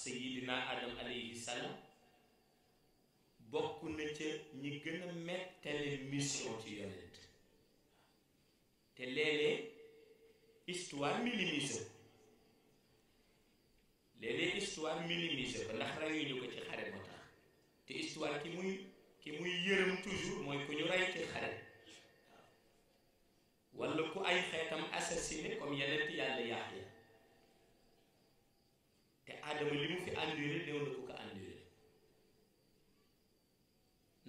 sayidina adam alayhi salaam bokk na ca ñi gën a mettale mission ci yonent te léeg-léeg histoire minimise léeg-léeg histoire minimise ko ndax reyuñu ko ci xare moo te histoire ki muy ki muy yërëm toujours mooy ku ñu rey ci xare walla ku ay xeetam assassiné comme yeneen yàlla Yaxya aadama li mu fi enduré néew na ku ko enduré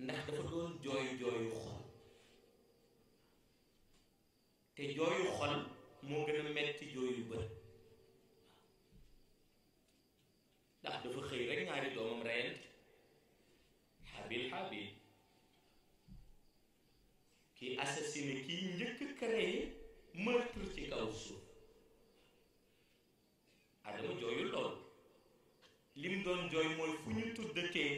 ndax dafa doon jooyu jooyu xol te jooyu xol moo gën a metti jooyu bët ndax dafa xëy rek ñaari doomam reyante xabil xabil kii assassiné kii njëkk créé meurtre ci kaw suuf adama jooyu lool li mu doon jooy mooy fu ñu tuddatee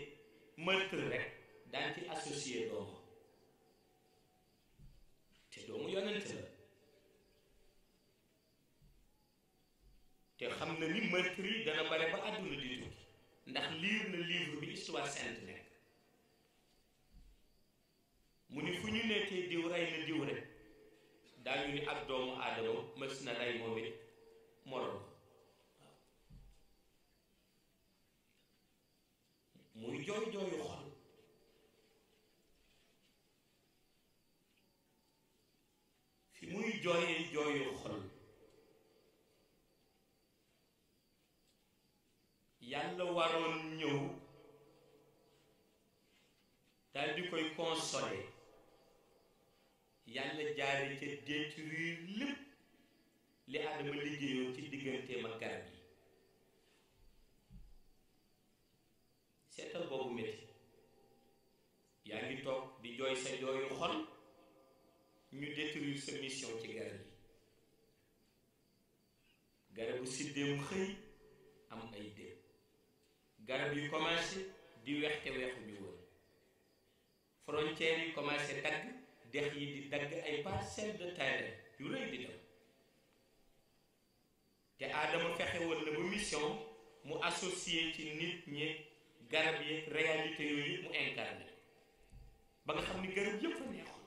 meurtre rek daan ci associé doomu te doomu yonent la te xam na ni meurtre yi dana bare ba àdduna di tukki ndax liir na livre bi histoire sainte nekk mu ni fu ñu nekkee diw rey na diw rek daañu ni ab doomu aadama mës na rey moom it moroom muy jooy jooyu xol fi muy jooyee jooyu xol yàlla waroon ñëw dal di koy consoler yàlla jaare ca détruire lépp li Adama liggéeyoon ci digganteem ak garab yi seetal boobu métti yaa ngi toog di jooy sa jooyu xol ñu détruire sa mission ci garab yi garabu siddéem xëy am ay déem garab yu commencé di weex te weexuñu woon frontières yi commencé dagg dex yi di dagg ay parcelles de terrain yu rëy di dem te aadama fexe woon na ba mission mu associé ci nit ñi garab yeeg réalité yooyu yëpp mu incarné ba nga xam ni garab yëpp fa neexoon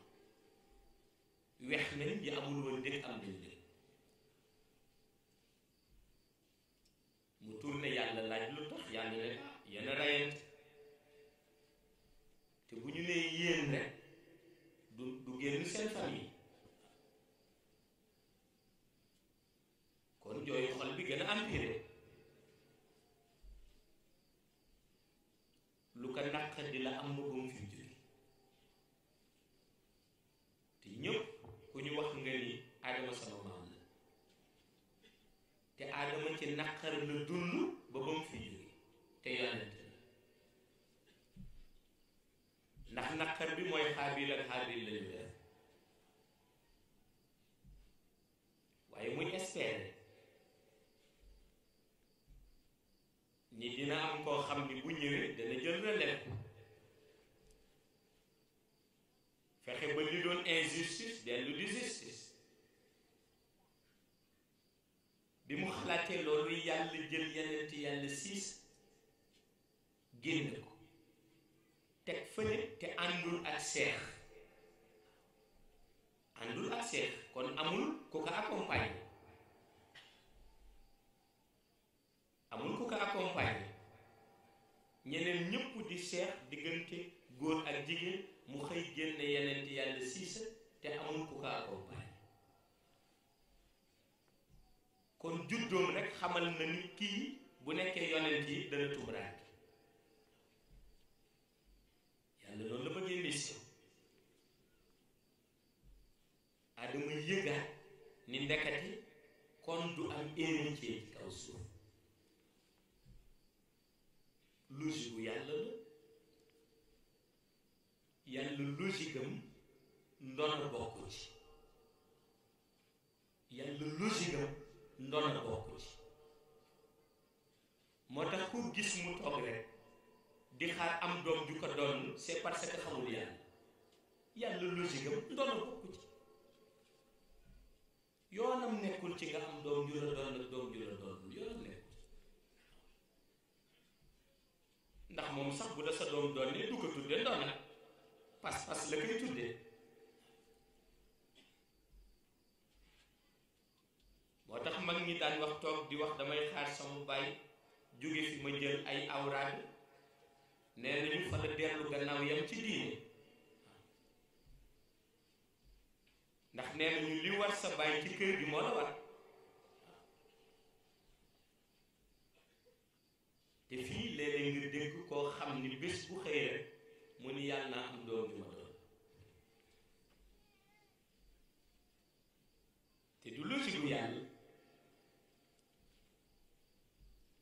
weex nañ yi amul woon dëkk am nañ leen mu tourné yàlla laaj lu tax yàlla ne yéen a te bu ñu nee yéen rek du du génn seen famille kon jooyu xol bi gën a empiré ko naqar di la am mu ba fi jóge te ñëpp ku ñu wax nga ni aadama sama maam la te aadama ci naqar la dund ba ba mu fi jóge te yonent la ndax naqar bi mooy xaabil ak xaabil lañu weer waaye muy espérer ni dina am koo xam ni bu ñëwee dana jël relève fexe ba li doon injustice dellu di justice bi mu xalaatee loolu yàlla jël yeneen ti yàlla siis génn ko teg fële te àndul ak seex àndul ak seex kon amul ku ko accompagner amul ku ko accompagner ñeneen ñëpp di seex diggante góor ak jigéen mu xëy génn yeneen yàlla siisa te amul ku ko accompagner kon juddoom rek xamal na ni kii bu nekkee yonent yi dana tubaraat yàlla noonu la bëggee mission adama yëgaat ni ndekati kon du am héritier ci kaw suuf logique bu yàlla la yàlla logique am ndono bokku yàlla logique am ndono bokku ci moo tax ku gis mu toog rek di xaar am doom ju ko doon c'est parce que xamul yàlla yàlla logique am ndono bokku ci yoonam nekkul ci nga am doom ju la ak doom ju la yoonam nekkul ndax moom sax bu da sa doom doonee du ko tuddee ndoona pas-pas la koy tuddee moo tax mag ñi daan wax toog di wax damay xaar sama bàyyi jóge fi ma jël ay awraad nee nañu fa la dellu gannaaw yam ci diine ndax nee nañu li war sa bàyyi ci kër gi moo la war te fii léeg-léeg nga koo xam ni bés bu xëy mu ni yàlla naa am doom ju ma doon te du logique bu yàlla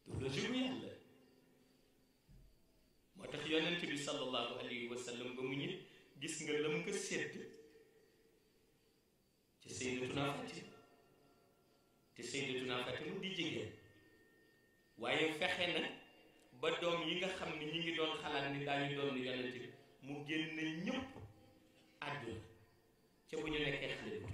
du logique bu yàlla moo tax yonent bi sallallahu alayhi wa ba mu ñit gis nga lam nga sédd ci Sayyidatuna Fatima te Sayyidatuna Fatima di jigéen waaye fexe na ba doom yi nga xam ne ñu ngi doon xalaat ni daañu doon yonent bi mu génn ñëpp àdduna ca bu ñu nekkee xale bu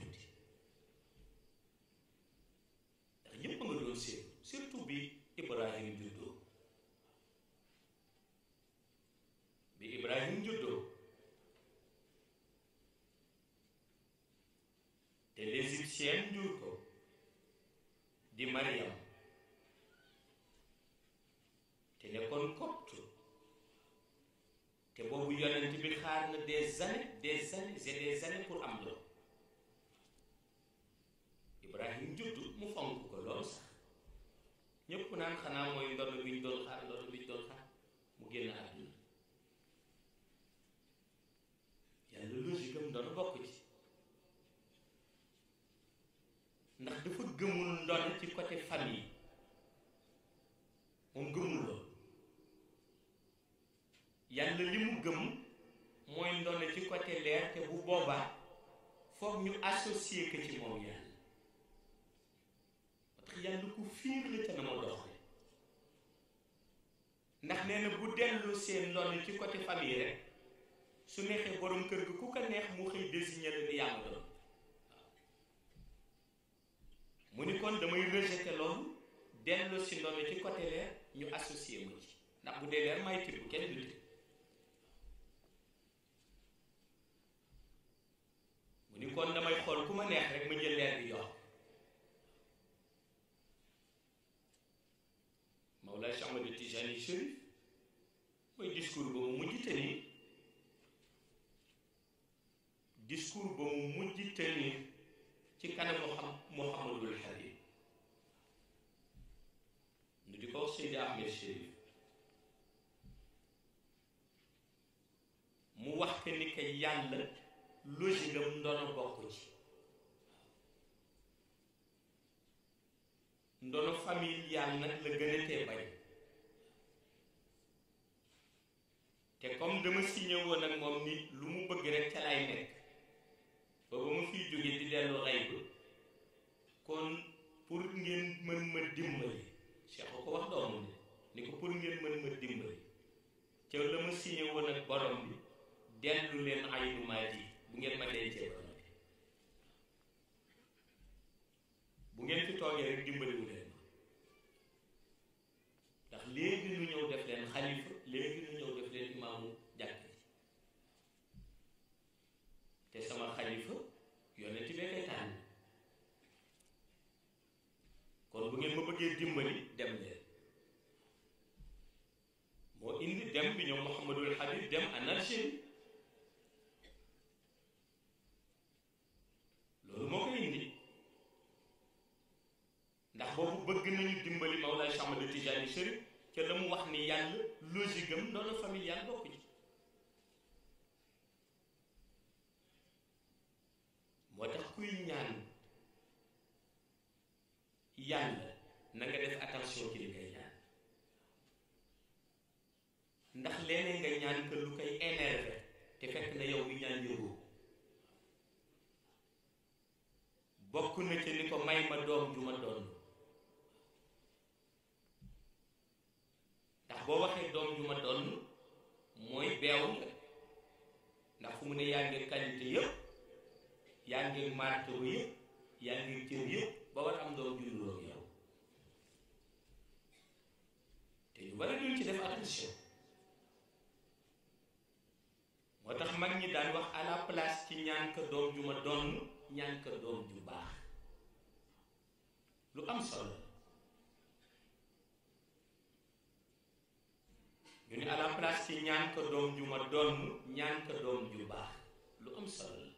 yàlla li mu gëm mooy ndono ci côté leer te bu boobaa foog ñu associé ko ci moom yàlla parce que yàlla ku fiir la ca na ma doxle ndax nee bu dellu seen ndono ci côté famille su neexee borom kër gi ku ko neex mu xëy désigné la ni yàlla mu ni kon damay rejeté loolu dellu si ndono ci côté leer ñu associé mu ci ndax bu dee leer may tibb kenn du tibb ni kon damay xool ku ma neex rek ma jël leer bi jox mooy discours ba mu mujj te nii ba mu mujj te ci kanam mu xam Muhammadul Habib ñu di ko wax Seydi Ahmed mu wax que ni kay yàlla logique am ndono bokk ci ndono familial nag la gën bañ te comme dama signé woon ak moom nit lu mu bëgg rek ca lay nekk ba ba mu fiy jóge di dellu rey kon pour ngeen mën ma dimbali Cheikh ko wax doomu ne ni ko pour ngeen mën ma dimbali ca la ma woon ak borom bi dellu leen ay lu maa bu ngeen ma dencee ba ngeen fi toogee rek dimbaliwu leen ndax léegi nu ñëw def leen xalifa léegi nu ñëw def leen imaamu jàkk te sama xalifa yonent bi koy tànn kon bu ngeen ma bëggee dimbali dem leen moo indi dem bi ñoom Muhammadul Habib dem anarchie boobu bëgg nañu dimbali Mawlaay Cheikh Ahmad Tijaani Chérif te la mu wax ni yàlla logique am noonu familial moo tax kuy ñaan yàlla na def attention ci li ngay ñaan ndax leneen nga ñaan que lu koy énervé te fekk na yow bi ñaan yóbbu bokk na ci li ko may ma doom ju ma boo waxee doom ju ma doon mooy beew nga ndax fu mu ne yaa ngi qualité yëpp yaa ngi marto yëpp yaa ngi cër yëpp ba war am doom ju niroog yow te ñu bari duñ ci def attention moo tax mag ñi daan wax à la place ci ñaan doom ju ma doon ñànk doom ju baax lu am solo ñu ne à la place ci ñaan ko doom ju ma doon ñaan ko doom ju baax lu am solo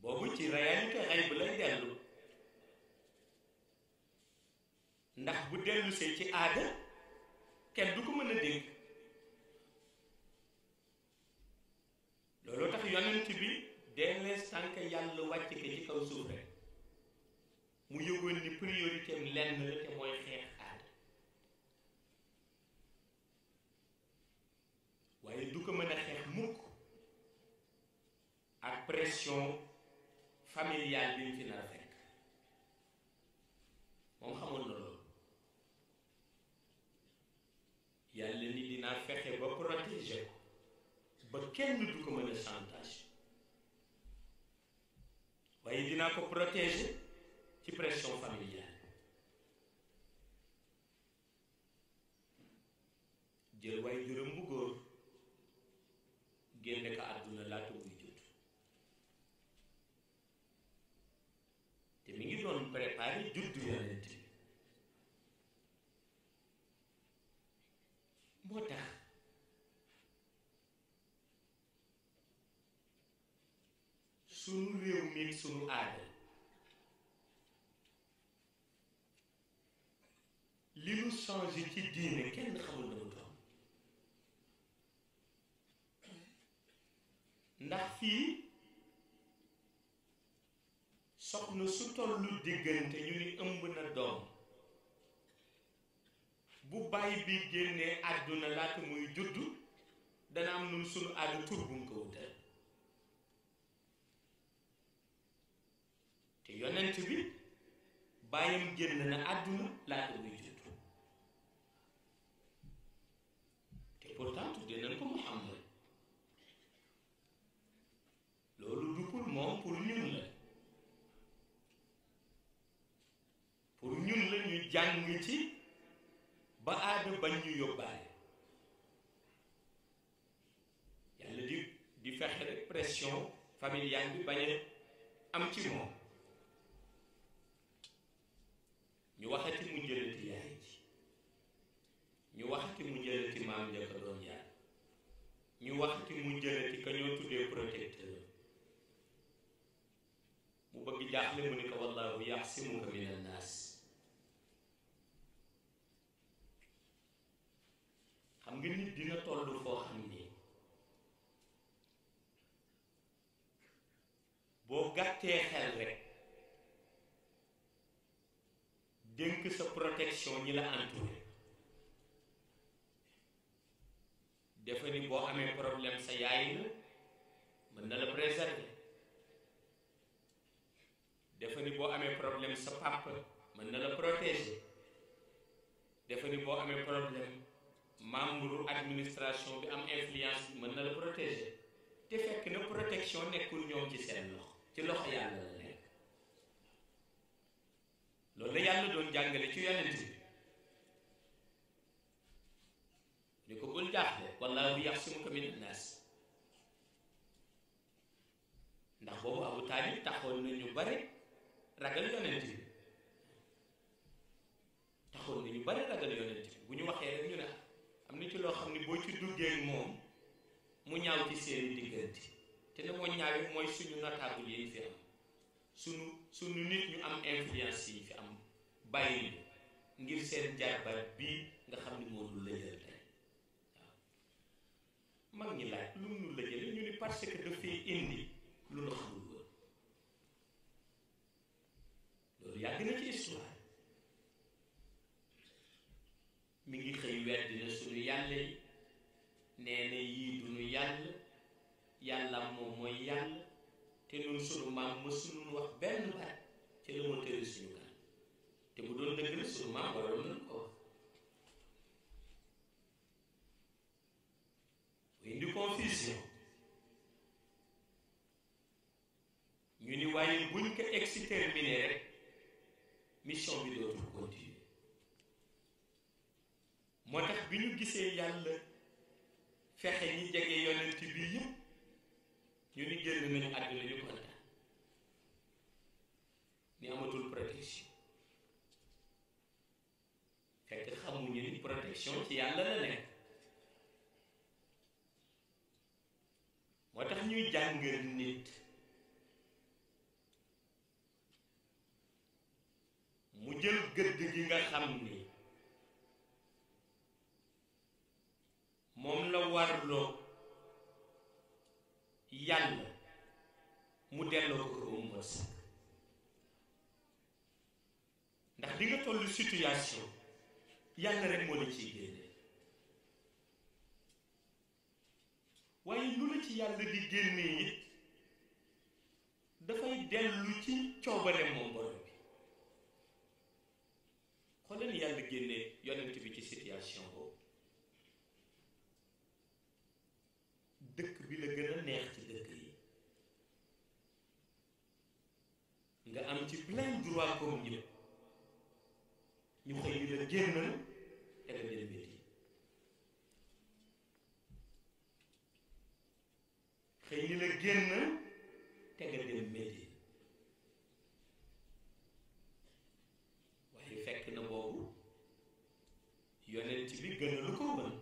boobu ci réalité xayb lay dellu ndax bu dellu see ci aada kenn du ko mën a dégg looloo tax yonent bi dee leen sànk yàlla wàcc ko ci kaw suuf rek mu yëgoon ni priorité lenn te mooy xeex aada waaye du ko mën a xeex mukk ak pression familiale bi mu a fekk moom xamoon na loolu yàlla ni dinaa fexe ba protéger ko ba kenn du ko mën a chantage waaye dinaa ko protéger ci pression familiale jël waaye juróom bu góor génne ko àdduna laata muy jot te mi ngi doon préparé juddu yonent bi moo tax sunu réew mi sunu aada li mu changé ci diine kenn xamul na mu doon ndax fii soxna su tollu diggante ñu ni ëmb na doom bu bàyyi bi génnee àdduna laata muy juddu dana am nun sunu àddu tur bu mu ko wutal te yonent bi bàyyam génn na àdduna laata muy juddu nag mu ci ba aada bañ ñu yóbbaale yàlla di di fexe rek pression familiale bi bañ am ci moom ñu waxati mu jëlati yaay ji ñu waxati mu jëlati maam ja ko doon yaay ñu waxati mu jëlati ka ñoo tuddee protecteur mu bëgg jaaxle mu ni ko wallaahu yaxsimuka min dénk sa protection ñi la entouré dafa ni boo amee problème sa yaay la mën na la préserver dafa ni boo amee problème sa papa mën na la protéger dafa ni boo amee problème membre administration bi am influence mën na la protéger te fekk na protection nekkul ñoom ci seen loxo ci loxo yàlla la loolu la yàlla doon jàngale ci yonent bi ni ko bul jaaxle wallaahu yaxsimuka min annaas ndax boobu abu taalib taxoon na ñu bare ragal yonent bi taxoon na ñu bare ragal yonent bi bu ñu waxee rek ñu ne am na ci loo xam ne boo ci duggee moom mu ñaaw ci seen diggante te ne moo ñaaw mooy suñu notable yi fi am suñu suñu nit ñu am influence yi fi am bàyyi ngir seen jaarbaat bii nga xam ni moo dul la jël tey waaw mag ñi laaj lu mu la ñu ni parce que dafay indi lu nu xamul loolu yàgg na ci histoire mi ngi xëy weddi su suñu yàlla yi nee na yii duñu yàlla yàlla moom mooy yàlla te ñun sunu maam mësuñu wax benn baat ci lu ma tëri kan te bu doon dëgg la sunu maam waroon nañ ko wax indi confusion ñu ni waaye buñ ko exterminé rek mission bi dootul continuer moo tax bi ñu gisee yàlla fexe ñi jege yonent bi yëpp ñu ni génn nañu àdduna ñu kontaan ni amatul protection fekk xamuñu ni protection ci yàlla la nekk moo tax ñuy jàng nit mu jël gëdd gi nga xam ni moom la warloo yàlla mu delloo ko ko mu wërsëg ndax di nga toll situation yàlla rek moo la ciy génne waaye lu la ci yàlla di génnee yi dafay dellu ci coobare moom borom bi xooleen yàlla génnee yonent bi ci situation boobu dëkk bi la gën a neex ci nga am ci plein droit comme yëpp ñu xëy ñu la génnal te nga jël béti xëy ñu la génnal te nga dem métier waaye fekk na boobu yonent bi gën a lu ko woon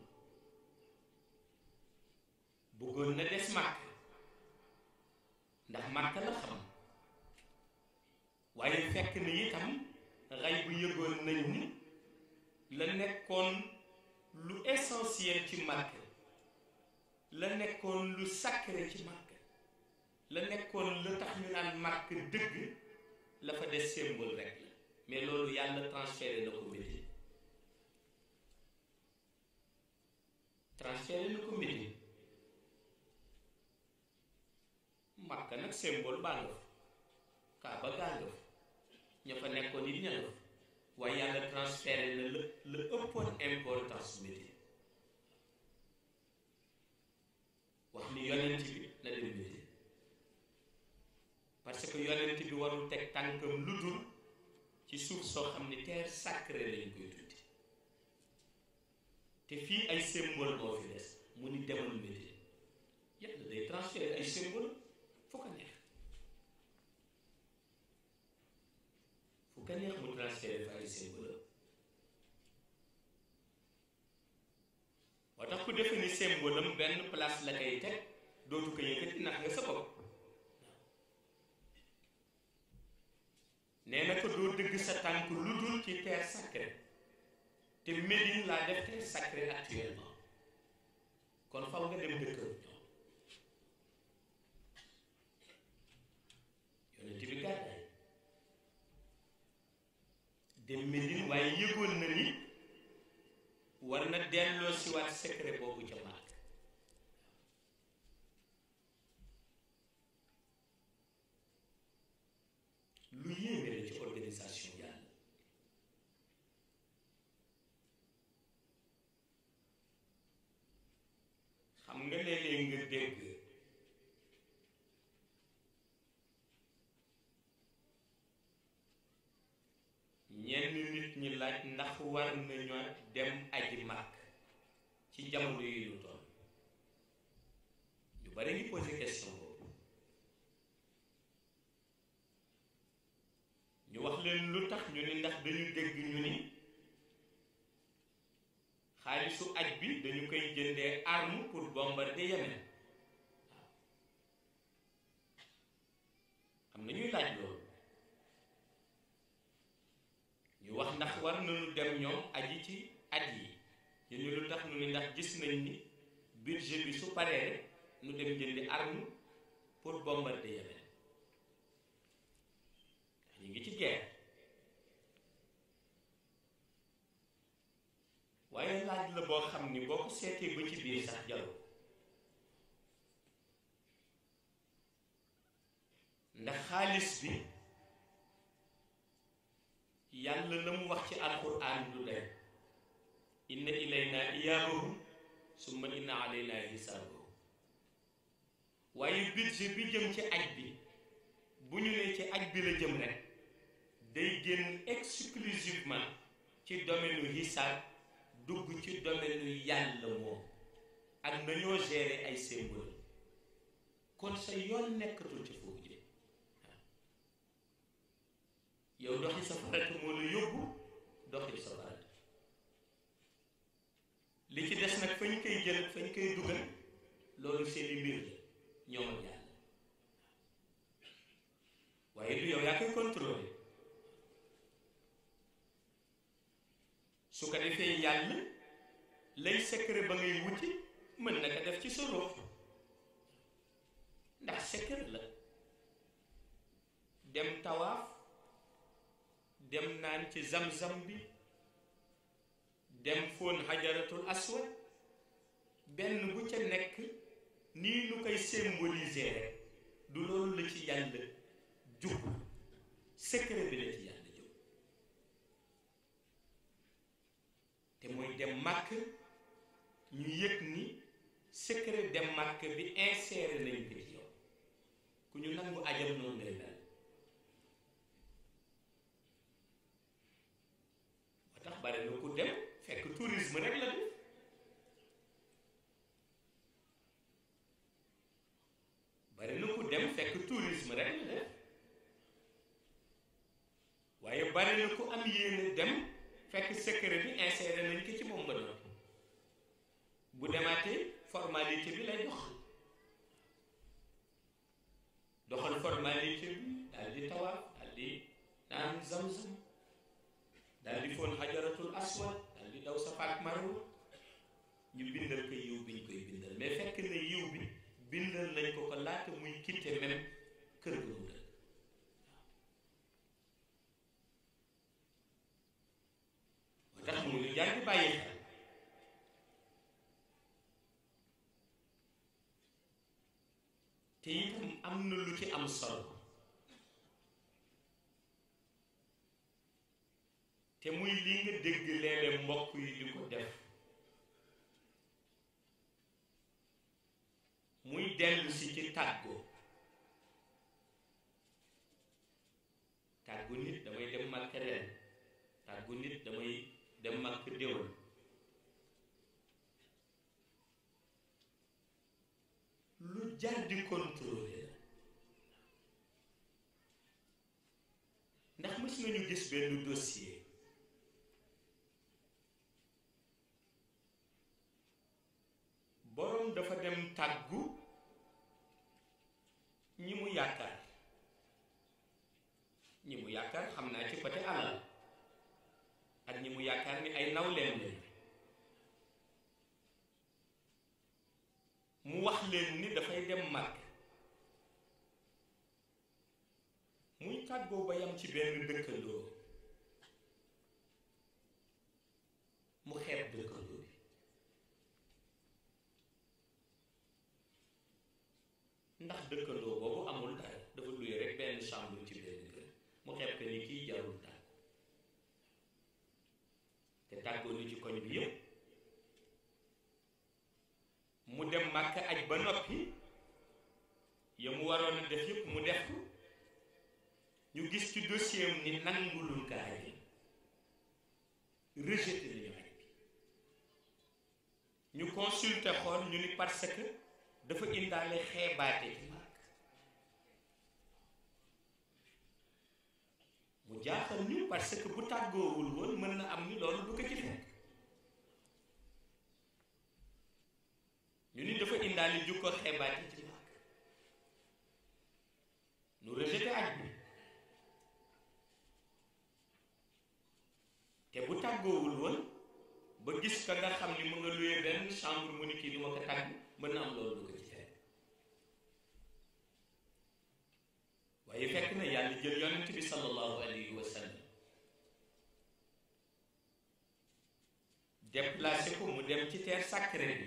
bëggoon na des màkk ndax màkk la xam waaye fekk na itam ray bu yëgoon nañ ni la nekkoon lu essentiel ci màkk la nekkoon lu sacré ci màkk la nekkoon la tax ñu naan màkk dëgg la fa des symbole rek la mais loolu yàlla transféré na ko Médine transféré na ko Médine màkk nag symbole baa fa kaaba gaa fa ña fa nekkoon nit ña nga fa waaye yàlla transféré na la la ëppoon importance métier wax ni yonent bi na dem métier parce que yonent bi warul teg tànkam lu dul ci suuf soo xam ne terre sacrée lañ koy tudde te fii ay symbole moo fi des mu ni demal métier yàlla day transféré ay symbole foo ko neex ku ko neex mu transféré farisien bu tax ku defe ni symbole benn place la koy teg dootu ko yëkkati nax nga sa bopp nee na ko doo dëgg sa tànk lu dul ci terre sacrée te Médine laa def terre sacrée actuellement kon faw nga dem dëkk te Médine waaye yëgoon na ni war na delloo si waat secret boobu ca Màkk lu yéeme la ci organisation yàlla xam nga léeg-léeg nga dégg ñenn nit ñi laaj ndax war nañoo dem aji màkk ci jamono yu ñu toll ñu bari ngi posé question boobu ñu wax leen lu tax ñu ni ndax dañu dégg ñu ni xaalisu aj bi dañu koy jëndee arme pour bombarder Yemen waaw am na ñuy laaj loolu wax ndax war nañu dem ñoom aji ci at yi yéen ñu lu tax ñu ni ndax gis nañ ni budget bi su paree nu dem jëndi arme pour bombarder Yémen ñu ngi ci guerre waaye laaj la boo xam ni boo ko seetee ba biir sax jalu ndax xaalis bi yàlla la mu wax ci alquran du day inna ilayna iyaabahum summa inna alayna hisaabahum waaye budget bi jëm ci aj bi bu ñu nee ci aj bi la jëm rek day génn exclusivement ci domaine u hisaab dugg ci domaine yàlla moom ak nañoo gérer ay symbole kon sa yoon nekkatul ci foofu yow doxi sa farata moo la yóbbu doxi sa farata li ci des nag fañ koy jël fañ koy dugal loolu seeni mbir la ñoom yàlla waaye du yow yaa koy su ko defee yàlla lay secret ba ngay wuti mën na ko def ci sa ruux ndax secret la dem tawaaf dem naan ci samsam zam bi dem fon xajaratul aswad benn bu ca nekk nii nu koy symboliser rek du loolu la ci yàlla jub secret bi la ci yàlla jub te mooy dem màkk ñu yëg ni secret dem màkk bi inséré nañ ko ci yow ku ñu nangu ajam noonu lay la bari na ku dem fekk tourisme rek la def bari na ku dem fekk tourisme rek la def waaye bari na ku am yéene dem fekk secret bi inséré nañ ko ci moom ba noppi bu demaatee formalité bi lay dox doxal formalité bi daal di tawaaf daal di naan zam-zam daal di fóon xajaratul aswad daal di daw sa paak marwa ñu bindal ko yiw bi ñu koy bindal mais fekk na yiw bi bindal nañ ko ko laata muy quitté même kër ga mu dëkk tax mu lu jar bàyyi xel te itam am na lu ci am solo te muy li nga dégg léeg-léeg mbokk di ko def muy dellu si ci tàggoo tàggu nit damay dem màkk ren tàggu nit damay dem màkk déwén lu jar di contrôler la ndax mës nañu gis benn dossier boroom dafa dem tàggu ñi mu yaakaar ñi mu yaakaar xam naa ci côté alal ak ñi mu yaakaar ni ay nawleen lañ mu wax leen ni dafay dem màgg muy tàggoo ba yam ci benn dëkkandoo mu xeeb dëkk ndax dëkkandoo boobu amul dara dafa luye rek benn chambre ci benn kër mu xeeb que ni kii jarul tàggu te tàggoo ni ci koñ bi yëpp mu dem màkk aj ba noppi ya mu waroon a def yëpp mu def ñu gis ci dossier am ni nangulul gaa yi rejeté nañu aj bi ñu consulté xool ñu ni parce dafa indaale xeebaate ci màgg mu jaaxal ñu parce que bu tàggoowul woon mën na am ni loolu du ko ci fekk ñu ni dafa indaale jukko xeebaate ci màgg nu rejeté aj bi te bu tàggoowul woon ba gis ko nga xam ni mu nga luye benn chambre mu ni kii du ma ko tàggu mën na am loolu ko ci tere waaye fekk na yàlla jël yonent bi sallallahu alayhi wa sallam déplacé ko mu dem ci terre sacrée bi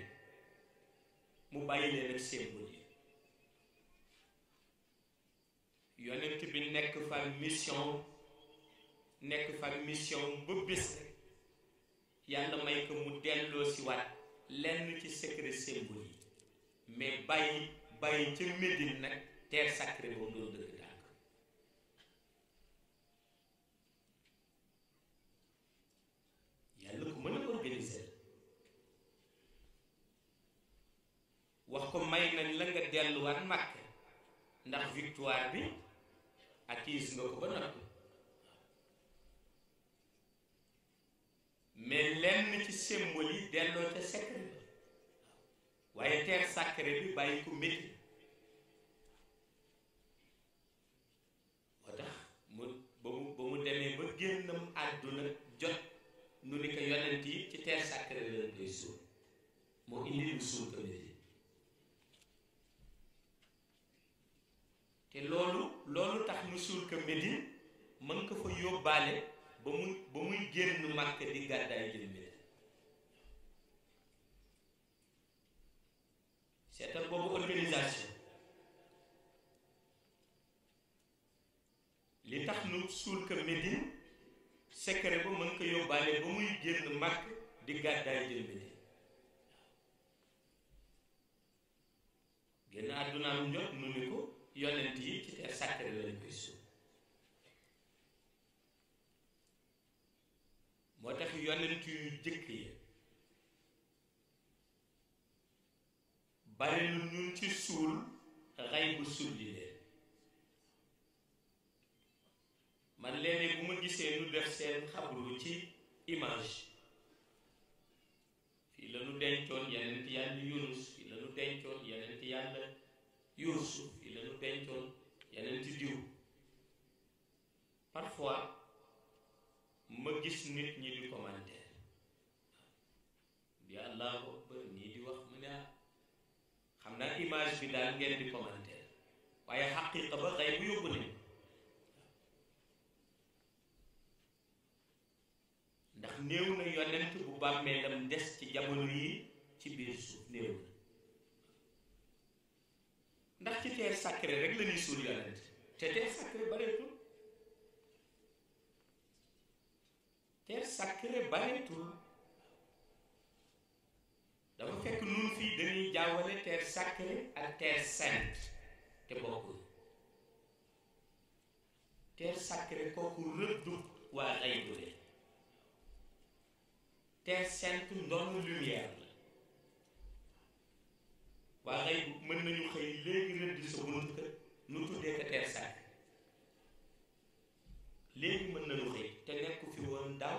mu bàyyi leen ak symbole yi yonent bi nekk fa mission nekk fa mission ba yàlla may ko mu delloo si waat lenn ci secret symbole yi mais bàyyi bàyyi ca Médine nag terre sacrée boobu doon dëgg tànk yàlla ko mën a organiser wax ko may nañ la nga delluwaat màkk ndax victoire bi acquise nga ko ba noppi mais lenn ci symbole yi delloo ca secret waaye terre sacrée bi bàyyi ko métti moo tax mu ba mu ba mu demee ba génnam àdduna jot nu ni ko yonent yi ci terre sacrée lañ koy suul moo indi lu suul ko métti te loolu loolu tax mu suul ko Médine mën ko fa yóbbaale ba muy ba muy génn màkk di gàddaay jël seetal boobu organisation li tax nu suul ko Médine secret ba mën ko yóbbaale ba muy génn mag di gàddaay jël Médine génn àddunaam jot nu ni ko yonent yi ci terre sacrée lañ koy suul moo tax yonent yu jëkk yi bari nu ñun ci suul xay bu sulli man léeg-léeg bu ma gisee nu def seen xabru ci image fii la nu dencoon yeneen yàlla yunus fii la dencoon yeneen yàlla yuusuf fii la nu dencoon yeneen diw parfois ma gis nit ñi di commenter di àllaa na naa image bi daal ngeen di commenter waaye xaqiqa ba xëy bu yóbbu nañu ndax néew na yonent bu bàmmeelam des ci jamono yi ci biir suuf néew na ndax ci terre sacrée rek la ñuy suul yonent te terre sacrée bareetul terre sacrée bareetul dafa fekk nun fii dañuy jaawale terre sacrée ak terre sainte te bokkul terre sacrée kooku rëddu waa xaybu la terre sainte ndoonu lumière la waa xaybu mën nañu xëy léegi rëdd sa bunt nu tuddee ko terre sacrée léegi mën nañu xëy te nekku fi woon daaw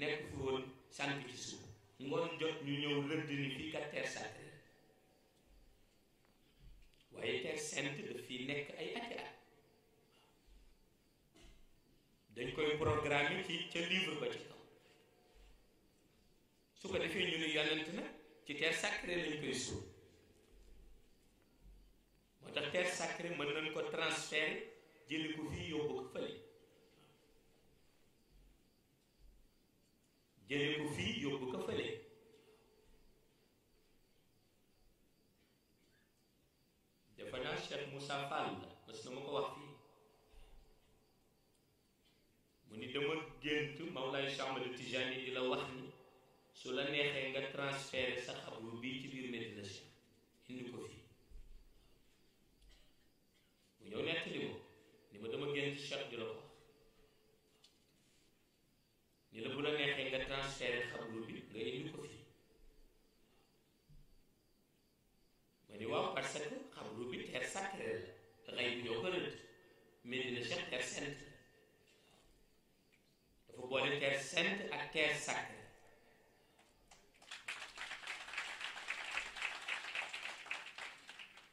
nekku fi woon sant suuf ngoon jot ñu ñëw rëdd ni fii kat terre sacrée waaye terre sainte daf fii nekk ay ati at dañ koy programme ci ca livre ba ci kaw su ko defee ñu ne yonent na ci terre sacrée lañ koy suul moo tax terre sacrée mën nañ ko transférer jëli ko fii yóbbu ko fële jële ko fii yóbbu ko fële dafa naa Cheikh Moussa Fall la parce que ma ko wax fii mu ni dama gént Mawlaay Chambre Tijani di la wax ni su la neexee nga transféré sa xabru bii ci biir Medina Cheikh indi ko fii mu ñëw nettali ko ni ma dama gént Cheikh di la bu la neexee nga transféré xabru bi nga indi ko fi ma ni waaw parce que xabru bi terre sacrée la rey bi ñoo ko rëdd Medina Cheikh terre sainte la dafa boole terre sainte ak terre sacrée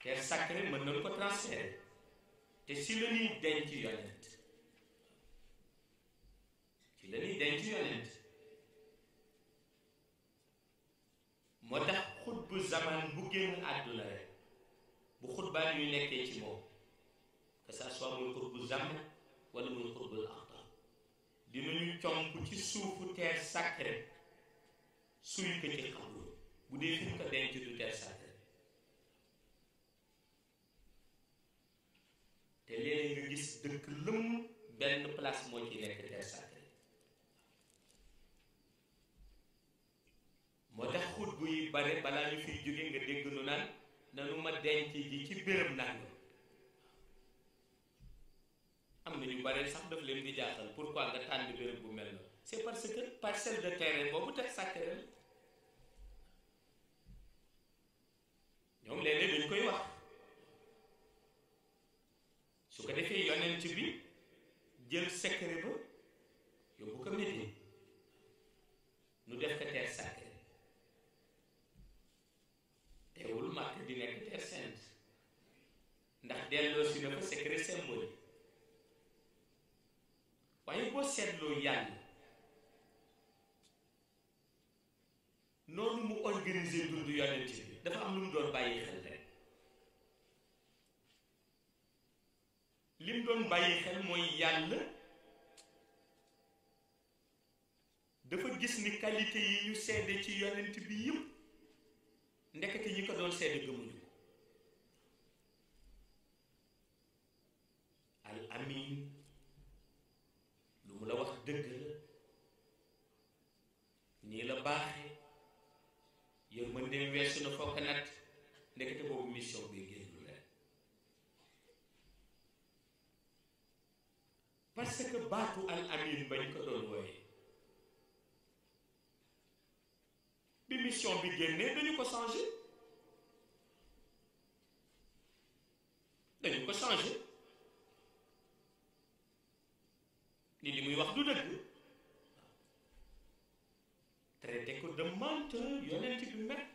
terre sacrée mën nañu ko transféré te si la ñuy denc yonent lañuy denc yonent moo tax xutbu zaman bu génn àdduna rek bu xutbaan yu nekkee ci moom que ça soit muy xutbu zaman wala muy xutbul axtar dinañu conk ci suufu teer sacré suy ko ci xabru bu dee fi denc du teer sacré te léeg nga gis dëkk lëmm benn place moo ci nekk teer sacré moo tax xutbu yi bare balaa ñu fiy jóge nga dégg nu naan nanu ma denc ji ci béréb nanga am na ñu bare sax daf leen di jaaxal pourquoi nga tànn béréb bu mel noonu c'est parce que parcelle de terrain boobu tax sacré la ñoom léeg-léeg koy wax su ko defee yonent bi jël secret ba yóbbu ko Médine nu def ko terre sacrée wul màkk di nekk terre sainte ndax delloo si na fa waaye boo seetloo yàlla noonu mu organiser dund yonent bi dafa am lu mu doon bàyyi xel rek li mu doon bàyyi xel mooy yàlla dafa gis ni qualité yi ñu seede ci yonent bi yëpp ndekete ñi ko doon seede gëmuñu ko al lu mu la wax dëgg la nii la baaxe yow mën dem weesu na fokk nat ndekete boobu mission bi génnul ren parce que baatu al amin ba ñu ko doon wooye émission bi génnee dañu ko changé dañu ko changé ni li muy wax du dëgg traité ko de menteur yonent bi met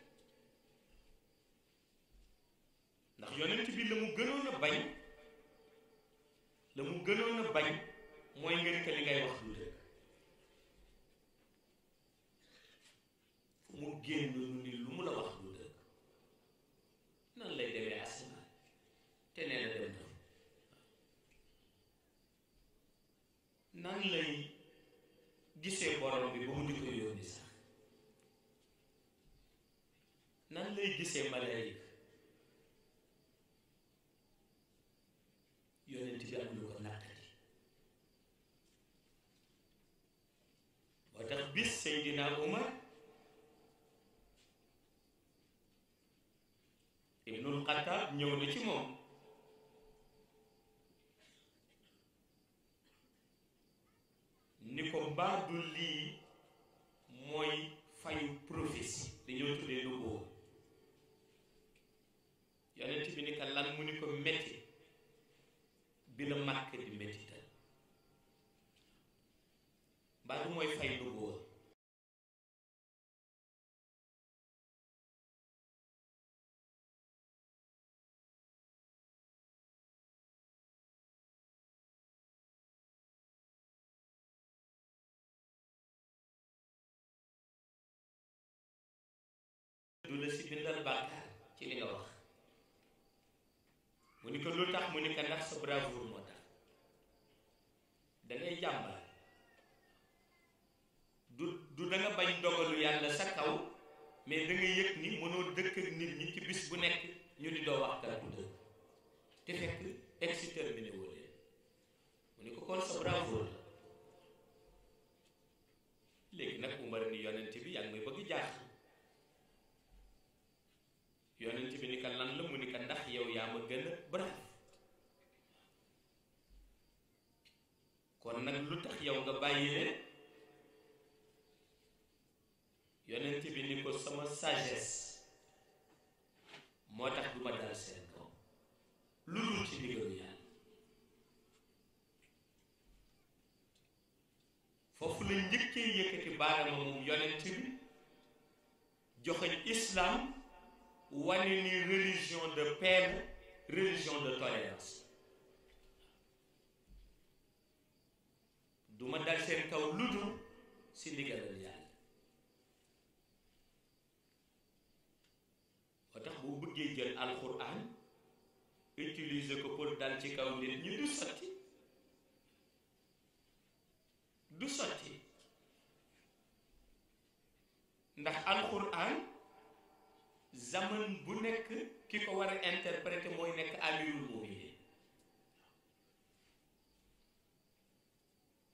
ndax yonent bi la mu gënoon a bañ la mu gënoon a bañ mooy ngeen li ngay wax génn ni lu mu la wax du dëgg nan lay demee asamaan te nee dem tam nan lay gisee borom bi ba mu di ko yónni sax nan lay gisee malaayika yonent bi ko naqari moo tax bis Seydina Umar Xattaab ñëw na ci moom ni ko baadu lii mooy fayu prophétie dañoo tuddee nubuwa yonent bi ni ko lan mu ni ko metti bi la màkk di mettital baadu mooy fayu du la si bindal bàkkaar ci li nga wax mu ni ko lu tax mu ni ko ndax sa bravoure moo tax dangay jàmbaar du du da nga bañ dogalu yàlla sa kaw mais da yëg ni mënoo dëkk ak nit ñi ci bis bu nekk ñu di doo wax kàddu dëgg te fekk exterminé woo leen mu ni ko kon sa bravoure la léegi nag Umar ni yonent bi yaa ngi may bëgg jaaxal yonent bi ni ko lan la mu ni ko ndax yow yaa ma gën a brave kon nag lu tax yow nga bàyyi leen yonent bi ni ko sama sagesse moo tax du ma dal seen kaw lu dul ci ndigalu yàlla foofu la njëkkee yëkkati baarama moom yonent bi joxe islaam wane ni religion de paix religion de tolérance duma dal seen kaw lu dul si ndigalal yàlla moo tax boo bëggee jël alxuraan utilise ko pour dal ci kaw nit ñi du sotti du sotti ndax alxuraan zaman bu nekk ki ko war a interpréter mooy nekk amirul muminin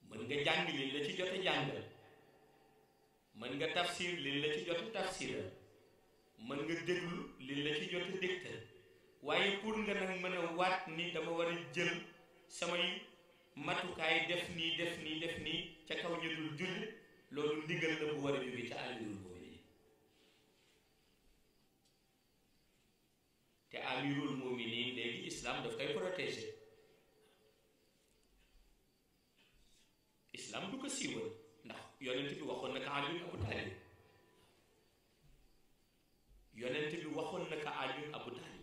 mën nga jàng li la ci jote jàngal mën nga tafsir li la ci jote tafsiral mën nga déglu li la ci jote dégtal waaye pour nga nag mën a waat ni dama war a jël samay matukaay def nii def nii def nii ca kaw ñu dul julli loolu ndigal la bu war a jóge ca amirul muminin te amirul muminin léegi islam daf koy protéger islam du ko siiwal ndax yonent bi waxoon na ko Ali Abu Talib yonent bi waxoon na ko Ali Abu Talib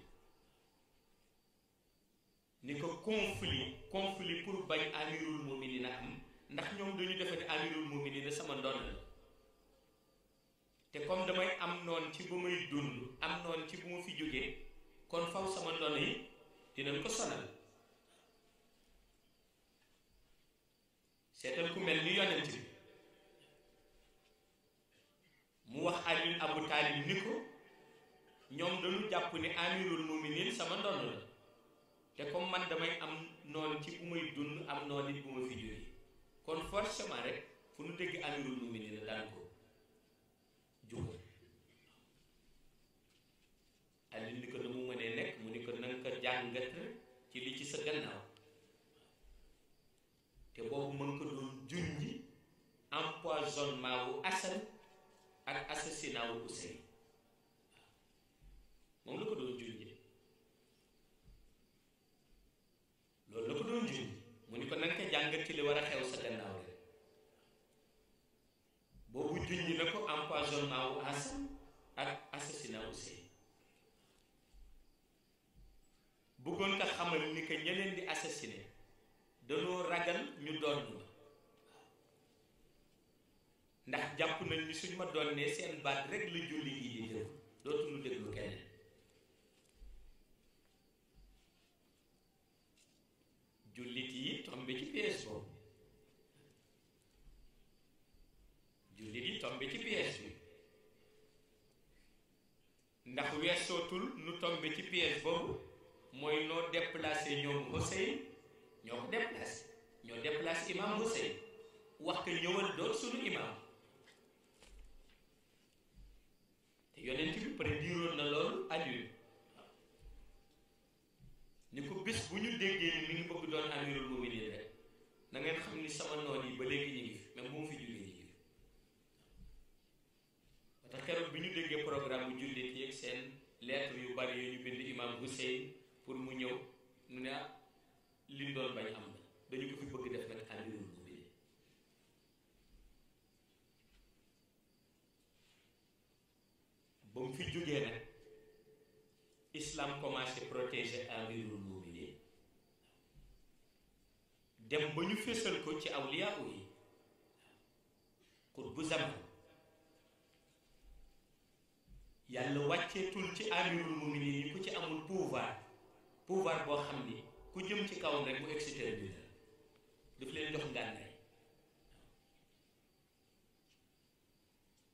ni ko conflit conflit pour bañ amirul muminin a am ndax ñoom dañu defe ne amirul muminin sama ndonn la te comme damay am noon ci bu may dund am noon ci bu ma fi jógee kon faw sama ndono yi dinañ ko sonal seetal ku mel ni yonent bi mu wax Ali Abu Taalib ni ko ñoom dañu jàpp ni amirul muminin sama ndono la te comme man damay am noon ci bu may dund am noon it bu ma fi jóge kon forcément rek fu nu dégg amirul muminin la daan ko jugal Aliou ni ko na mu mënee nekk mu ni ko na ko jàngat ci li ci sa gannaaw te boobu mën ko doon junji empoisonnement wu Assane ak assassinat wu moom la ko doon junji loolu la ko doon junji mu ni ko na ko jàngat ci li war a xew sa gannaaw la boobu junji na ko empoisonnement wu Assane ak assassinat Ousseynou bëggoon ko xamal ni que ñeneen di assassiné danoo ragal ñu doon ñu ma ndax jàpp nañ ni suñ ma doonnee seen baat rek la julli yi di déglu dootuñu déglu keneen jullit yi tombe ci piège boobu jullit yi tombe ci piège bi ndax weesootul nu tombe ci piège boobu mooy noo déplacé ñoom Hussein ñoo ko déplacé ñoo déplacé imam Hussein wax ko ñëwal doon suñu imam te yonent bi prédiroon na loolu aliou ni ko bis bu ñu déggee ni mi ngi bëgg doon amirul muminin rek na xam ni sama noon yi ba léegi ñu ngi bu mu fi jullee ñu ngi fi ba bi ñu déggee programme bu jullit yi ak yu bari yu ñu bind imam Hussein pour mu ñëw mu ne ah li mu doon bañ am na dañu ko fi bëgg def nag àndiwul ko bi ba mu fi jógee nag islam commencé protéger envirul mu'minin dem ba ñu fésal ko ci awliya yi xut bu zaman yàlla wàcceetul ci amirul muminin yi ku ci amul pouvoir pouvoir boo xam ni ku jëm ci kawam rek mu exciter bi la daf leen jox ngànnaay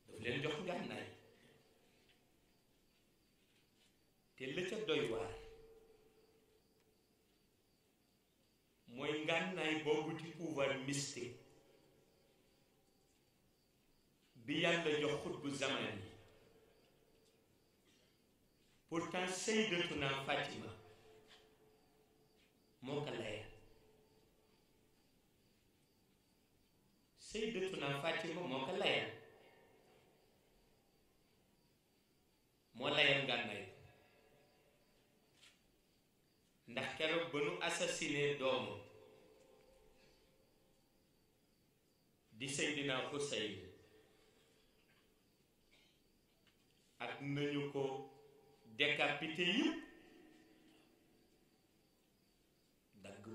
daf leen jox ngànnaay te la ca doy waar mooy ngànnaay boobu di pouvoir mystique bi yàlla jox xutbu zaman yi pourtant sayyidatuna Fatima moo ko laye sayyidatuna Fatima moo ko laye moo layal gànnaay ndax keroog ba nu assassiné doomu di Seydina Xuseyn ak nañu ko décapité yëpp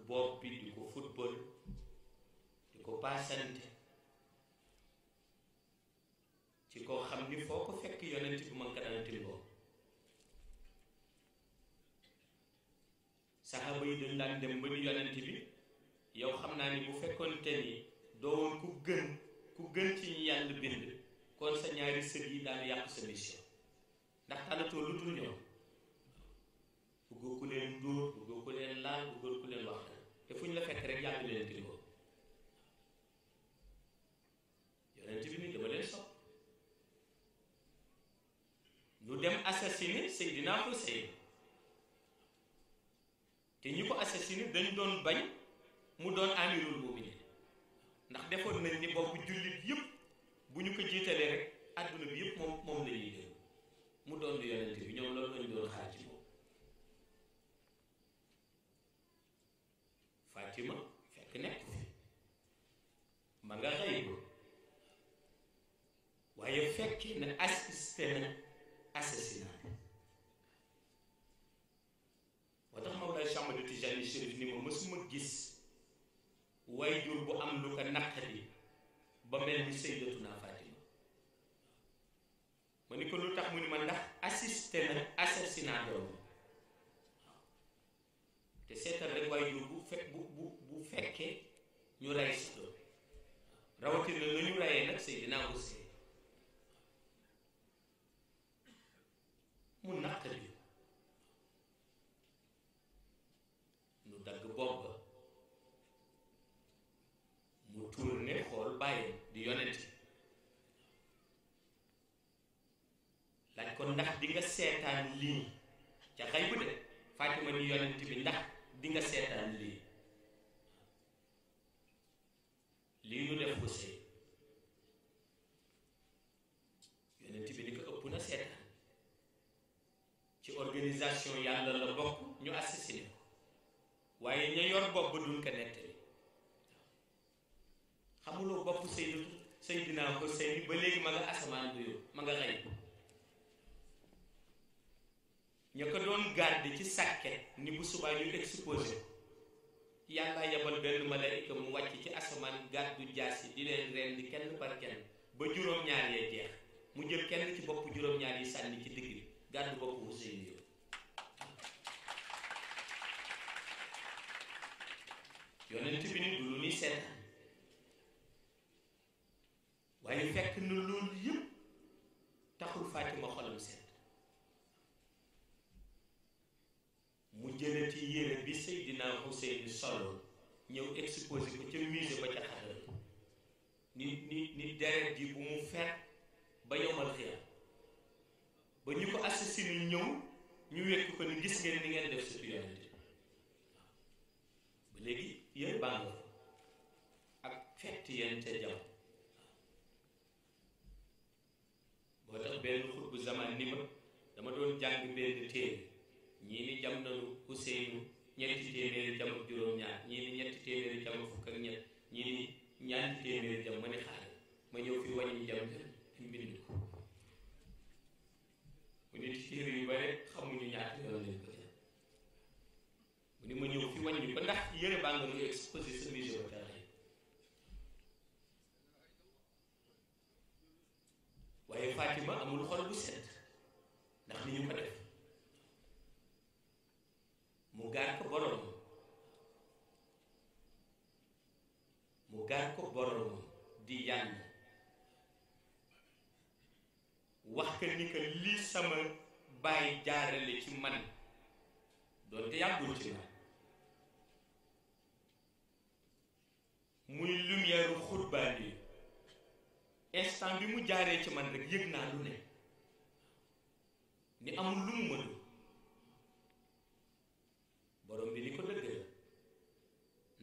bopp bi di ko football di ko paasante ci koo xam ni foo ko fekk yonent bi mën ka daan tilboo saxaaba yi dañ daan dem ba yonent bi yow xam naa ni bu fekkoon te ni doowoon ku gën ku gën ci ñu yàlla bind kon sa ñaari sët yi daan yàqu sa mission ndax tànnatoo lu dul ñoom bëggoo ku leen dóor bëggoo ku leen laal bëggoo ku leen waxtaan te fu ñu la fekk rek yàgg leen tiggoo yonent bi ni dama leen sopp ñu dem assassiné Seydina Hussein te ñi ko assassiné dañ doon bañ mu doon amirul mu'minin ndax defoon nañ ni boobu jullit yëpp bu ñu ko jiitalee rek àdduna bi yëpp moom moom la ñuy mu doon lu yonent bi ñoom loolu lañ doon xaar ci àjjuma fekk nekk ma nga xëy ba waaye fekkee na assisté na assassinat moo tax Mawlaay Cheikh Ahmadou Tijani Chérif ni ma mësuma gis way jur bu am lu ko naqari ba mel ni Sayyidatuna Fatima ma ni ko lu tax mu ni ma ndax assisté na assassinat doom te seetal rek waaye jur bu fekk bu fekke ñu rey si doom rawatina na ñu reyee nag Seydina Ousseyn mu naqari ñu dagg bopp ba mu tourné xool bàyyam di yonent laaj ko ndax di seetaan lii ca xay bu de Fatima ni yonent bi ndax dinga seetaan lii li ñu def ko sëy yonent bi ni ko ëpp na seetaan ci organisation yàlla la bokk ñu assassiné waaye ña yor bopp ba duñ ko nettali xamuloo bopp Seydou Seydina ko Seydou ba léegi ma nga asamaan bi ma nga xëy ña ko doon garde ci sàkket ni bu subaa ñu exposé yàllaa yebal benn malaayika mu wàcc ci asamaan gàddu jaas yi di leen rend kenn par kenn ba juróom-ñaar yee jeex mu jël kenn ci bopp juróom-ñaar yi sànni ci digg bi gàddu bopp Ousseynou Diop yonent bi ni du lu ñuy seetaan waaye fekk na loolu yëpp taxul Fatima xolam seet mu jële ci yére bi Seydina Hussein sol ñëw exposé ko ca musée ba ca ni ni ni deret ji bu mu fet ba yomal xiyam ba ñu ko assassiné ñëw ñu wekk ko ni gis ngeen ni ngeen def sa yonente ba léegi yéen baa nga fa ak fett yéen ca jam boo tax benn xutbu zaman ni ma dama doon jàng benn téere ñii ni jam nañu Ousseynou ñetti téeméeri jam juróom-ñaar ñii ni ñetti téeméeri jam ak fukk ak ñett ñii ni ñaari téeméeri jam ma ni xaar ma ñëw fi wàññi jam ja mbind ko mu ne ci yu bare xamuñu ñaata yoon ko jam mu ne ma ñëw fi wàññi ba ndax yëre baa nga nu exposé sa musée ba waaye Fatima amul xol bu set ndax ni ñu ko def mu gaar ko boroom mu gaar ko boroom di yàlla wax ka ni que lii sama bàyyi jaarale ci man doonte yàggul ci man muy lumière xurbaan yi instant bi mu jaaree ci man rek yëg naa lu ne ni amul lu mu mënul borom bi ni ko dëgg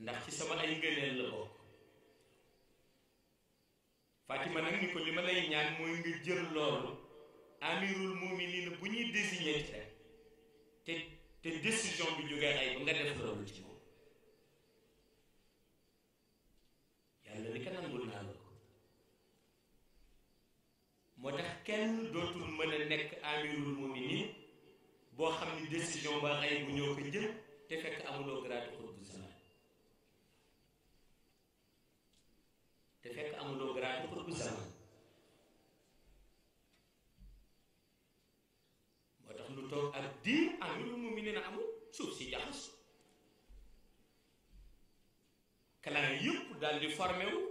ndax ci sama ay ngëneel la bokk Fatima nag ni ko li ma lay ñaan mooy nga jël loolu amirul muminina bu ñuy désigné ci rek te te décision bi jógee ay ba nga def loolu ci moom yàlla ni ko nangul naa la ko moo tax kenn dootul mën a nekk amirul muminin boo xam ni décision ba ay bu ñoo ko jël te fekk amuloo garaatu xutbu zaman te fekk amuloo garaatu xutbu zaman moo tax lu toog ak diir amirul muminin a amul suuf si jaxas clan yëpp daal di formé wu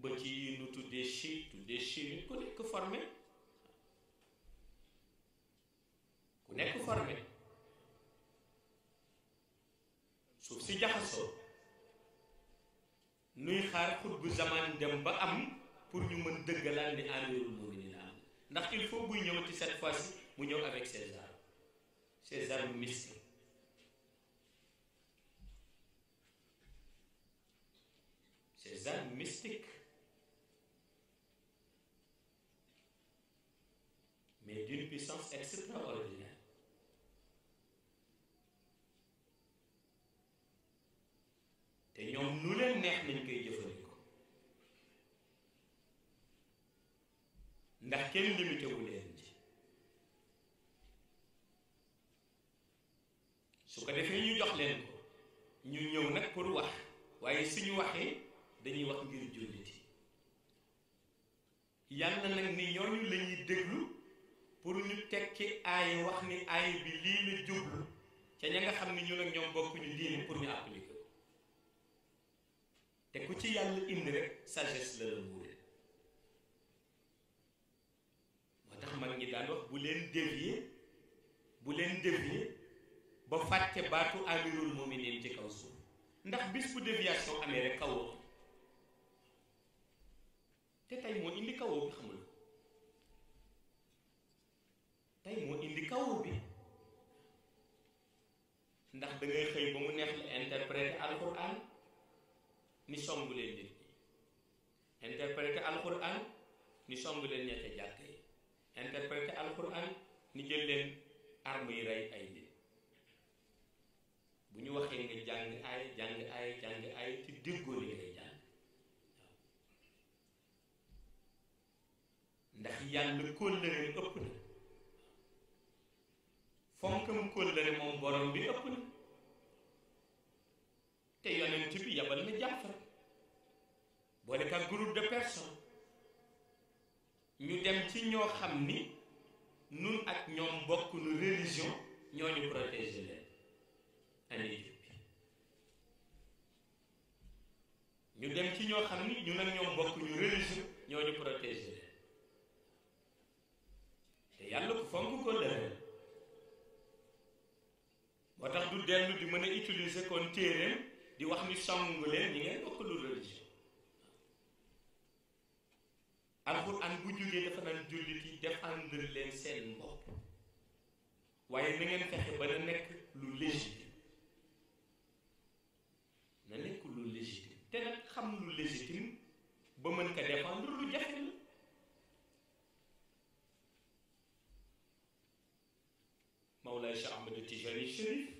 ba ci nu tuddee chi tuddee chi ku nekk formé ku nekk formé suuf si jaxasoo nuy xaar xut bu zaman dem ba am pour ñu mën dëggalaan ni amirul mu'minin am ndax il faut buy ñëw ci cette fois-ci mu ñëw avec ses armes ses armes mystiques ses armes mystiques mais d'une puissance extraordinaire ñoom nu leen neex nañ koy jëfandikoo ndax kenn limité wu leen ci su ko defee ñu jox leen ko ñu ñëw nag pour wax waaye suñu waxee dañuy wax ngir julliti yàlla nag ni ñooñu la ñuy déglu pour ñu teg tekki aay wax ni aay bi lii la jublu ca ña nga xam ne ñun ak ñoom bokkuñu diine pour ñu appliquer te ku ci yàlla indi rek sagesse la la muure moo tax mag ñi daan wax bu leen dévier bu leen dévier ba fàtte baatu amirul muminin ci kaw suuf ndax bis bu déviation amee rek kawoo te tey moo indi kawoo bi xamul tey moo indi kawoo bi ndax da ngay xëy ba mu neex la interpréter alquran ni song leen nit ñi interpréter alquran ni song leen ña ca jàkk yi interpréter alquran ni jël leen arme rey ay nit bu ñu waxee nga jàng ay jàng ay jàng ay ci déggoo li ngay jàng ndax yàlla kóllëreem ëpp na fonkam kóllëre moom borom bi ëpp na te yonent bi yabal na Jaafar boole ak groupe de personnes ñu dem ci ñoo xam ni nun ak ñoom bokk nu ñoo ñu protéger leen en Éthiopie ñu dem ci ñoo xam ni ñun ak ñoom bokk ñu ñoo ñu protéger leen te yàlla ku fonk ko lëral moo tax du dellu di mën a utiliser kon téeréem di wax ni song leen ñi ngay bokk lu religion alxuraan bu jógee dafa naan jullit yi défendre leen seen bopp waaye na ngeen fexe ba na nekk lu légitime na nekk lu légitime te nag xam lu légitime ba mën ko défendre lu jafe la Mawlaay Cheikh Ahmed Tijani Chérif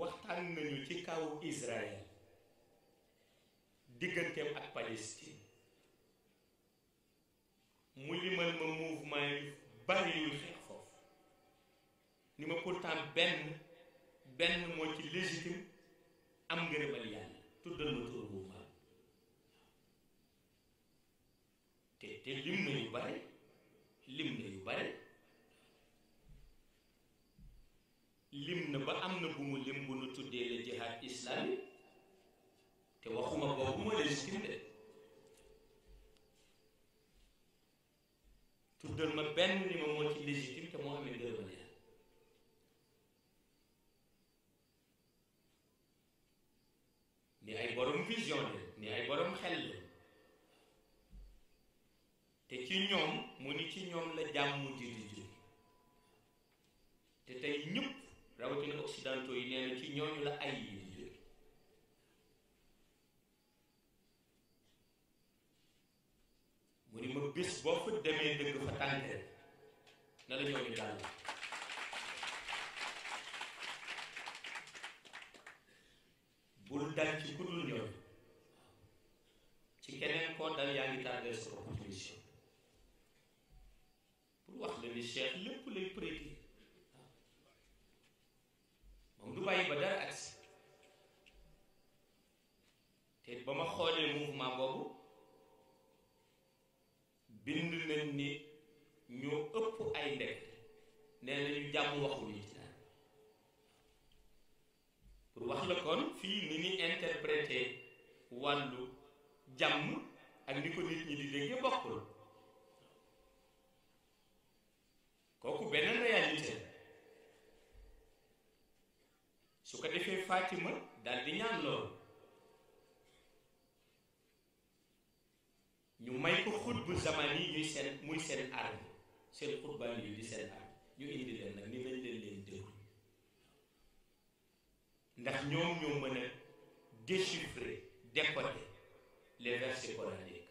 waxtaan nañu ci kaw Israël digganteem ak Palestine mu limal ma mouvement yu bari yuy xeex foofu ni ma pourtant benn benn moo ci légitime am ngërëmal yàlla tuddal ma tur mouvement te te lim na yu bari lim na yu bari lim na ba am na bu mu lim bu nu tuddee la jihaad islami te waxuma boobu moo légitime de tuddal ma benn ni ma moo ci légitime te moo amee ngërëm la ni ay borom vision la ni ay borom xel la te ci ñoom mu ni ci ñoom la jàmm ji te tey ñëpp rawatina occidentaux yi nee ci ñooñu la ay yi mu ni ma bis boo fa demee dëgg fa tànkee na la ñooñu dal bul dal ci ku dul ñooñu ci keneen koo dal yaa ngi tardé sa proposition pour wax la ni cheikh lépp lay prédire du bàyyi ba dara agsi te ba ma xoolee mouvement boobu bind nañ ni ñoo ëpp ay ndek nee nañu jàmm waxul ñu ci pour wax la kon fii ni ni interprété wàllu jàmm ak ni ko nit ñi di déggee bokkul Fatima dal di ñaan loolu ñu may ko xutbu zaman yi ñuy seen muy seen arme seen xutbaan yi di seen arme ñu indi leen nag ni lañ leen leen déglu ndax ñoom ñoo mën a déchiffrer décoder les versets coraniques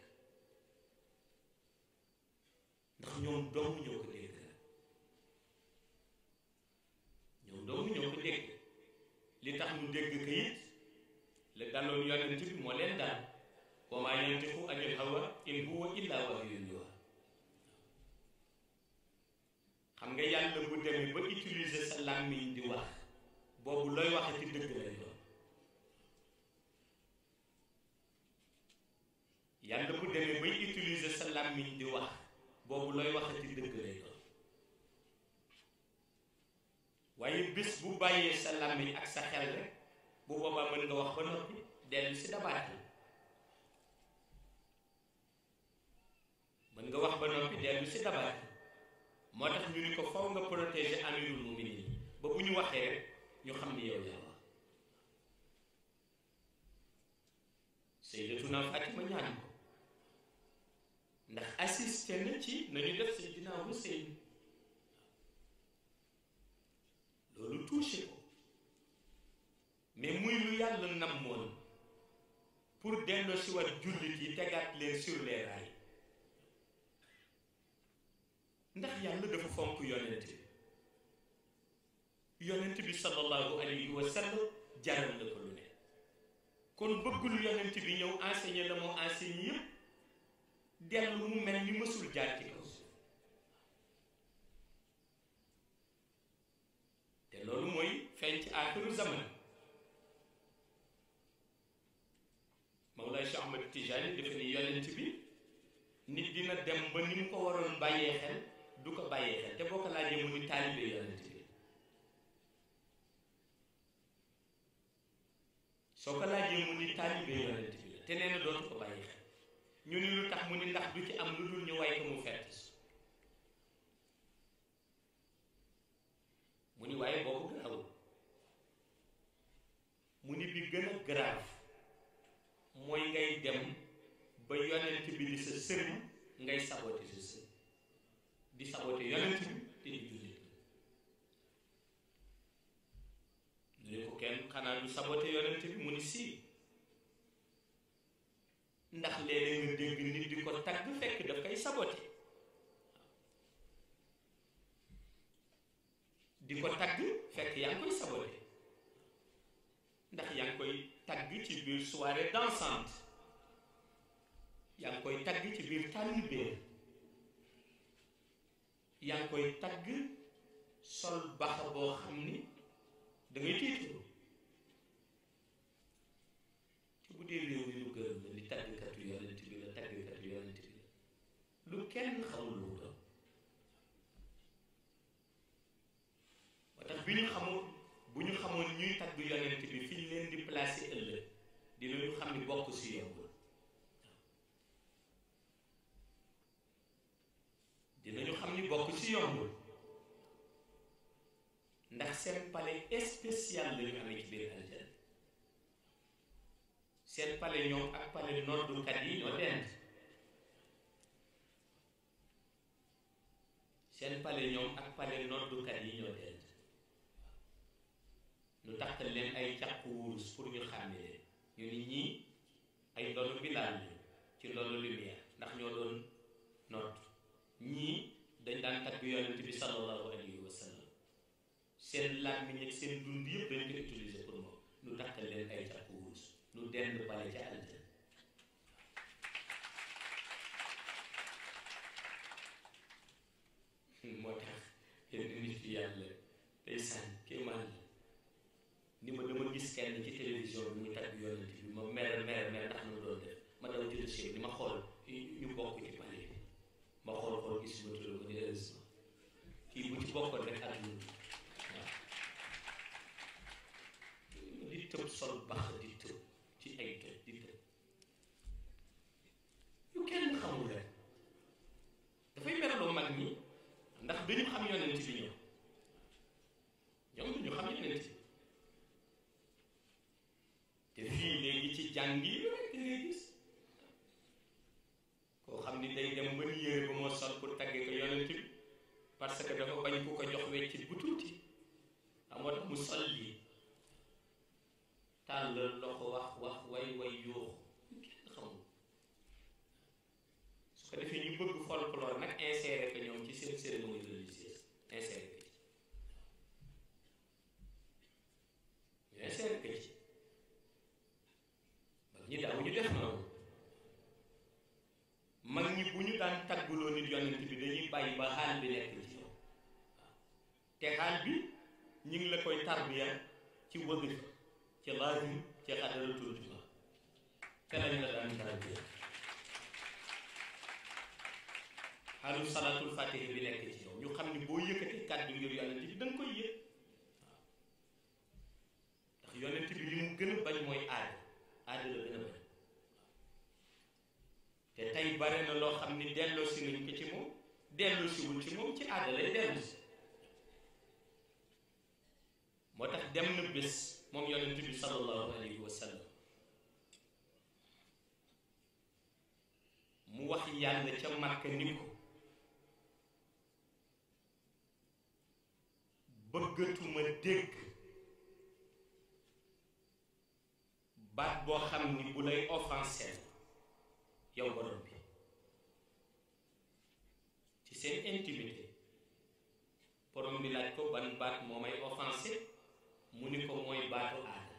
ndax ñoom doomu ñoo ko dégg la ñoom doomu ñoo ko dégg li tax mu dégg këyit la daloon yonent bi moo leen dal wa maa yantiqu anil hawa in huwa illa wahyun yuha xam nga yàlla bu demee ba utiliser sa làmmiñ di wax boobu looy waxe ci dëgg lay doon yàlla bu demee bay utiliser sa làmmiñ di wax boobu looy waxe ci dëgg lay waaye bis bu bàyyee sa làmmiñ ak sa xel rek bu boobaa mën nga wax ba noppi dellu si dabaat nga wax ba noppi si dabaat yi moo tax ñu ni ko faw nga protéger amirul muminin yi ba bu ñu waxee rek ñu xam ni yow yaa wax Sayyidatuna Fatima ñaan ko ndax assisté na ci nañu def Sayyidina Huseyn loolu touché ko mais muy lu yàlla nammoon pour delloo si war jullit yi tegaat leen sur les ndax yàlla dafa fonk yonent bi yonent bi sallallahu alayhi wa sallam jaral ko lu ne kon bëggul yonent bi ñëw enseigné la moo enseigné yëpp dellu mu mel ni mësul jaar ko loolu mooy feeñ ci aaxiru zaman Mawlaay Cheikh Ahmad Tijaani defe ni yonent bi nit dina dem ba ni mu ko waroon bàyyee xel du ko bàyyee xel te boo ko laajee mu ni taalibe yonent bi soo ko laajee mu ni taalibe yonent bi te nee na dootu ko bàyyee ñu ni lu tax mu ni ndax du ci am lu dul ñu way ko mu fett mu ni waaye boobu garaawul mu ni bi gën a grave mooy ngay dem ba yonent bi di sa sëriñ ngay sabote sa sëriñ di sabote yonent bi te di jullit ñu ne ko kenn xanaa du sabote yonent bi mu ni sii ndax léeg-léeg nga dégg nit di ko tagg fekk daf koy sabote di ko tagg fekk yaa ngi koy sabote ndax yaa ngi koy tagg ci biir soirée dansante yaa ngi koy tagg ci biir talibé yaa ngi koy tagg sol baxa boo xam ni da ngay tiitoo te bu dee réew mi lu gërëm la li taggkatu yonent bi la taggkatu yonent bi la lu kenn xamul lu bu ñu ñu xamoon ñuy tagg yonent bi fi ñu leen di placer ëllëg dinañu xam ni bokk si yombul xam ni bokk si yombul ndax seen palais spécial la ñu amee ci biir seen palais ñoom ak palais noddukat yi ñoo dend seen palais ñoom ak palais noddukat yi ñoo dend ñu taxtal leen ay càqu wurus pour ñu xàmme ñu nit ñii ay ndono bilaal la ci loolu lumière ndax ñoo doon noot ñii dañ daan tagg yonent bi sallallahu alayhi wa sallam seen làmmiñ ak seen dund yëpp dañ ko utiliser pour moom ñu taxtal leen ay càqu wurus ñu dend bale ca àljan moo tax yenn nit yi yàlla day sànni kéemaan la ni ma dama gis kenn ci télévision bi muy tagg yonent bi ma mer mer mer ndax ma doon def ma daw jël chef bi ma xool ñu bokk ci pale bi ma xool xool gis ma tudd ko ni heureusement eh, bu di tëb sol baax di tëb ci ay tëb di tëb yu kenn xamul rek dafay meraloo mag ñi ndax dañu xam yonent bi ñoom dañu xam yonent fii léegi ci jàng yi rek ngay gis koo xam ni day dem ba ni yére ba moo sol pour tagge ko parce que dafa bañ ku ko jox weccit bu tuuti xam moo tax sol lii tàllal loxo wax wax way way yooxu kenn xamul su ko defee ñu bëgg folklore nag insérer ko ñoom ci seen cérémonie religieuse insérer ko ci insérer ko ci ñi daaw ñu def na mag ñi bu ñu daan tagguloo nit yonent bi dañuy bàyyi ba xaal bi nekk ci yow te xaal bi ñu ngi la koy tarbiya ci wëgg ci laazim ci xadaratul juma te lañ la daan tarbiya xaalu salaatul fatiha bi nekk ci yow ñu xam ne boo yëkkatee kàddu ngir yonent bi da koy yëg waaw ndax yonent bi li mu gën a bañ mooy yàlla la gën a te tey bare na loo xam ne delloo si nañ ko ci moom delloo siwul ci moom ci aada lay si moo tax dem na bés moom yonent bi sallallahu alayhi wa mu wax yàlla ca màkk ni ko bëggatuma dégg baat boo xam ni bu lay offensé yow borom bi ci seen intimité borom bi laaj ko ban baat moo may offensé mu ni ko mooy baatu aada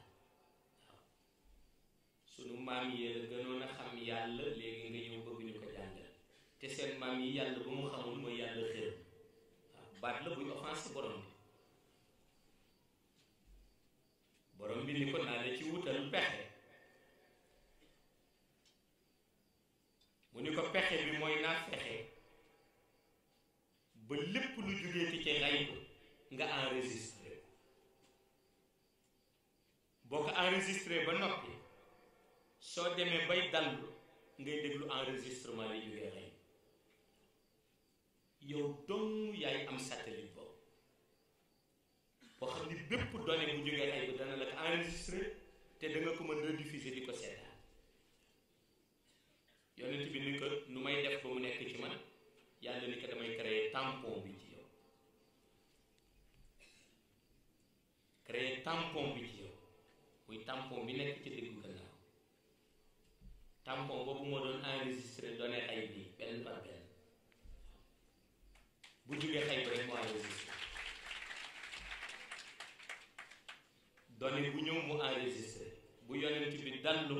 waaw sunu maam yi la gënoon a xam yàlla léegi nga ñëw bëgg ñu ko jàngal te seen maam yi yàlla bu mu xamul mooy yàlla xër waaw baat la buy offensé borom bi borom bi ni ko naa la ci wutal pexe mu ni ko pexe bi mooy naa fexe ba lépp lu jógee ti ci xayb nga enregistré boo ko enregistré ba noppi soo demee bay dallu ngay déglu enregistrement lay jógee xayb yow dong yaay am satellite boobu boo xam ni bépp donné bu jógee xayb dana la ko enregistré te da nga ko mën rediffuser di ko seet yonent bi ni ko nu may def ba nekk ci man yàlla ni ko damay créer tampon bi ci yow créer tampon bi ci yow muy tampon bi nekk ci dëggu gannaaw tampon boobu moo doon enregistré données ay bi benn par benn bu jógee xay bi rek mu enregistré données bu ñëw mu enregistré bu yonent bi dallu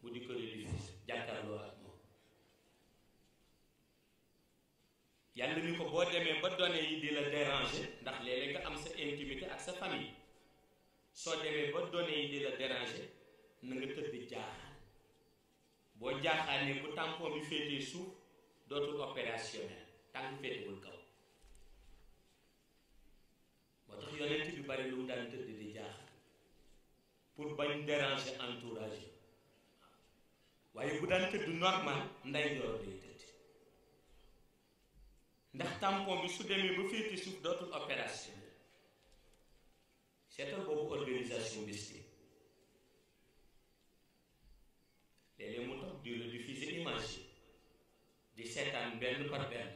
bu di ko rediffuser jàkkaarloo ak moom yàlla ni ko boo demee ba données yi di la déranger ndax léeg-léeg am sa intimité ak sa famille soo demee ba données yi di la déranger na nga tëdd jaaxaan boo jaaxaanee bu tampon bi féetee suuf dootul opérationnel tànk féetewul kaw moo tax yonent bi bari lu mu daan tëdd di jaaxaan pour bañ déranger entourage waaye bu daan tëdd normal nday joor day tëdd ndax tampon bi su demee ba féete suuf dootul opération seetal boobu organisation bis bi léeg-léeg mu tax di rediffuser image yi di seetaan benn par benn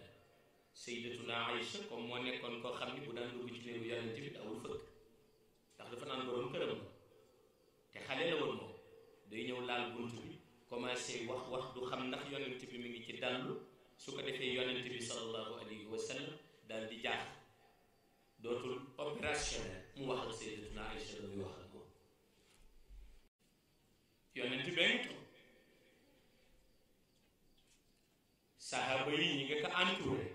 Sayyidatuna Aïcha comme moo nekkoon koo xam ni bu daan dugg ci néegu yonent bi awul fëkk ndax dafa naan borom këram la te xale la woon moom day ñëw laal bunt bi commencé wax wax du xam ndax yonent bi mu ngi ci dallu su ko defee yonent bi sallallahu alayhi wa sallam daal di jaax dootul opérationnel mu wax ak sayyidatuna Aïcha la muy wax ak moom yonent bee ngi toog sahaaba yi ñi nga ko entouré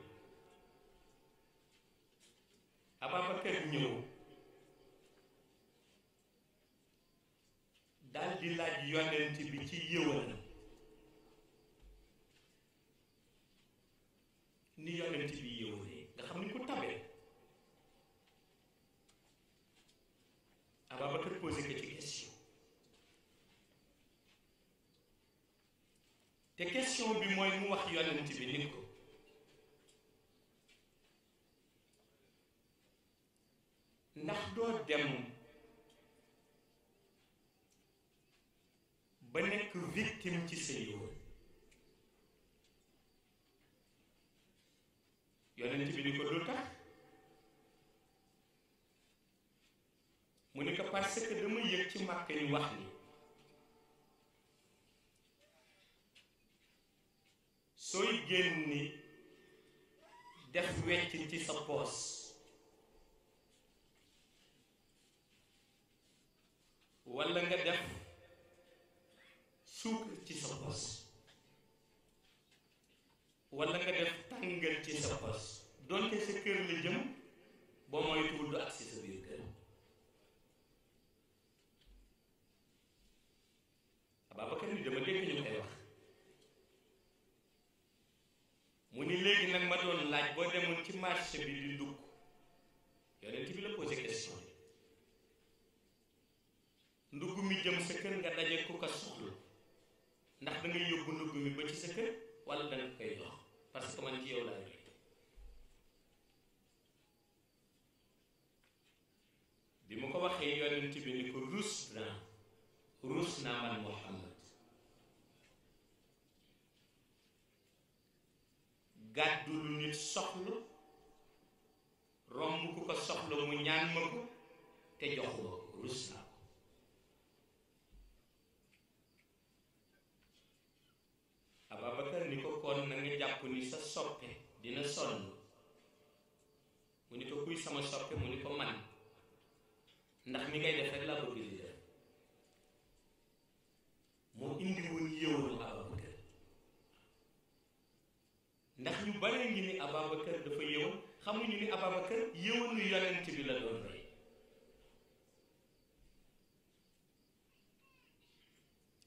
Ababacar ñëw dal di laaj yonent bi ci yëwal ni yonent bi yëwalee nga xam ni ku tabee Ababacar posé ko ci question te question bi mooy mu wax yonent bi ni ko ndax doo dem ba nekk victime ci sëy yooyu yonent bi ni ko lu tax mu ni ko parce que dama yëg ci màkk ni wax ni sooy génn ni def wecc ci sa poos walla nga def suukar ci sa pos wala nga def tàngal ci sa pos donte sa kër la jëm boo moytuwul du ak si sa biir kër Ababacar ni dama dégg ñu koy wax mu ni léegi nag ma doon laaj boo demoon ci marché bi di dugg yonent bi la posé question ndugg mi jëm sa kër nga daje ku ko soxla ndax da ngay yóbbu ndugg mi ba ci sa kër wala da koy jox parce que man ci yow laa yore bi mu ko waxee yonent bi ni ko ruus naa ruus naa man Muhammad gàddu lu nit soxla romb ku ko soxla mu ñaan ma te jox ma ko ruus naa Ababacar ni ko kon na nga jàpp ni sa soppe dina sonn mu ni ko kuy sama soppe mu ni ko man ndax ñi ngay def rek laa bëgg di def moo indi woon yëwal Ababacar ndax ñu bare ngi ni Ababacar dafa yëwal xamuñu ni Ababacar yëwalu yonent bi la doon roy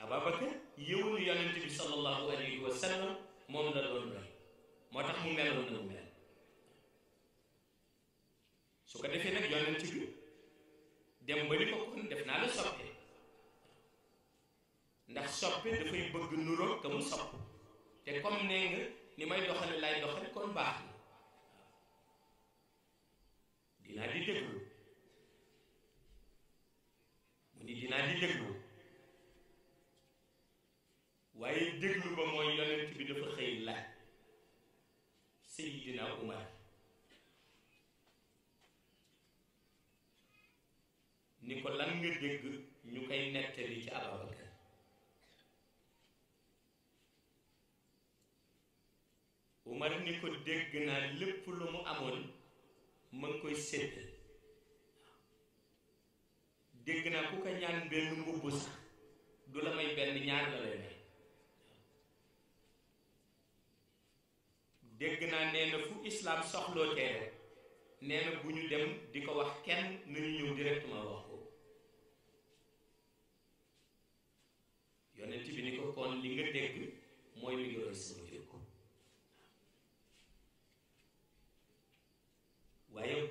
Ababacar yëwnu yonent bi sallallahu alayhi wa sallam moom la doon doy moo tax mu meloon na mu mel su ko defee nag yonent bi dem ba ni ko kon def naa la soppe ndax soppe dafay bëgg nuroog ka mu sopp te comme nee nga ni may doxale lay doxal kon baax na mën koy sédd dégg naa ku ko ñaan benn mbubb sax du la may benn ñaar la lay dégg naa nee na fu islaam soxloo teere nee bu ñu dem di ko wax kenn nañu ñëw directement wax ko yonent bi ni ko kon li nga dégg mooy li nga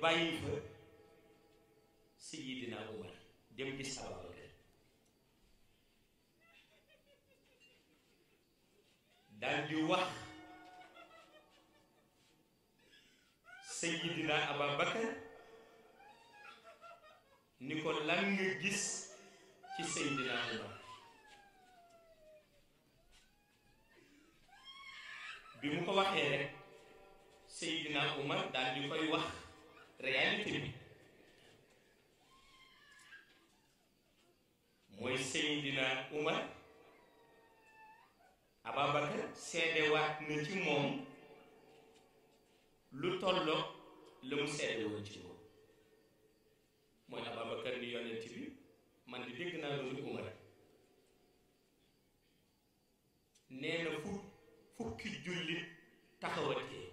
bàyyi fa Seydina Umar dem ci sababa daal di wax Seydina Ababakar ni ko lan gis ci Seydina Umar bi mu ko waxee rek Seydina Umar daal di koy wax réalité bi mooy Seydina Umar Ababacar seedewaat na ci moom lu tolloo la mu seede woon ci moom mooy Ababacar ni yonent bi man di dégg naa loolu Umar nee na fukki jullit taxawatee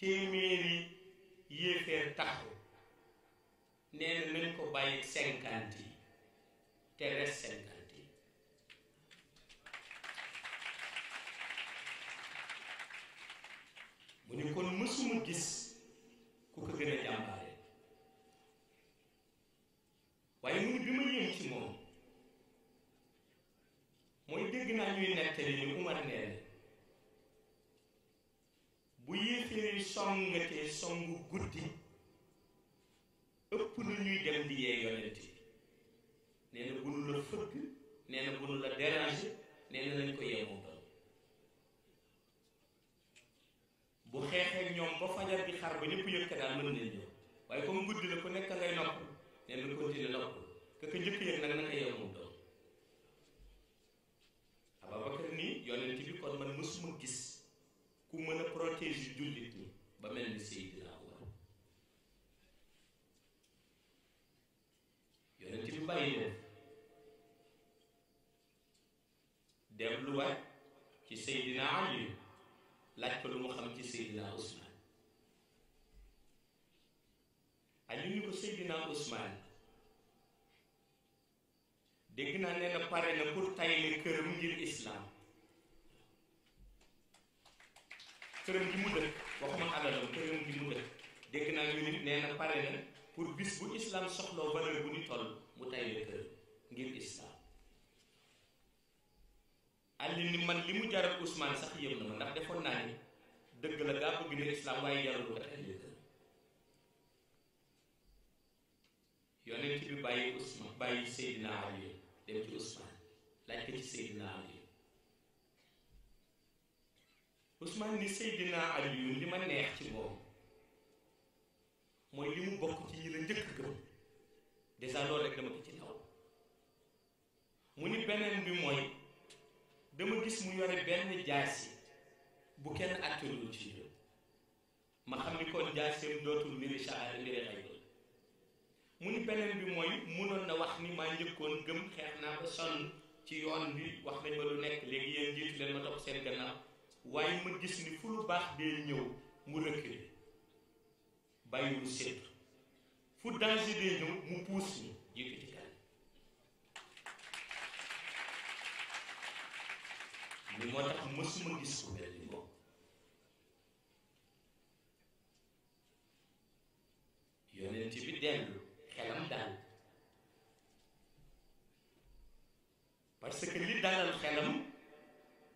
téeméeri yéeféer taxaw nee nañ ko bàyyi cinquante yi te res cinquante mu ne kon mësuma gis ku ko gën a jàmbaare waaye mu ne bi ma yéem moom mooy dégg naa ñuy nettali ni Umar nee na bu yéexee songatee songu guddi ëpp na dem di yee yonent bi nee na la fëgg nee na la déranger nee na ko yee moom bu xeexee ñoom ba fajar bi xar ba ñëpp yëkk daal mën nañ ñëw waaye comme guddi la ku nekk ngay nopp nee na continuer ka ka njëkk yëg nag naka yee moom doom Ababacar nii yonent bi kon man mësuma gis ku mën a protéger jullit ñi ba mel ni Seydina Omar yonent bi bàyyi leen delluwaat ci Seydina Ali laaj ko lu mu xam ci Seydina Ousmane Ali ni ko Seydina Ousmane dégg naa nee na pare na pour tayle këram ngir islam këram gi mu dëkk waxuma alalam këram gi mu dëkk dégg naa ñu nit nee na pare na pour bis bu islam soxloo valeur bu ni toll mu tayle kër ngir islam àlli man li mu jaral Ousmane sax yëpp na ma ndax defoon naa ni dëgg la gaa bëgg ne islam waaye jaralu ko yonent bi bàyyi Ousmane bàyyi Seydina Ali dem ci Ousmane laaj ko ci Seydina Ali Ousmane ni Seydina Aliyu li ma neex ci moom mooy li mu bokk ci ñi la njëkk gëm dèjà loolu dama ko ci naw mu ni beneen bi mooy dama gis mu yore benn jaasi bu kenn àttalul ci ñoom ma xam ni kon jaaseem dootul mbiri saxaar mbiri xay doon mu ni beneen bi mooy munoon na wax ni maa njëkkoon gëm xeex naa ko sonn ci yoon bi wax nañ ma lu nekk léegi yéen jiitu leen ma topp seen gannaaw waaye ma gis ni fu lu baax dee ñëw mu reculer bàyyiwul seet fu danger dee ñëw mu puus ñu yëkkati kan ni moo tax mësuma gis ku mel ni moom yonent bi dellu xelam daal parce que li dalal xelam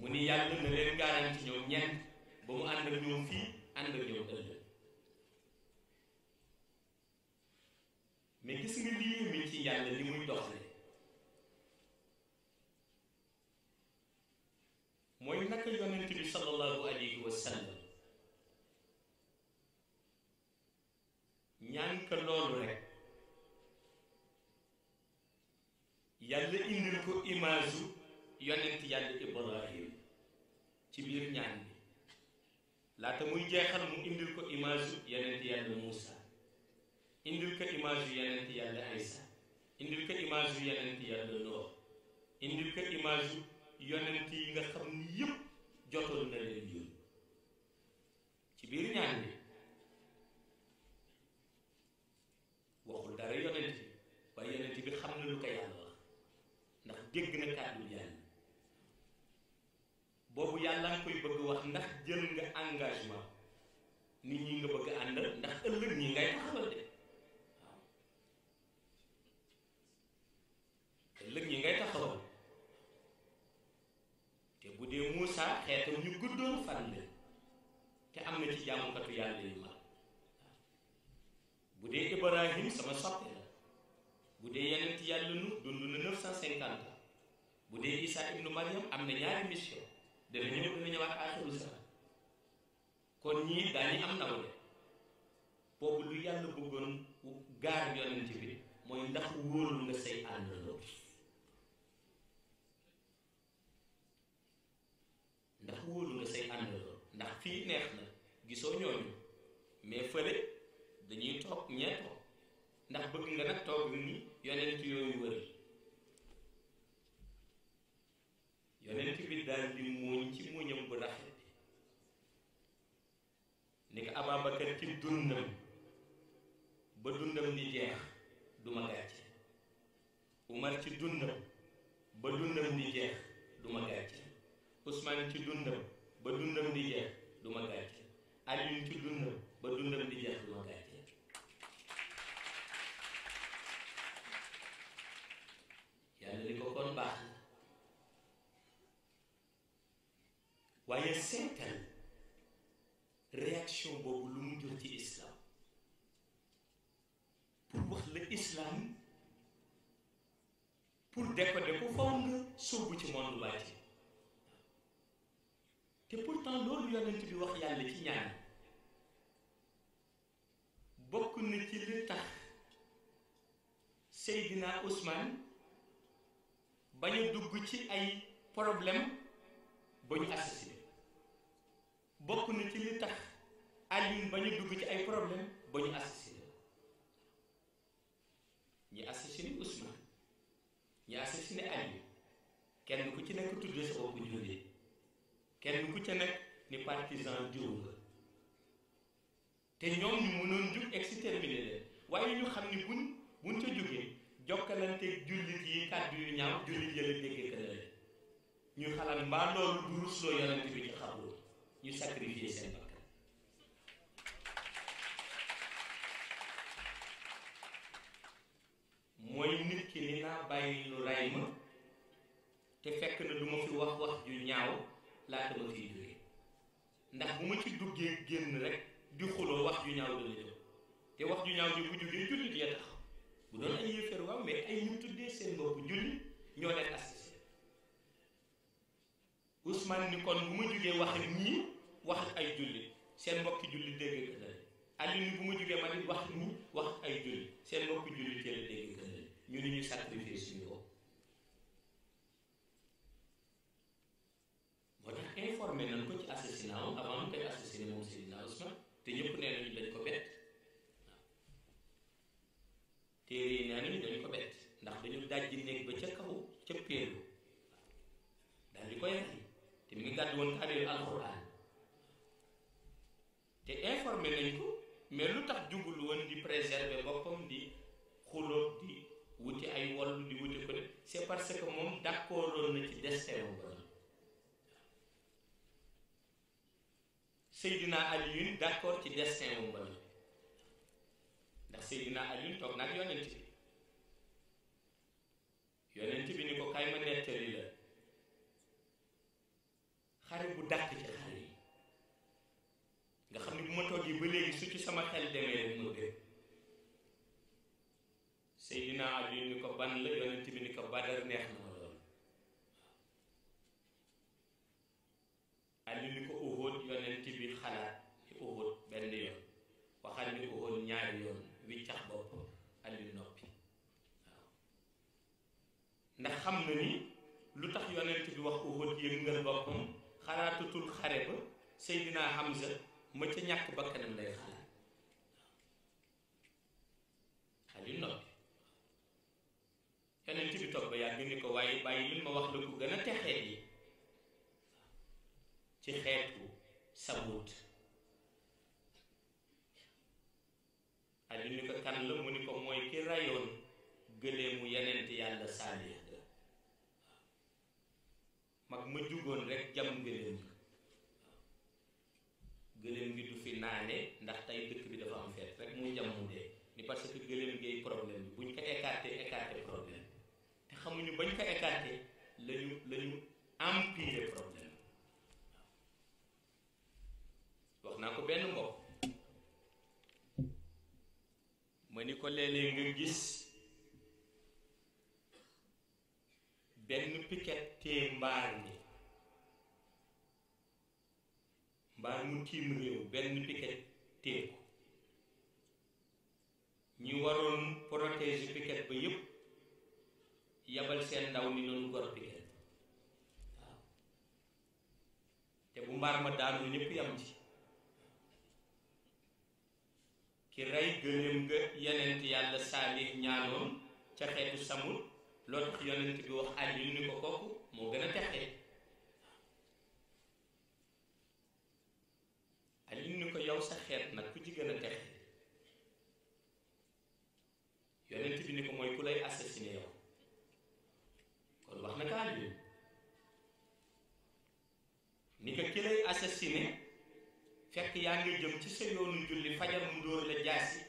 mu ni yàlla na leen garanti ñoom ñeent ba mu ànd ñoom fii ànd ak ëllëg mais gis nga lii mi ci yàlla li muy doxle mooy naka yonent bi sallallahu alayhi wa sallam ñaan loolu rek yàlla indil ko image yonent yàlla ibrahim ci biir ñaan laata muy jeexal mu indil ko image yu yàlla Moussa indil ko image yu yàlla Aïssa indil ko image yu yàlla Noor indil ko image yonent yi nga xam ni yëpp jotoon na leen yoon ci biir ñaan bi waxul dara yonent bi waaye yonent bi xam na lu ko yàlla wax ndax dégg na kàddu boobu yàlla nga koy bëgg wax ndax jël nga engagement nit ñi nga bëgg àndal ndax ëllëg ñi ngay taxawal de ëllëg ñi ngay taxawal te bu dee Moussa xeetam ñu guddoon fan la te am na ci jaamukatu yàlla yu mag bu dee Ibrahim sama soppe la bu dee yeneen ci yàlla nu dund na 950 ans bu dee Isa ibnu Maryam am na ñaari mission defe ñu ne ko fi ñëwaat aaxiru zaman kon ñii daañu am naw de boobu lu yàlla bëggoon gaar yonent bi mooy ndax wóorul nga say àndandoo ndax wóorul nga say àndandoo ndax fii neex na gisoo ñooñu mais fële dañuy toog ñee toog ndax bëgg nga nag toog ni yonent yooyu wër yonent bi daal di muuñ ci muñam bu rafet bi ni ko Ababacar ci dundam ba dundam di jeex du ma gàcce Umar ci dundam ba dundam di jeex du ma gàcce Ousmane ci dundam ba dundam di jeex du ci dundam ba dundam di jeex gàcce yàlla ni ko kon baax waaye seetal réaction boobu lu mu ci islam pour wax la islam pour décoder ko faw nga sóobu ci monde baatin te pourtant loolu yonent bi wax yàlla ci ñaan bokk na ci li tax Seydina Ousmane bañ a dugg ci ay problème ba ñu assassiné bokk na ci li tax Alioune ba ñu dugg ci ay problème ba ñu assassiné ñi assassiné Ousmane ñi assassiné Alioune kenn ku ci nekk tuddee sa bopp jullit kenn ku ci nekk ni partisan diw nga te ñoom ñu mënoon jug exterminer leen waaye ñu xam ni buñ buñ ca jógee jokkalanteeg jullit yi kàddu yu ñaaw jullit yële déggee ka la ñu xalaat mbaa loolu du rusloo yonent bi ci xamul ñu sacrifier seen bakkan mooy nit ki ni naa bàyyi lu ray ma te fekk na du ma fi wax wax ju ñaaw laata ma fiy jóge ndax bu ma ci duggee génn rek di xuloo wax ju ñaaw dana te wax ju ñaaw ji bu jógee jullit ya tax bu doon ay yëfër waaw mais ay ñu tuddee seen bopp jullit ñoo leen as Ousmane ni kon bu ma jugee wax ñii wax ay jullit seen mbokki jullit dégg ko la bu ma jugee ma nit wax ñi wax ay jullit seen mbokki jullit yële dégg ko la ñu ni ñu sacrifié suñu bopp moo tax informé nañ ko ci assassinat am avant mu koy assassiné moom Seydina Ousmane te ñëpp nee nañu dañ ko bett waaw téere yi dañ ko bett ndax dañu dajji néeg ba ca kaw ca péeru daal di koy rey mi ngi gàddu woon kaamil alxuraan te informé nañ ko mais lu tax jubul woon di préserver boppam di xulóot di wuti ay wol di wuti ko de c'est parce que moom d'accordoon na ci destin wu ba Seydina Alioune d'accord ci destin wu ba ndax Seydina Alioune toog nag yonent bi yonent bi ni ko kay ma nettali la xare bu dàq ci xare yi nga xam ne bu ma toogee ba léegi su ci sama xel demee rek mu dee Seydina Ali ni ko ban la yonent bi ni ko Badar neex na ma lool Ali ni ko Uhud yonent bi xalaat ni Uhud benn yoon waxal ni Uhud ñaari yoon wiccax bopp Ali noppi waaw ndax xam na ni lu tax yonent bi wax Uhud yëngal boppam xalaatutul xare ba Seydina Hamza ma ca ñàkk bakkanam lay xalaat Xalil noppi keneen ci bi toog ba yàgg ni ko waaye bàyyi li ma wax la ko gën a texeet yi ci xeetu sabuut Xalil ni ko kan la mu ni ko mooy ki rayoon gëleemu yenent yàlla saaliya mag ma jugoon rek jam gëléem gi gëléem gi du fi naane ndax tey dëkk bi dafa am feet rek mu jam mu dee ni parce que gëléem gi problème bi buñ ko écarté écarté problème te xamuñu bañ ko écarté lañu lañu empiré problème wax naa ko benn mbokk ma ni ko léeg nga gis benn piquet tee mbaar mi mbaar mu tiim réew benn piquet tee ko ñi waroon protéger piquet ba yépp yabal seen ndaw ni noonu gor piquet waaw te bu mbaar ma daanu ñépp yam ci ki rey gëléem nga yenent yàlla saalix ñaanoon ca xeetu samul loolu ci yonent bi wax aj ni ko kooku moo gën a texe ali ni ko yow sa xeet nag ku ci gën a texe yonent bi ni ko mooy ku lay assassiné yow kon wax na ko ali ni ko ki lay assassiné fekk yaa ngi jëm ci sa yoonu julli fajar mu la jaasi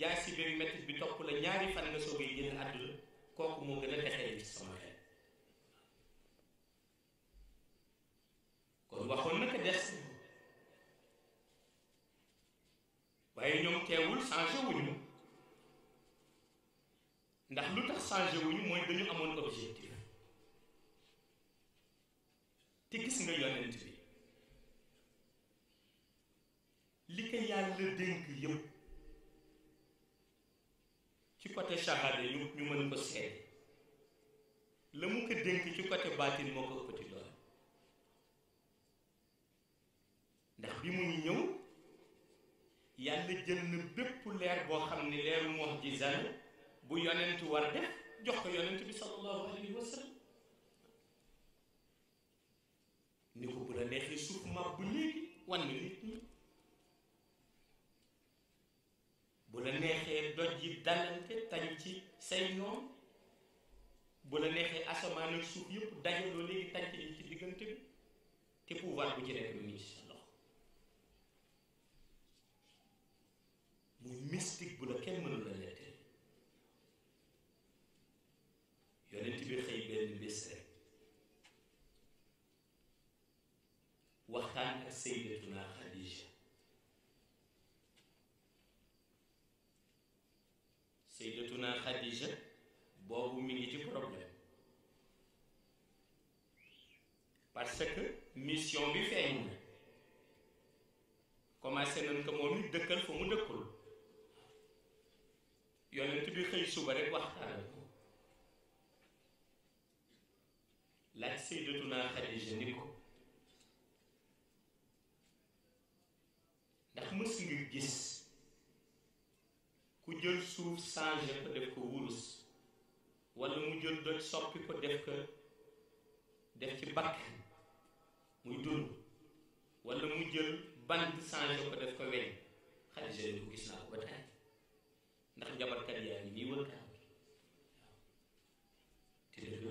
jaasi bi bi topp la ñaari fan nga soogay génn àdduna kooku moo gën a texee ci sama kon waxoon na ko des waaye ñoom teewul changé wuñu ndax lu tax changé ñu mooy dañu amoon objectif te gis nga yonent bi li ko yàlla dénk yëpp ci côté ñu ñu mën ko seede la mu ko dénk ci côté baatin moo ko ëppati ndax bi muy ñëw yàlla jël na bépp leer boo xam ne leeru mu'jiza bu yonent war def jox ko yonent bi sallallahu alayhi wa ni ko bu la neexee suuf mab bu léegi nit ñi bu la neexee doj yi dalante tañ ci say noon bu la neexee asamaan ak suuf yëpp dajaloo léegi tañ ci diggante bi te pouvoir bu ci nekk lu ñu ci muy mystique bu la kenn mënul la nettali bi xëy benn bés rek waxtaan ak sayyidatuna mission bi feeñ na commencé nañ ko moom it dëkkal fa mu dëkkul yonent bi xëy suba rek waxtaan ko laaj Sayyidatuna Xadija ni ko ndax mës nga gis ku jël suuf changé ko def ko wurus wala mu jël doj soppi ko def ko def ci bakkan muy dund wala mu jël bant changé ko def ko weñ xadisa yi ko gis naa ko ba tey ndax njabarkat yaa ngi nii wër kaaw te dëgg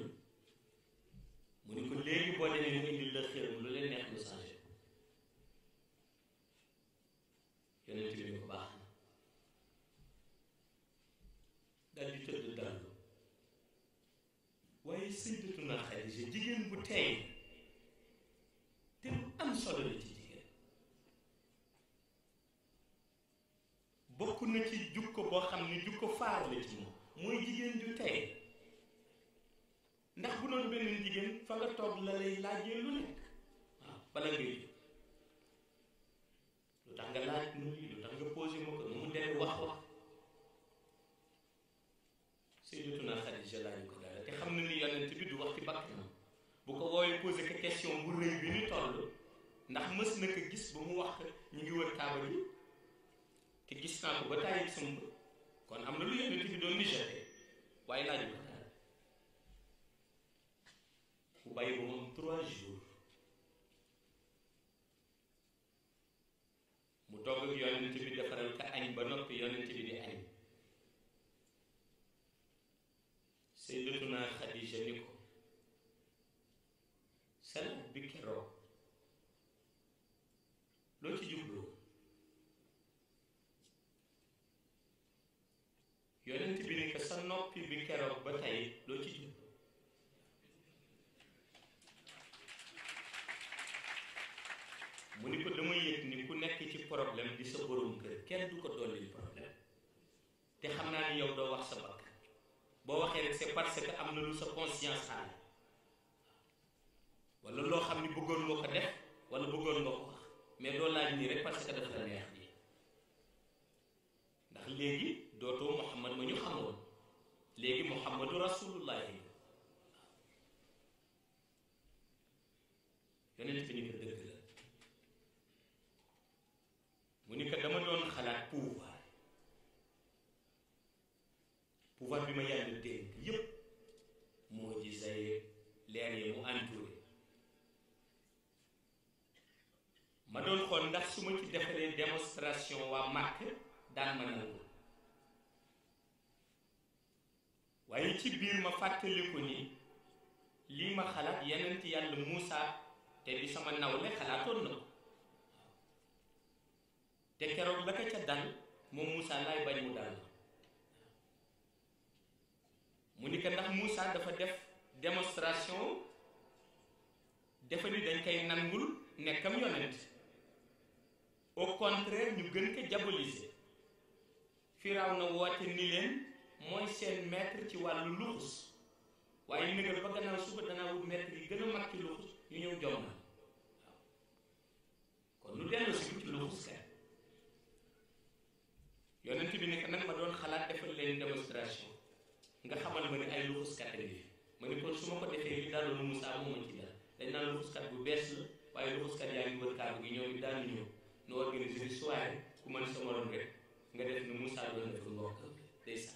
mu ni ko léegi boo demee mu indil la xéram lu leen neex mu changé ko yonent bi ko baax na dal tëdd dallu waaye sayyidatuna Xadija jigéen bu tey am solo la ci jigéen bokk na ci jukko boo xam ne jukko faar la ci moom mooy jigéen ju tey ndax bu doon beneen jigéen fa nga toog la lay laajee lu nekk waaw ah, bala ngay jóg lu tax nga laaj nuyu lu tax nga posé ma ko mu dellu wax wax Sayyidatuna Xadija laaju ko dara te xam na ni yonent bi du wax ci bakkanam bu ko woowee posé ko question bu rëy bi ñu toll ndax mës na ko gis ba mu wax ñu ngi wër kaaba bi te gis naa ko ba tàyyi sumb kon am na lu yonent bi doon nigéte waaye laaj bu mu togg ak yonent bi defaral ka añ ba noppi yonent bi di añ sayyidatuna Xadija ni ko salaam yonent bi ne ko sa noppi bi keroog ba tey loo ci jot mu ni ko dama yëg ni ku nekk ci problème di sa borom kër kenn du ko dolli problème te xam naa ni yow doo wax sa bakk boo waxee rek c'est parce que am na lu sa conscience xaal wala loo xam ni bëggoon nga ko def wala bëggoon nga ko wax mais doo laaj nii rek parce que dafa neex nii ndax léegi dootoo muhammad ma ñu xamoon léegi muhammadu rasulullahi yonent bi ni ko dëgg la mu ni ko dama doon xalaat pouvoir pouvoir bi ma yàlla dénk yépp moo ji leer yi mu entouré ma doon xool ndax su ma ci defaree démonstration waa màkk daan ma nangu waaye ci biir ma fàttaliku ni lii ma xalaat yenent yàlla Muusa te li sama nawle xalaatoon na te keroog la ko ca dal moom Muusa laay bañ mu dal mu ni ko ndax Muusa dafa def démonstration dafa ni dañ koy nangul nekkam yonent au contraire ñu gën ko diaboliser firaw na woote ni leen mooy seen metre ci wàllu luxus waaye nëgal ba gannaaw suba danaa wut maître yi gën a mag ci luxus yu ñëw jom na waaw kon lu dellu si ci luxus kat bi nekk nag ma doon xalaat defal leen démonstration nga xamal ma ne ay luxuskat a ngi ma ne kon su ma ko defee li daloon Moussa moo a ci dal dañ naan luxuskat bu bees la waaye luxuskat yaa ngi wër kàddu gi ñoom it daan ñëw nu organiser soirée ku mën sa morom rek nga def ne Moussa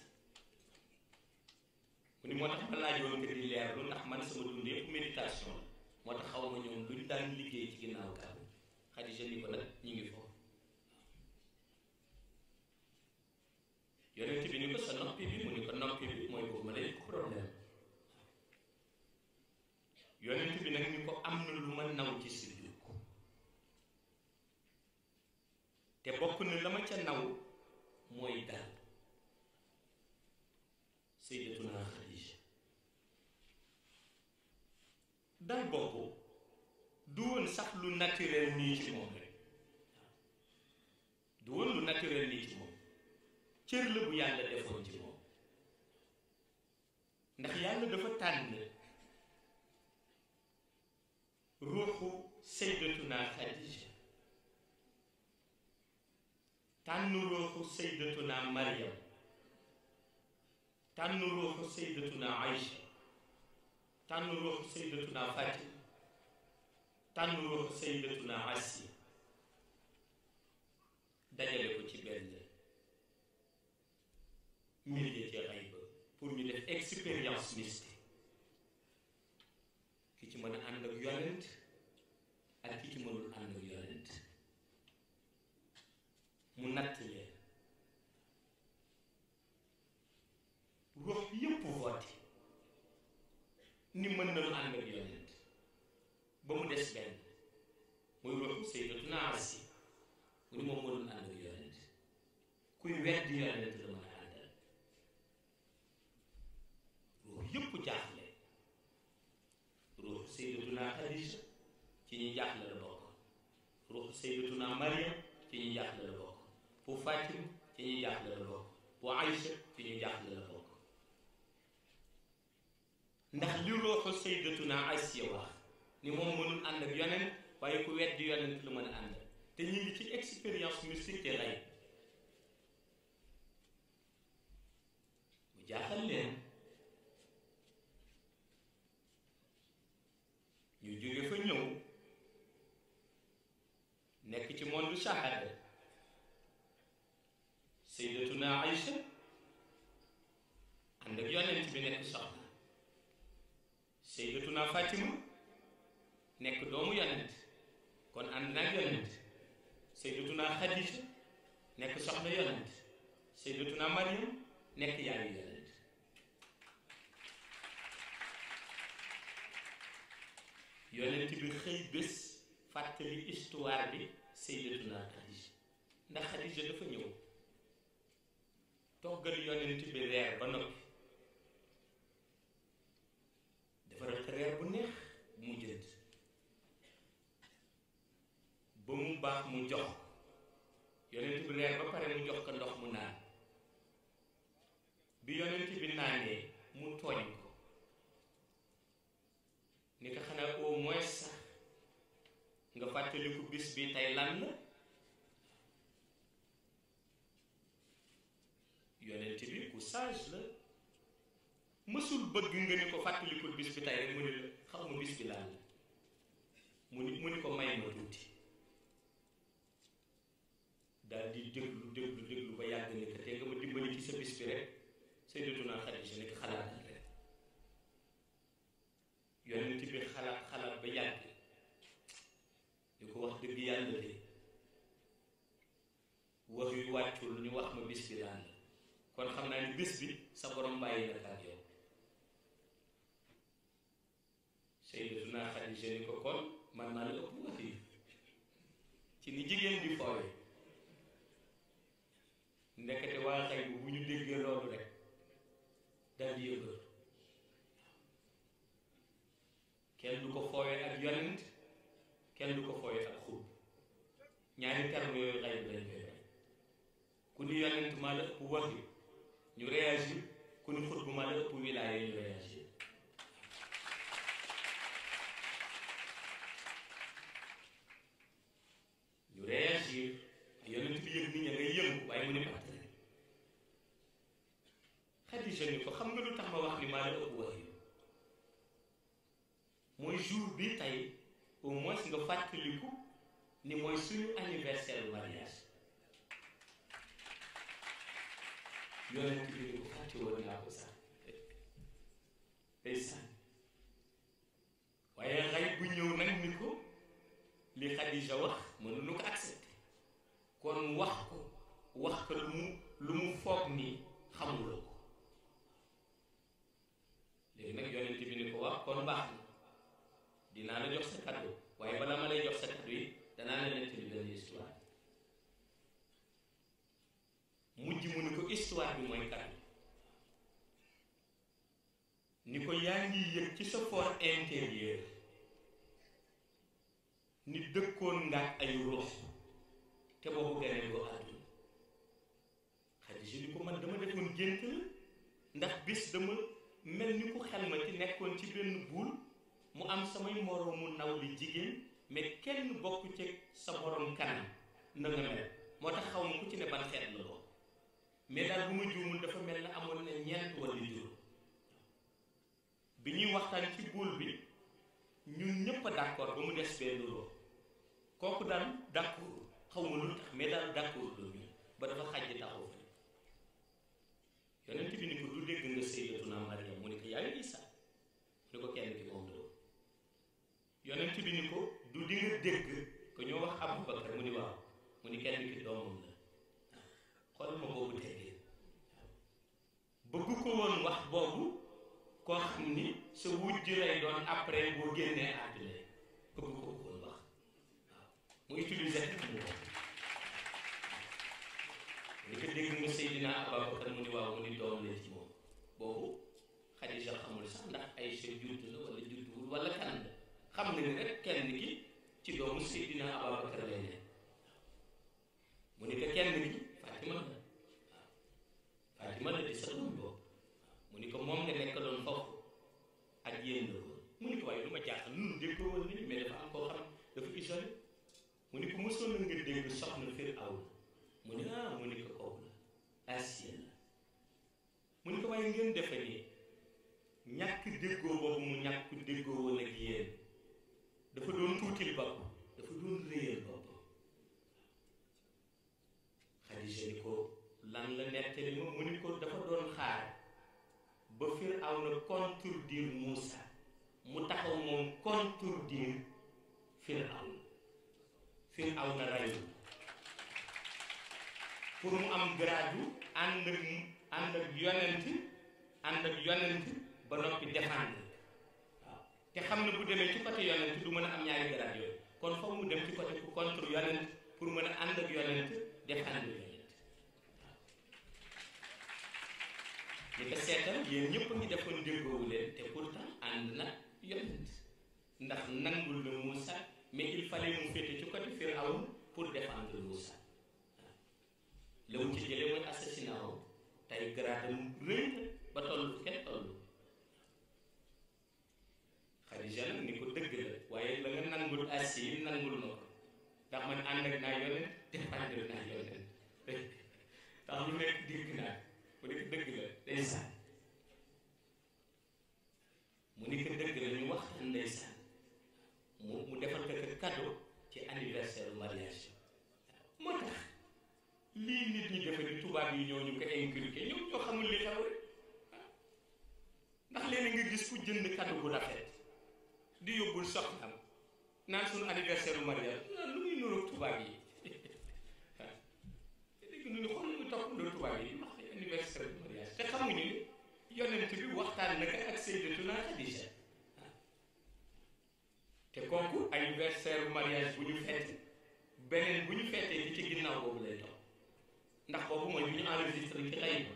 moo tax ma laajoon te di leer ndax man sama dund yëpp méditation moo tax xaw ma ñoom luñ daan liggéey ci ginnaaw kàddu Xadija ni ko nag ñu ngi foofu yonent bi ni ko sa noppi bi mu ni ko noppi bi mooy ko ma lay ko problème yonent bi nag ñu ko am na lu ma naw ci sujjóot te bokk na la ca naw mooy dal dal bopp du woon sax lu naturel nii ci rek du woon lu naturel nii ci cër la bu yàlla defoon ci ndax yàlla dafa tànn ruuxu saydatuna Xadija tànn ruuxu saydatuna Mariam tànn ruuxu saydatuna Aïcha tànn ruuxu sayyidatuna Fatima tànn ruuxu sayyidatuna Asiya dajale ko ci benn milieu ci ray ba pour ñu def expérience mystique ki ci mën a ànd ak yonent ak ki ci mënul ànd ak yonent mu natt leen ruux yëpp ni mën na mu ànd ak yonent ba mu des benn muy roxum Sayyidatuna Asiya mu ni moom moo doon ànd ak yonent kuy wedd yonent la mën a àndal ruux yëpp jaaxle ruux Sayyidatuna Xadija ci ñu jaaxle la bokk ruux Sayyidatuna Mariam ci ñu jaaxle la bokk bu Fatima ci ñu jaaxle la bokk bu Aïcha ci ñu jaaxle la bokk ndax li ruuxu sayyidatuna Asiya wax ni moom mënul ànd ak yonent waaye ku weddi yonent la mën a ànd te ñu ci expérience mystique te lay mu jaaxal leen ñu jóge fa ñëw nekk ci monde shahada sayyidatuna Aïcha ànd ak yonent bi nekk soxna sayyidatuna Fatima nekk doomu yonent kon ànd naag yonent sayyidatuna Xadija nekk soxna yonent sayyidatuna Maryam nekk yaayu yonent yonent bi xëy bés fàttali histoire bi sayyidatuna Xadija ndax Xadija dafa ñëw toggal yonent bi reer ba noppi defaral ko bu neex mu jënd ba mu baax mu jox yonent bi reer ba pare mu jox ko ndox mu naan bi yonent bi naanee mu tooñ ko ni ko xanaa au moins sax nga fàttaliku bis bi tey lan la yonent bi ku sage la mësul bëgg nga ni ko fàttalikul bis bi tey mu ne la xaw ma bis bi laal la mu ni mu ni ko may ma tuuti daal di déglu déglu déglu ba yàgg ni ko te nga ma dimbali ci sa bis bi rek Sayyidatuna Xadija ni ko xalaat rek yonent bi xalaat xalaat ba yàgg li ko wax dëgg yàlla de wax yu wàccul ni wax ma bis bi laal kon xam naa ni bis bi sa borom bàyyi na ak yow Sayyidatuna Xadija ni ko kon man naa la ëpp nga fii ci ni jigéen di fooye ndekete waa xay bu ñu déggee loolu rek daal di yëngatu du ko fooye ak yonent kenn du ko fooye ak xub ñaari terme yooyu xay bu lañ koy ku ni yonent maa la ëpp wax ñu réagir ku ni xut maa la ëpp wilaaya ñu réagir réagir yonent bi yëg nit ña ngay yëngu waaye mu ne matt ni ko xam nga lu tax ma wax ni maa la ëpp mooy jour bi tey au moins nga fàttaliku ni mooy suñu anniversaire mariage yonent bi ni ko fàtte woon naa ko sax day waaye xay bu ñëw ni ko li Xadija wax mënuñu ko accepté kon wax ko wax ko lu mu lu mu foog ni xamuloo ko léegi nag yonent bi ni ko wax kon baax na dinaa la jox sa kaddu waaye balaa ma lay jox sa kaddu yi danaa la nettali benn histoire mujj mu ni ko histoire bi mooy kaddu ni ko yaa ngi yëg ci sa fort intérieur ni dëkkoon nga ay ruux te boobu gane ko àdduna Xadija ni ko man dama defoon gént ndax bis dama mel ni ku xel ma ci nekkoon ci benn buul mu am samay moroomu naw li jigéen mais kenn bokku ci sa morom kanam na mel moo tax xaw ma ku ci ne ban xeet la bokk mais daal bu ma juumul dafa mel na amoon na ñeent wala juróom bi ñuy waxtaan ci buul bi ñun ñëpp d'accord ba mu des benn ruux kooku daal d'accord xaw ma lu tax mais daal d'accord loolu ba dafa xàjj taxaw fa yonent bi ni ko du dégg nga Sayyidatuna Mariam mu ne ko yaa ngi mu ne ko kenn ki moom la yonent bi ni ko du di nga dégg ko ñoo wax Abu Bakar mu ni waaw mu ni kenn ki doomam la xool ma boobu teggee bëgg ko woon wax boobu koo xam ni sa wujj lay doon après boo génnee àdduna bëgg ko mu utiliser ak mu ko li ko dégg nga Seydina Abubakar mu ni waaw mu ni doom la ci moom boobu Xadija xamul sax ndax ay sa judd la wala judduwul wala kan la xam nga ni rek kenn ki ci doomu Seydina ne mu kenn ki Fatima la waaw Fatima la di sa doom boobu mu ni ko moom nga nekk doon foofu ak yéen la mu ni ko waaye lu ma jaaxal nun déggoo woon nañu mais dafa am koo xam dafa isolé mu ni ko mosoon na nga dégg soxna Firaw mu ni ah mu ni ko ow la Asiya la mu ni ko waaye ngeen defe ni ñàkk déggoo boobu mu ñàkk déggoo woon ak yéen dafa doon tuutil bopp dafa doon réyal bopp Xadija ni lan la nettali ma mu ni ko dafa doon xaar ba Firaw na contredire Moussa mu taxaw moom contredire Firaw na sëñ aw na rey pour mu am garaaju ànd ak ànd ak yonent ànd ak yonent ba noppi défendre waaw te xam ne bu demee ci côté yonent du mën a am ñaari garaaj yooyu kon foog mu dem ci côté ku contre yonent pour mën a ànd ak yonent défendre yonent waaw li ko seetal yéen ñëpp ñu defoon déggoowu leen te pourtant ànd na yonent ndax nangul la Moussa mais il fallait mu féete ci côté Firawn pour défendre Moussa la mu ci jële mooy assassinat woon tey garaate mu rëy ba toll fu kenn toll ni ko dëgg la waaye la nga nangul assi nangul na ndax man ànd ak naa yonent défendre naa yonent ndax lu nekk dégg mu nekk dëgg la ndeysaan mu nekk dëgg la ñu wax ndeysaan mu mu defal ko que ci anniversaire mariage waaw moo tax lii nit ñi defe di tubaab yi ñoo ñu ko inculqué ñoom ñoo xamul li xew rek ndax léeg nga gis ku jënd cadeau bu rafet di yóbbul soxnaam naan suñu anniversaire mariage naan lu muy nuroog tubaab yi ñu ne xool ñu topp loolu tubaab yi wax anniversaire mariage te xamuñu yonent bi waxtaan naka ak Sayyidatuna Xadija te kooku anniversaire mariage bu ñu feete beneen bu ñu feetee li ci ginnaaw boobu lay topp ndax boobu mooy bu ñu enregistré ci xëy ba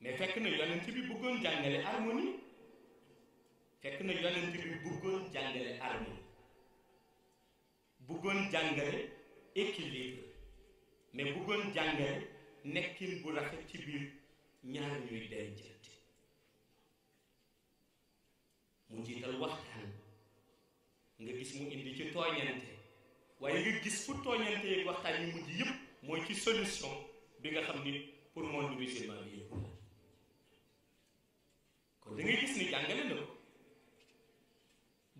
mais fekk na yonent bi bëggoon jàngale harmonie fekk na yonent bi bëggoon jàngale harmonie bëggoon jàngale équilibre mais bëggoon jàngale nekkin bu rafet ci biir ñaar ñuy denc mu jiital waxtaan nga gis mu indi ci tooñante waaye nga gis fu tooñante yeeg waxtaan yu mujj yëpp mooy ci solution bi nga xam ni pour monde musulman bi yëpp la gis ni jàngale ko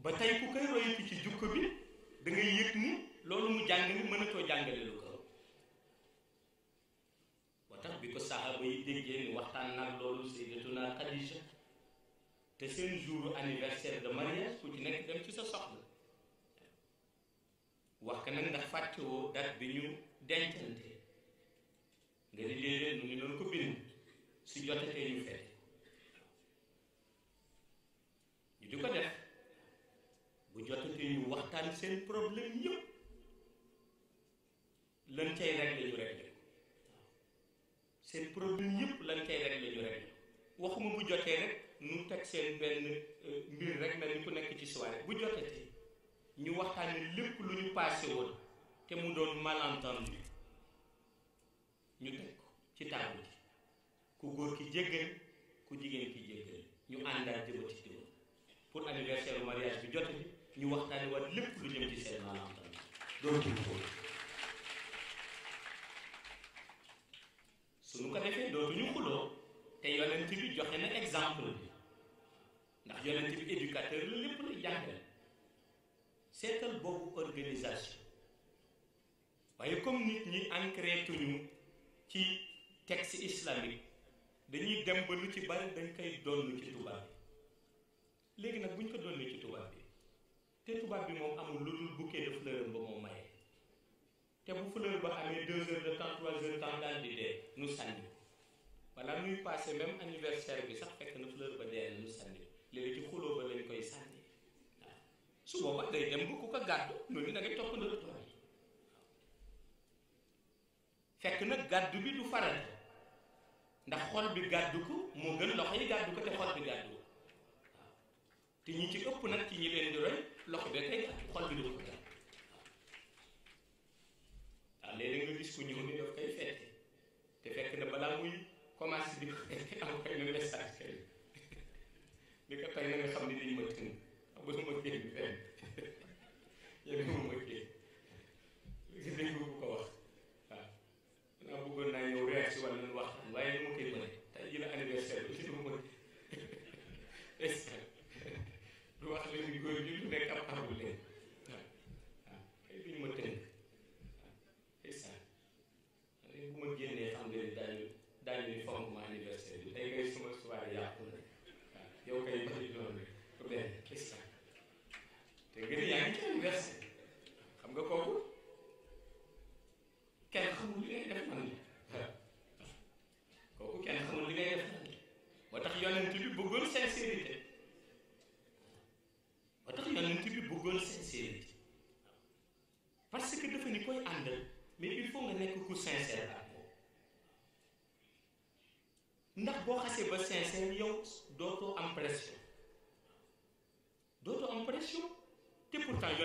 ba tey ku koy roy ci jukko bi da ngay ni loolu mu jàng ni mënatoo jàngale lu ko ba tax bi ko saxaaba yi déggee ni waxtaan nag loolu sayyidatuna Xadija te seen jour anniversaire de mariage ku ci nekk dem ci sa soxla wax ka nag ndax fàttewoo date bi ñu dencante nga di léeg-léeg ngi doon ko bind su jotatee ñu fete ñu di ko def bu jotatee ñu waxtaan seen problème yëpp lan cay réglé ñu réglé ko seen problème yëpp lan cay réglé ñu réglé waxuma bu jotee rek nu teg seen benn euh, mbir rek mel ni ku nekk ci soirée bu jotee ñu waxtaan waxtaanee lépp lu ñu passé woon te mu doon malentendu ñu teg ko ci table ji ku góor ki jéggal ku jigéen ki jéggal ñu àndaat jëma ci diwoon pour anniversaire mariage bi jotee ñu waxtaanee waat lépp lu jëm ci seen malentendu doon ci ko suñu ko defee dootuñu xuloo te yonent bi joxe na exemple bi ndax yonent bi éducateur la lépp la jàngal seetal boobu organisation waaye comme nit ñi ancré tuñu ci texte islamique dañuy dem ba lu ci bari dañ koy donn ci tubaab bi léegi nag bu ñu ko donnee ci tubaab bi te tubaab bi moom amul lu dul bouquet de fleur ba moom maye te bu fleur ba amee de temps trois heures de temps daal di dee nu sànni balaa nuy passé même anniversaire bi sax fekk na fleur ba dee nu sànni léegi ci xuloo ba lañ koy sànni waaw su boobaa day dem bu ku ko gàddu noonu da ngay topp ndër tool fekk nag gàddu bi du faral ndax xol bi gàddu ko moo gën loxo yi te xol bi gàddu ko waaw te ñi ci ëpp nag ci ñi leen di roy loxo bee kay gàddu xol bi du ko gàddu waaw léeg-léeg nga gis ku ñëw ni daf koy fekk te fekk na balaa muy commencé di ko fekk am koy na message kay li ko tey xam ni dañu ma tënk a nga du ma génn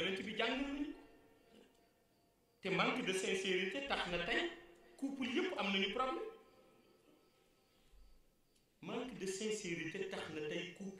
yonent bi jàngal nañu te manque de sincérité tax na tey couple yëpp am nañu problème manque de sincérité tax na tey couple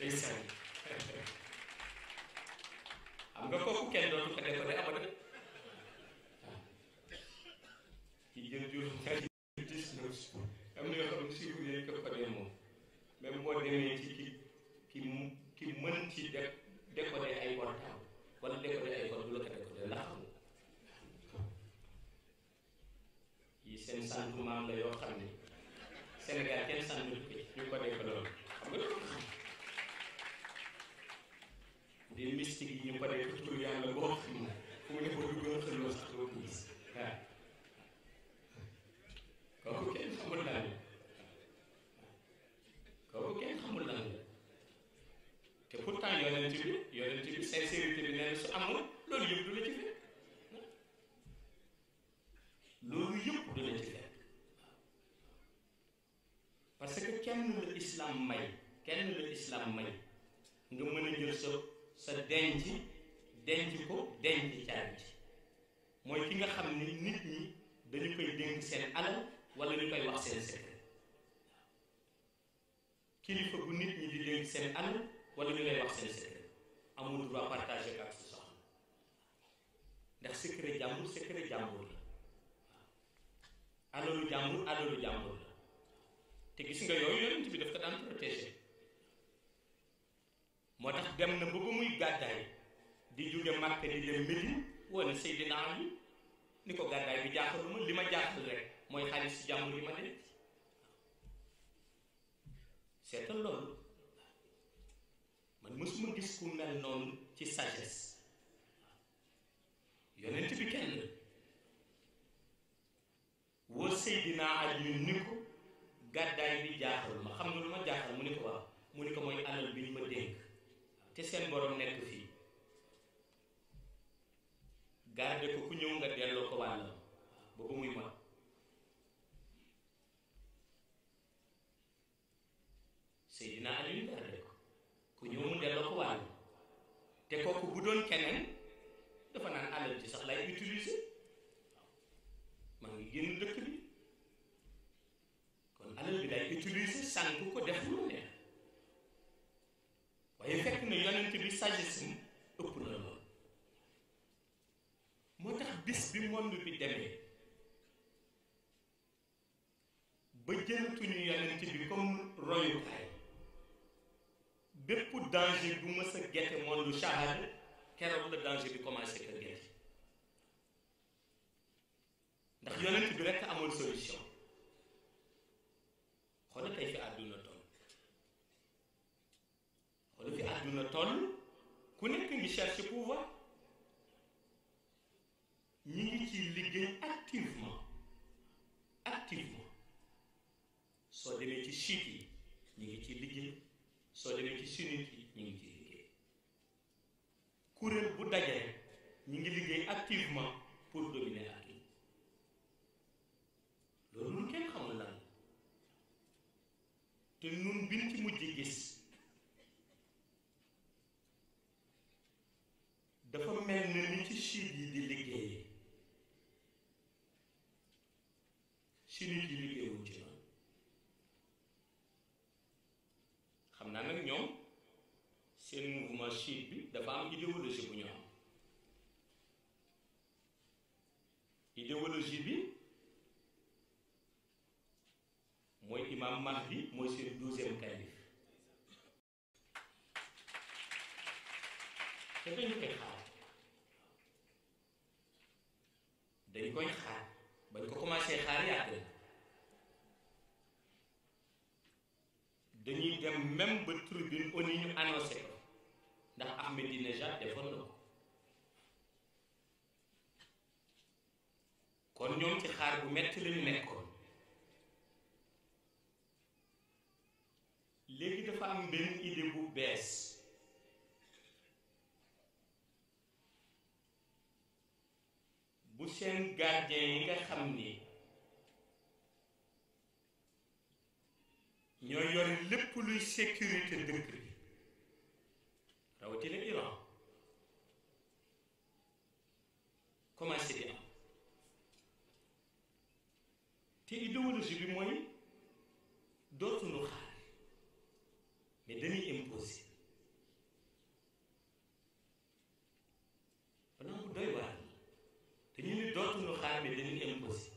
Esse lislaam may kenn la lislaam may nga mën a jël sa sa denc denc ko denc caabi ci mooy ki nga xam ni nit ñi dañu koy dénk seen alal wala ñu koy wax seen secret kilifa bu nit ñi di dénk seen alal que ni dem Médine wala Seydina Ali ni ko gàddaay bi jaaxaluma li ma jaaxal rek mooy xaalis si jàmbur yi ma denc seetal loolu man mësuma gis ku mel noonu ci sagesse yonent bi kenn woo Seydina Ali ni ko gàddaay bi jaaxal ma xam nga lu ma jaaxal mu ni ko wax mu ni ko mooy alal bi ñu ma dénk te seen borom nekk fii garde ko ku ñëw nga delloo ko wàllam ba ba muy mat Seydina Ali garde ko ku ñëw mu delloo ko wàllam te kooku bu doon keneen dafa naan alal ci sax lay utiliser maa ngi génn dëkk bi kon alal bi lay utiliser sànk ko def lu neex waaye fekk na yonent bi sagesse ëpp na loolu moo tax bis bi monde bi demee ba jëntuñu yonent bi comme royukaay bépp danger bu mës a gete monde shahada keroog la danger bi commencé ka gete ndax yonent bi rekk amul solution xoolal tey fi àdduna toll xoolal fi àdduna toll ku nekk ngi cherche pouvoir ñi ngi ci liggéey activement activement soo demee ci chiite yi ñi ngi ci liggéey soo demee ci sunnite yi ñi ngi ci liggéey kuréel bu dajee ñu ngi liggéey activement pour dominer adduna loolu nun kenn xamul lan te nun bin ci mujj gis dafa mel na ni ci chiite yi di liggéey ci nit yi liggéeyuñ ci noonu xam naa nag ñoom seen mouvement chiite bi dafa am idéologie bu ñu am bi mooy imam Mahdi mooy seen douzième calife te dañu koy xaar dañ koy xaar bañ ko commencé xaar yàgg dañuy dem même ba tribune au ni ñu annoncé ko ndax Ahmadinejad defoon na ko kon ñoom ci xaar bu metti lañu nekkoon léegi dafa am benn idée bu bees bu seen gardien yi nga xam ni ñoo yor lépp luy sécurité dëkk bi rawatina Iran commencé di am te idéologie bi mooy dootuñu xaar mais dañuy imposé balaa mu doy waar dañu ni dootuñu xaar mais dañuy imposé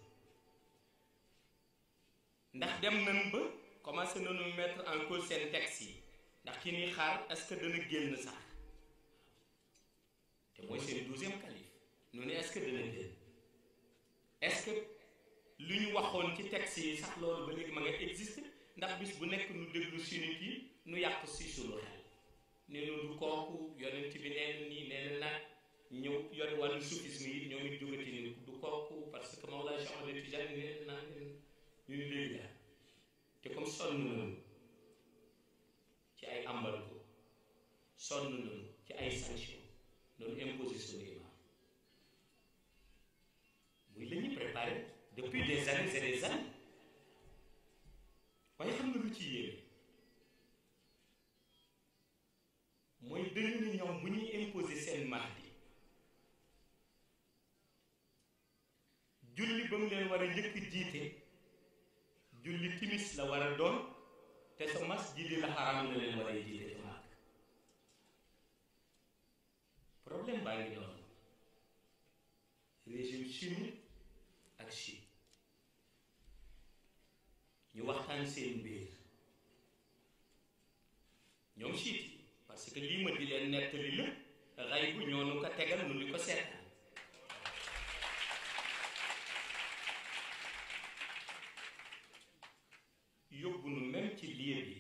ndax dem nañ ba commencé nañu mettre en cause seen texte yi ndax ki ñuy xaar est-ce dana génn sax te mooy seen douzième calife ñu ne ce que dana génn est-ce que lu ñu waxoon ci texte yi sax loolu ba léegi ma nga existe ndax bis bu nekk nu déglu sunit yi nu yàq si suñu xel ne nu du kooku yonent bi neen nii neen nag ñëw yore wàllu soufisme yi ñoom it jógati ni du kooku parce que Mawlana Cheikh Ahmed Tidiane neen naa neen ñu léegi daal te comme sonn nañu ci ay embargo sonn nañu ci ay sanction noonu imposé suñu imam muy la ñuy préparé depuis des années et des années waaye xam nga lu ci yéeme mooy dañu ne ñoom bu ñuy imposé seen mahdi julli ba mu leen war a njëkk jiite julli timis la war a doon te sa mas ji la xaram na leen war a jiite ci problème baa ngi noonu régime chimique ak Chine ñu waxtaan seen biir ñoom chiit parce que lii ma di leen nettali la ray bu ñoo nu ko tegal nu ni ko seetaan yóbbu nu même ci lieu bi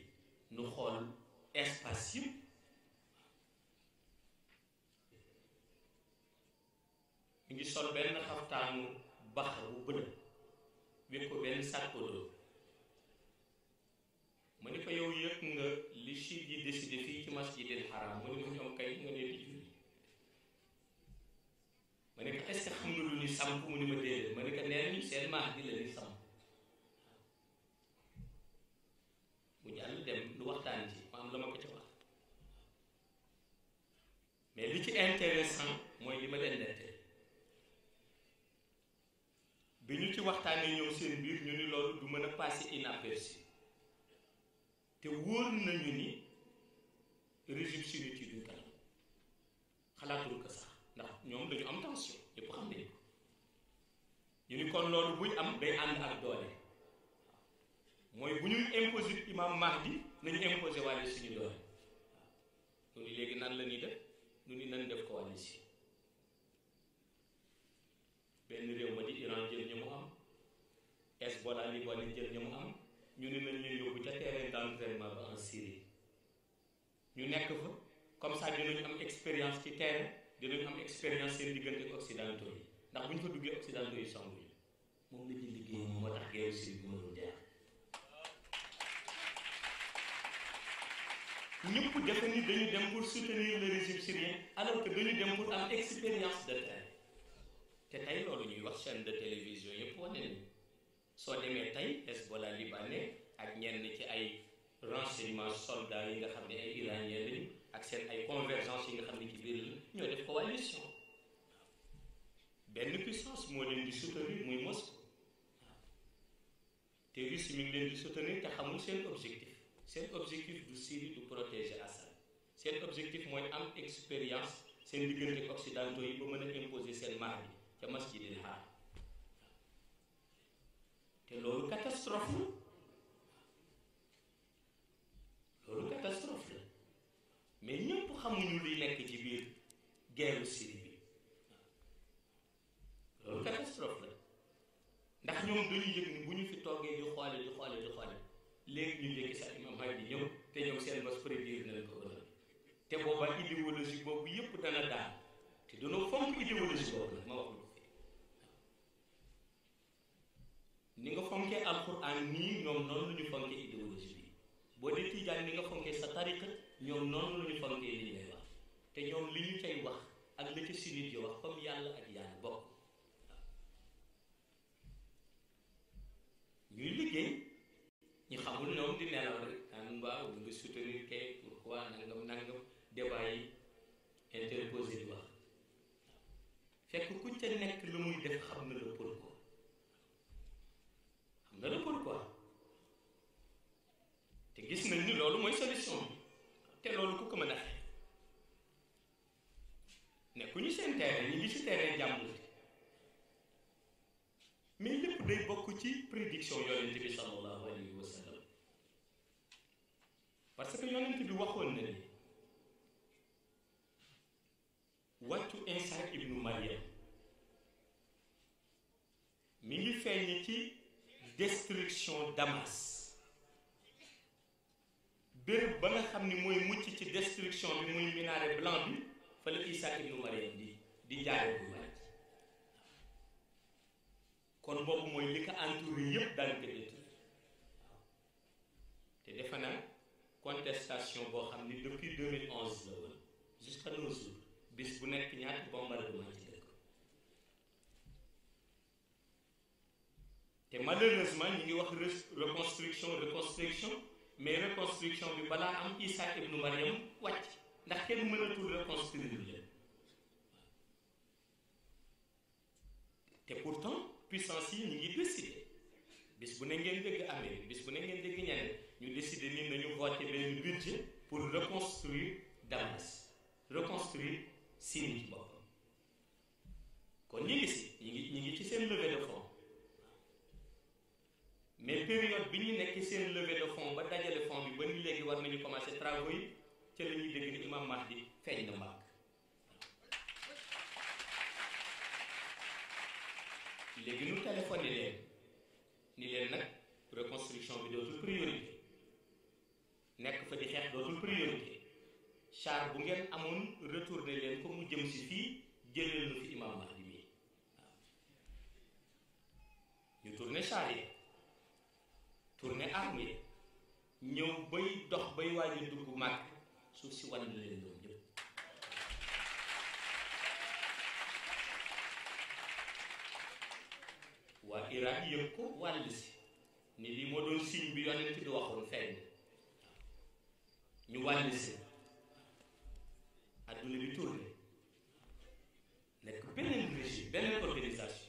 nu xool espace mu ngi sol benn xaftaanu baxa bu bënn wékk ko benn sàkko dóor mu ni ko yow yëg nga li chiite yi décidé fii ci masjidil haram mu ni ko ñoom kay nga nee di julli ma ne ko est xam nga lu ñu samp mu ni ma déedéet ma ne ko neen ñu seen maax di la ni samp mais li ci intéressant mooy li ma leen nette bi ñu ci waxtaanee ñëw seen biir ñu ni loolu du mën a passé inaperçu te wóor nañu ni régime suni ci duñ kanam xalaatul ko sax ndax ñoom dañu am tension ñëpp xam nañu ñu ni kon loolu buy am day ànd ak doole mooy bu ñuy imposé imam Mahdi nañu imposé waale suñu doole waaw léegi nan la def nu ni nan def coalition benn réew ma di Iran jël ña mu am Hezbollah Liban jël ña mu am ñu ni nañ leen yóbbu ca terrain d'entraînement ba en Syrie ñu nekk fa comme ça dinañu am expérience ci terrain dinañu am expérience seen diggante ak yi ndax bu ñu fa duggee occidentaux yi song yi moom la ñuy liggéey moo tax guerre civile ñëpp defe ni dañu dem pour soutenir le régime syrien alors que dañu dem pour am expérience de terrain te tey loolu ñuy wax chaîne de télévision yëpp wane ni soo demee tey Hezbollah libanais ak ñenn ci ay renseignement soldats yi nga xam ne ay iranien lañu ak seen ay convergence yi nga xam ne ci biir la ñoo def coalition benn puissance moo leen di soutenir muy Moscou te Russie mi leen di soutenir te xamul seen objectif seen objectif du Syrie du protéger Assad seen objectif mooy am expérience seen diggante occidentaux yi ba mën a imposer seen mar bi ca masjidil haram te loolu catastrophe la loolu catastrophe la mais ñëpp xamuñu luy lekk ci biir guerre Syrie bi loolu catastrophe la ndax ñoom dañu yëg bu ñu fi toogee di xoole di xoole di xoole léegi ñu jógee si ak ñoom xay ñëw te ñoom seen bos prédire na leen ko ëllëg te boobaa idéologie boobu yëpp dana daan te dañoo fonk idéologie boobu nag ma wax lu fi ni nga fonkee alxuraan nii ñoom noonu la ñu fonkee idéologie bi boo dee tijaan ni nga fonkee sa tariqa ñoom noonu la fonkee li ngay wax te ñoom li ñu cay wax ak la ca sinit yi wax comme yàlla ak yàlla bokk ñuy liggéey xamul ñoom di nelaw rek naan waaw bu nga soutenir kay pourquoi nangam nangam débat yi interposé di wax fekk ku ca nekk lu muy def xam na le pourquoi xam na le pourquoi te gis nañ ni loolu mooy solution bi te loolu ku ko mën a xeex nekkuñu seen terrain ñu ngi si terrain jàmbur mais lépp day bokk ci prédiction yonent bi sallallahu alayhi wa parce que yonent bi waxoon na ni wàccu Insa ibnu Maryam mi ngi feeñ ci destruction Damas béréb ba nga xam ni mooy mucc ci destruction bi muy minaret blanc bi fa la Isa ibnu Maryam di di jaare bu kon boobu mooy li ko entouré yépp daal ko détruire te defe contestation boo xam ni depuis 2011 la woon jusqu'à nos jours bis bu nekk ñaati bombardement ci dëkk te malheureusement ñu ngi wax reconstruction reconstruction mais reconstruction bi balaa am Isa ibnu Mariam wàcc ndax kenn mënatul reconstruire lépp te pourtant puissance yi ñu ngi décider bis bu ne ngeen dégg Amérique bis bu ne ngeen dégg ñeneen ñu décidé ni nañu voté benn budget pour reconstruire Damas reconstruire Syrie ci boppam kon ñu ngi si ngi ñu ngi ci seen levée mais période bi ñu nekk seen levée de fonds ba dajale fonds bi ba ni léegi war nañu commencé travaux yi ca la ñuy dégg ni imam Mahdi feeñ na mbaag léegi ñu téléphoné leen ni leen nag reconstruction bi dootul priorité nekk fa di xeex dootul priorité char bu ngeen amoon retourné leen ko mu jëm si fii jëlee lu fi imam Mahdi mii waaw ñëw bay dox bay waaj dugg màgg suuf si wan leen ñoom ñëpp waa Iran yëpp ko wàll si ni lii moo doon signe bi yonent bi waxoon feeñ ñu wàññi si adduna bi tourné nekk beneen régime beneen organisation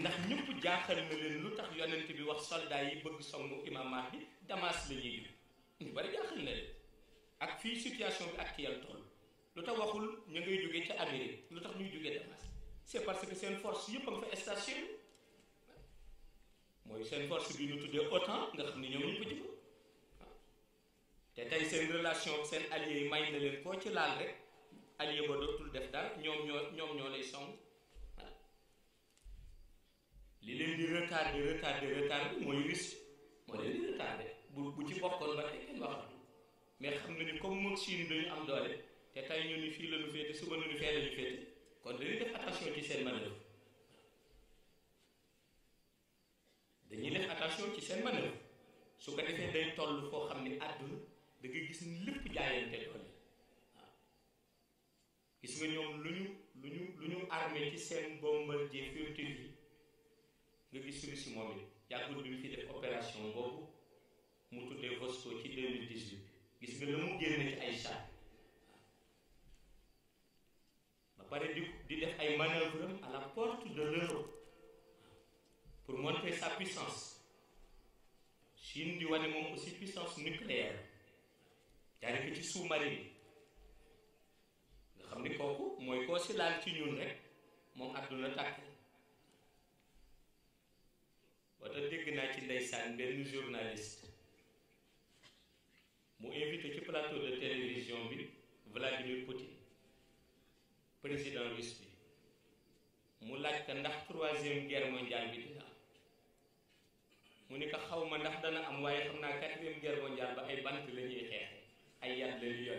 ndax ñëpp jaaxal na leen lu tax yonent bi wax soldat yi bëgg songu imamaat bi Damas bi ñuy jëm ñu bari jaaxal na leen ak fii situation bi actuelle toll lu tax waxul ñu ngay jógee ca Amérique lu tax ñuy jógee Damas c'est parce que seen force yëpp a nga fa station mooy seen force bi ñu tuddee OTAN nga xam ne ñoom ñu ko jëfa waaw te tey seen relation seen allié yi may na leen koo ci laal rek allié ba dootul def daal ñoom ñoo ñoom ñoo lay song waaw li leen di retardé retardé retardé mooy Russie moo leen di retardé bu bu ci bokkoon ba tey kenn waxatu mais xam na ni comme moom Chine dañu am doole te tey ñu ni fii la ñu féete suba la ñu fee la ñu kon dañuy def attention ci seen manœuvre dañuy def attention ci seen manœuvre su ko defee day toll foo xam ne àdduna da gis ni lépp jaayante doole waaw gis nga ñoom lu ñu lu ñu lu ñu armé ci seen bombardier furtif yi nga gis Russie moom it yàggul bi mu fi def opération boobu mu tuddee Vosko ci 2018 gis nga la mu génne ci ay char ba pare di di def ay manœuvre à la porte de l'Europe pour montrer sa puissance Chine di wane moom aussi puissance nucléaire jaaree ko ci sous nga xam ni kooku mooy koo si laal ci ñun rek moom àdduna tàkk wata dégg naa ci ndeysaan benn journaliste mu invité ci plateau de télévision bi Vladimir Poutine président russe bi mu laaj ndax troisième guerre mondiale bi mu ne ko xaw ma ndax dana am waaye xam naa quatrième guerre mondiale ba ay bant la xeex ay yat la ñuy que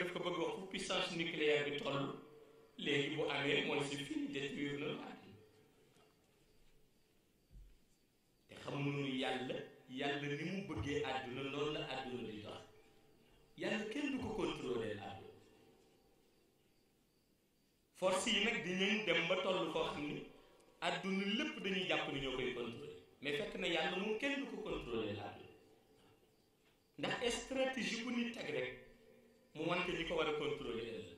daf ko bëgg wax fu puissance léegi bu amee mooy si fini détruire na la te xamuñu yàlla yàlla ni mu bëggee àdduna loolu la àdduna di dox yàlla kenn du ko contrôler la force yi nag dinañ dem ba toll koo xam ni àdduna lépp dañuy jàpp ni ñoo koy contrôler mais fekk na yàlla moom kenn du ko contrôler l'àdduna ndax stratégie bu ni teg ko war a contrôler ëllëg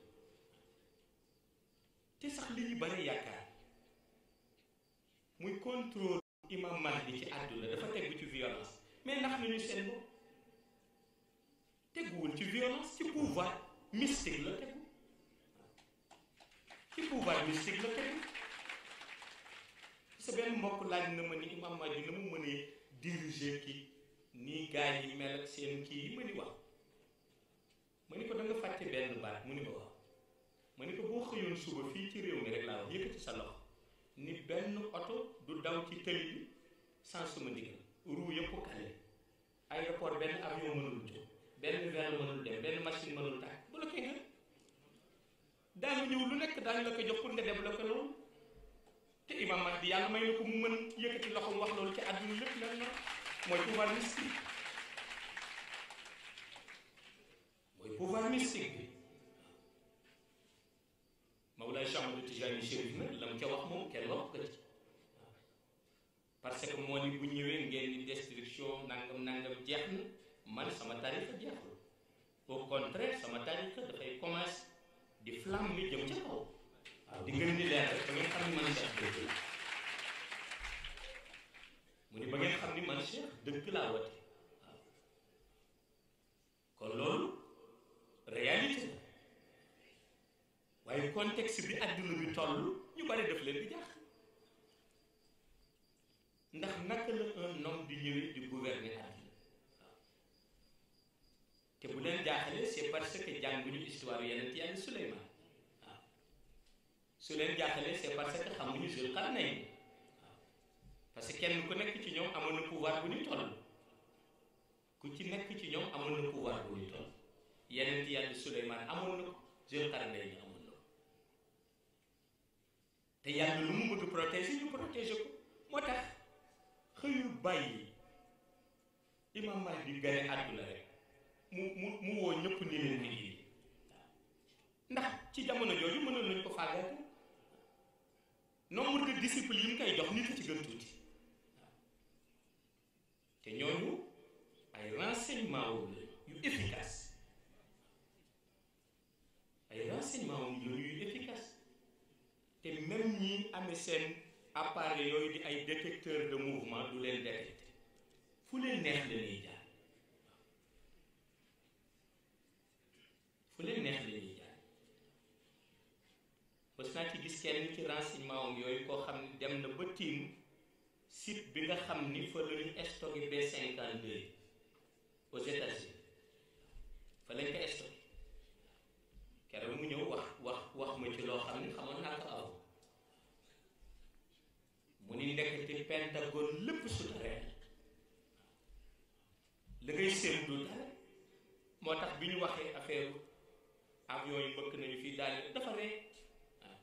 te sax li ñu bari yaakaar muy contrôle imam Mahdi ci àdduna dafa tegu ci violence mais ndax nañu seen bopp teguwul ci violence ci pouvoir mystique la tegu ki pouvoir mystique la tamit sa benn mbokk laaj na ma ni imam Mahdi na mu mënee ki nii gaay yi mel seen kii yi ma ni wax ma ni ko da nga benn baat mu ni ma wax ma ni ko boo xëyoon suba fii ci réew mi rek laa wax yëkkati sa loxo ni benn oto du daw ci tëli bi sans sama ndigal ruu yëpp kale aéroport benn avion mënul jóg benn vélo mënul dem benn machine mënul tàkk bu la nga daañu ñëw lu nekk daañu la ko jox pour nga développé loolu te Imam Mahdi yàlla may na ko mu mën ci loxoom wax loolu ci àdduna lépp lenn mooy pouvoir mystique mooy pouvoir bi Mawlaay Cheikh Ahmad Tijaani la mu ca wax moom kenn wax ko ci parce que moo ni bu ñëwee ngeen di destruction nangam nangam jeex na man sama tarixa jeexul au contraire sama tarixa dafay commencer di flamme mi jëm ca waaw di gën leer ba ngeen xam ni man Cheikh dëgg la mu ni ba ngeen xam ni man Cheikh dëgg laa wate waaw kon loolu réalité waaye contexte bi àdduna bi toll ñu bari def leen di jaax ndax naka la un homme di ñëwee di gouverner te bu leen jaaxalee c'est parce que jànguñu histoire yeneen ci yàlla Suleymaan waaw su leen jaaxalee c'est parce que xamuñu Zul Qarnayn waaw parce que kenn ku nekk ci ñoom amoon na pouvoir bu ñu toll ku ci nekk ci ñoom amoon na pouvoir bu ñu toll yeneen ci yàlla Suleymaan amoon na ko Zul Qarnayn amoon na ko te yàlla lu mu bëgg protéger yu protéger ko moo tax xëyu bàyyi imaam Mahdi bi gane àdduna rek. mu mu mu woo ñëpp ni leen ni yéen ndax ci jamono jooju mënoon nañ ko fàggatu nombre de disciples yi mu koy jox nit ci gën tuuti te ñooñu ay renseignement wu yu efficace ay renseignement wu yu efficace te même ñi amee seen appareil yooyu di ay détecteur de mouvement du leen détecté fu leen neex la ñuy jaar fu leen neex la ñuy jaar naa ci gis kenn ci renseignement am yooyu koo xam ne dem na ba tiim site bi nga xam ni fa la ñu stocké B52 aux États-Unis fa lañ ko stocké keroog mu ñëw wax wax wax ma ci loo xam ne xamoon naa ko aw mu ni nekk ci pentagone lépp souterrain la ngay séen du moo tax bi ñu waxee affaire avion yi mbëkk nañu fii daal dafa ree waaw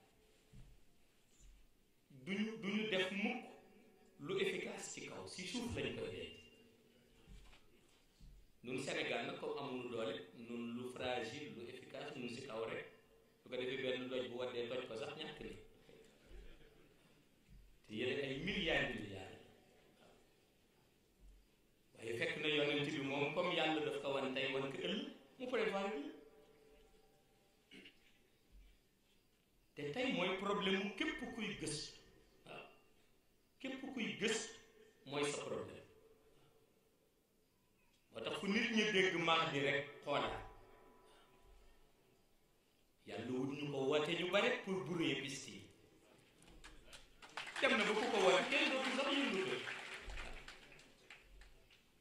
duñu def mukk lu efficace ci kaw si suuf lañ koy dee ñun Sénégal nag comme amul doole ñun lu fragile lu efficace ñun si kaw rek su ko defee benn doj bu waddee toj ko sax ñàkk ni te yéen ay milliards milliards waaye fekk na yonent bi moom comme yàlla daf ko wan wan ko ëllëg mu prévoir te tey mooy problème mu képp kuy gëstu waaw képp kuy gëstu mooy sa problème moo tax fu nit ñu dégg maax bi rek xoolal yàlla wut ñu ko woote ñu bare pour brouiller piste yi dem na ba ku ko woote kenn dootu sax yëngu ko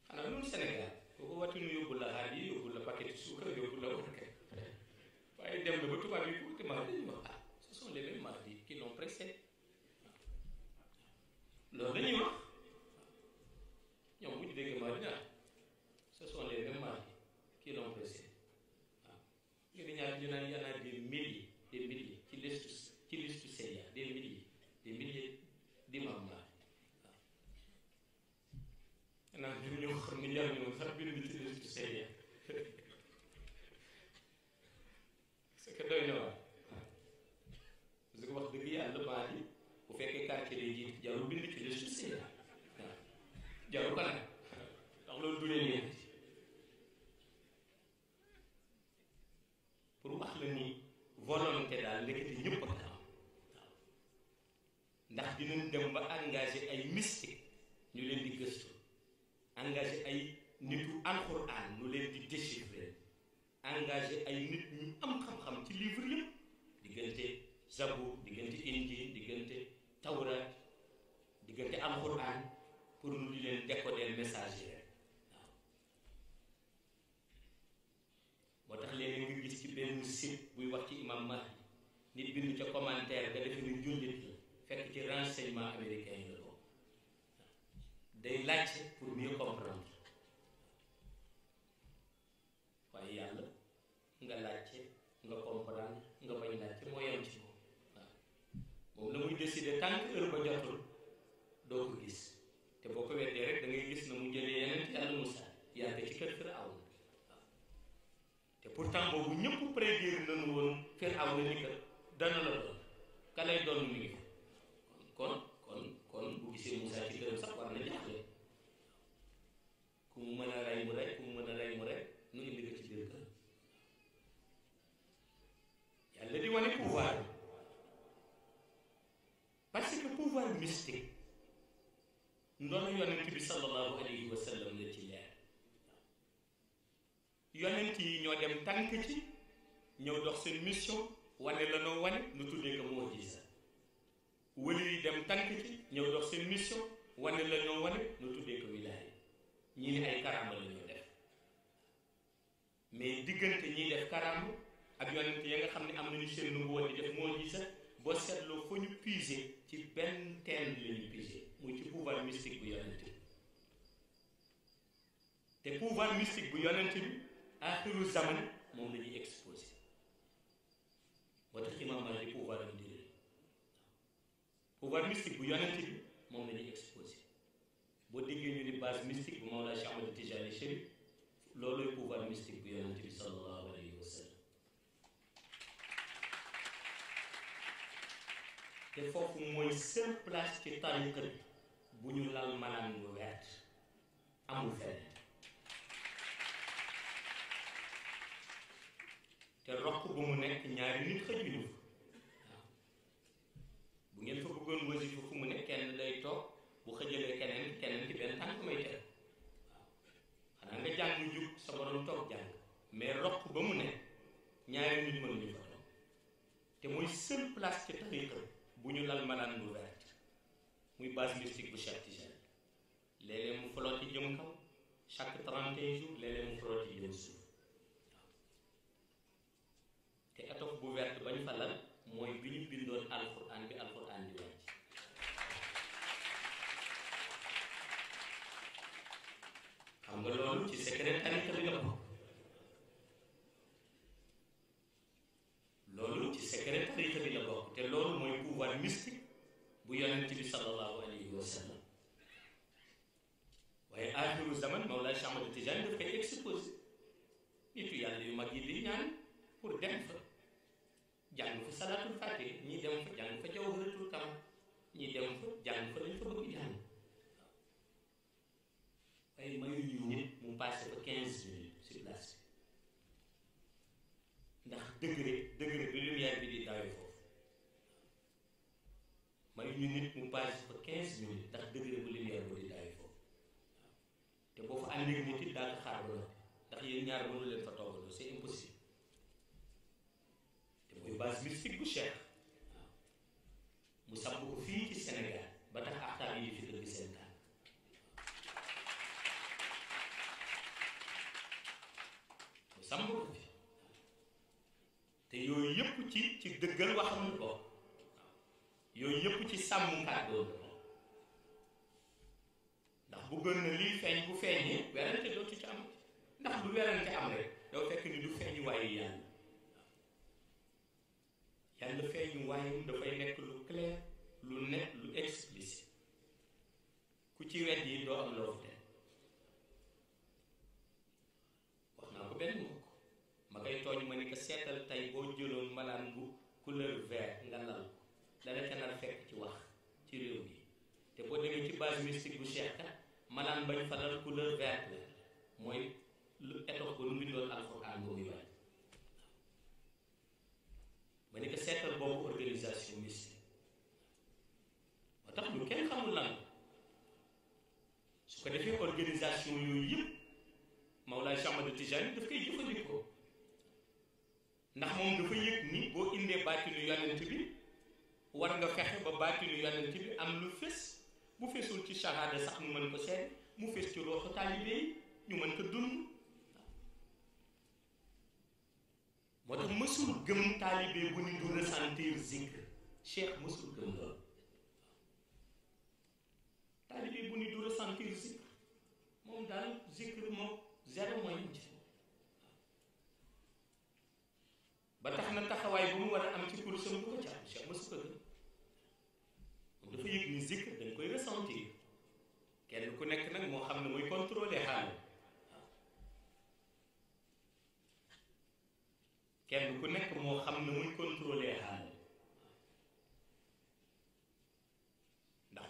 xanaa loolu Sénégal ku ko woote ñu yóbbu la xaar yi yóbbu la paquet suukar yóbbu la wóor waaye dem na ba tubaab yi pour te maa les mêmes maladies qui l'ont précédé loolu la ñuy wax ñoom bu ñu déggee maladie ah ce sont les mêmes maladies qui l'ont précédé waaw ngeen di ñaar ñu naan y en a des milliers des milliers ci listu ci listu Sénégal des milliers des milliers d'imam malades waaw naan ñu ñoo xam na waar jaru ko nag ndax loolu du leen yéen pour wax la ni volonté daal ndekete ñëpp a taxaw waaw ndax dinañ dem ba engagé ay mystique ñu leen di gëstu engagé ay nitu alxuraan ñu leen ay nit am xam-xam ci livre yëpp diggante Zabur diggante Injiil diggante Tawraat diggante alxuraan pour mu di leen décoder message waaw moo tax léegi nga gis ci benn site buy wax ci imam Mahdi nit bind ca commentaire nga defe ni jullit la fekk ci renseignement américain la bokk day laajte pour mieux comprendre waaye yàlla nga laajte nga comprendre nga bañ laajte moo yem ci moom waaw moom la muy décider tant que ba jotul doo ko gis te boo ko weddee rek da gis na mu jëlee yeneen yàlla Moussa yàgg ci kër Firawna waaw te pourtant boobu ñëpp prédire nañu woon Firawna ni que dana la doon ka lay doon ngi fa kon kon kon bu gisee Moussa ci këram sax war na jaaxle ku mu mën a rey mu rey ku mu mën a rey mu rey nu indi ko ci biir kër yàlla di wane pouvoir parce que pouvoir mystique. ndoonu yonent bi sallallahu alayhi wa sallam la ci yonent yi ñoo dem tànk ci ñëw dox seen mission wane la wane lu tuddee ko mujjiza wëli dem tànk ci ñëw dox seen mission wane la wane lu tuddee ko wilaaya ñi ni ay karamba la def mais diggante ñiy def karamba ak yonent ya nga xam ne am nañu seen nubuwa di def mujjiza boo seetloo fa ñu puiser ci benn teen la ñu muy ci pouvoir mystique bu yonent bi te pouvoir mystique bu yonent bi axiru zaman moom la ñuy exposé moo tax imam Maalik pouvoir am di pouvoir mystique bu yonent bi moom la ñuy exposé boo déggee ñu ni base mystique bu Mawlaa Cheikh Ahmad Tijaani Chérif looluy pouvoir mystique bu yonent bi sallallahu alayhi wa sallam te mooy seule place ci tariqa bi bu ñu lal malaan bu wert amul fenn te rokk bu mu nekk ñaari nit xëjuñu fa waaw bu ngeen fa bëggoon wasifa fu mu nekk kenn lay toog bu xëjalee keneen keneen ci benn tànk may teg waaw xanaa nga jàng jub sa borom toog jàng mais rokk ba mu nekk ñaari nit mënuñu fa toog te mooy seul place ci tariqa bu ñu lal malaan bu wert muy base mystique bu Cheikh Tijaan léeg-léeg mu flotti jëm kaw chaque 31 jours léeg-léeg ñaar te mooy base mystique bu Cheikh waaw mu samp ko fii ci Sénégal ba tax axtaan yi di fi dëgg mu samp ko fi te yooyu yëpp ci ci dëggal waxamu ko waaw yëpp ci sàmm kàddoom shahada sax ñu man ko seet mu fees ci rooxu taalibe ñu man ko dund moo tax mësul gëm taalibe bu ni du ressentir zikr cheikh mësul gëm loolu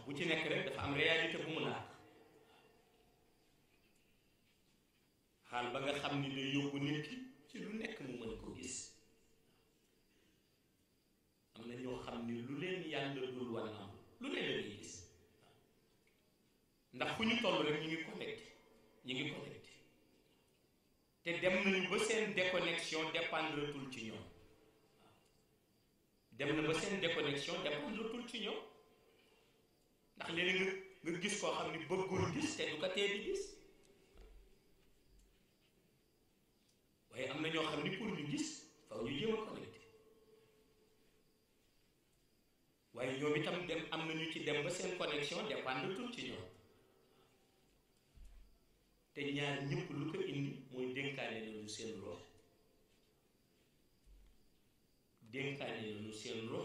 bu ci nekk rek dafa am réalité bu mu laaj xaal ba nga xam ni day yóbbu nit ki ci lu nekk mu mën ko gis am na ñoo xam ni lu leen yàlla dul wàllam lu ne la ñuy gis ndax fu ñu toll rek ñu ngi connecté ñu ngi connecté te dem nañu ba seen déconnexion dépendretul ci ñoom dem na ba seen déconnexion dépendretul ci ñoom. seen connexion dépendre tout ci ñoom te ñaar ñëpp lu ko indi mooy dénkaane nañu seen rox dénkaane nañu seen rox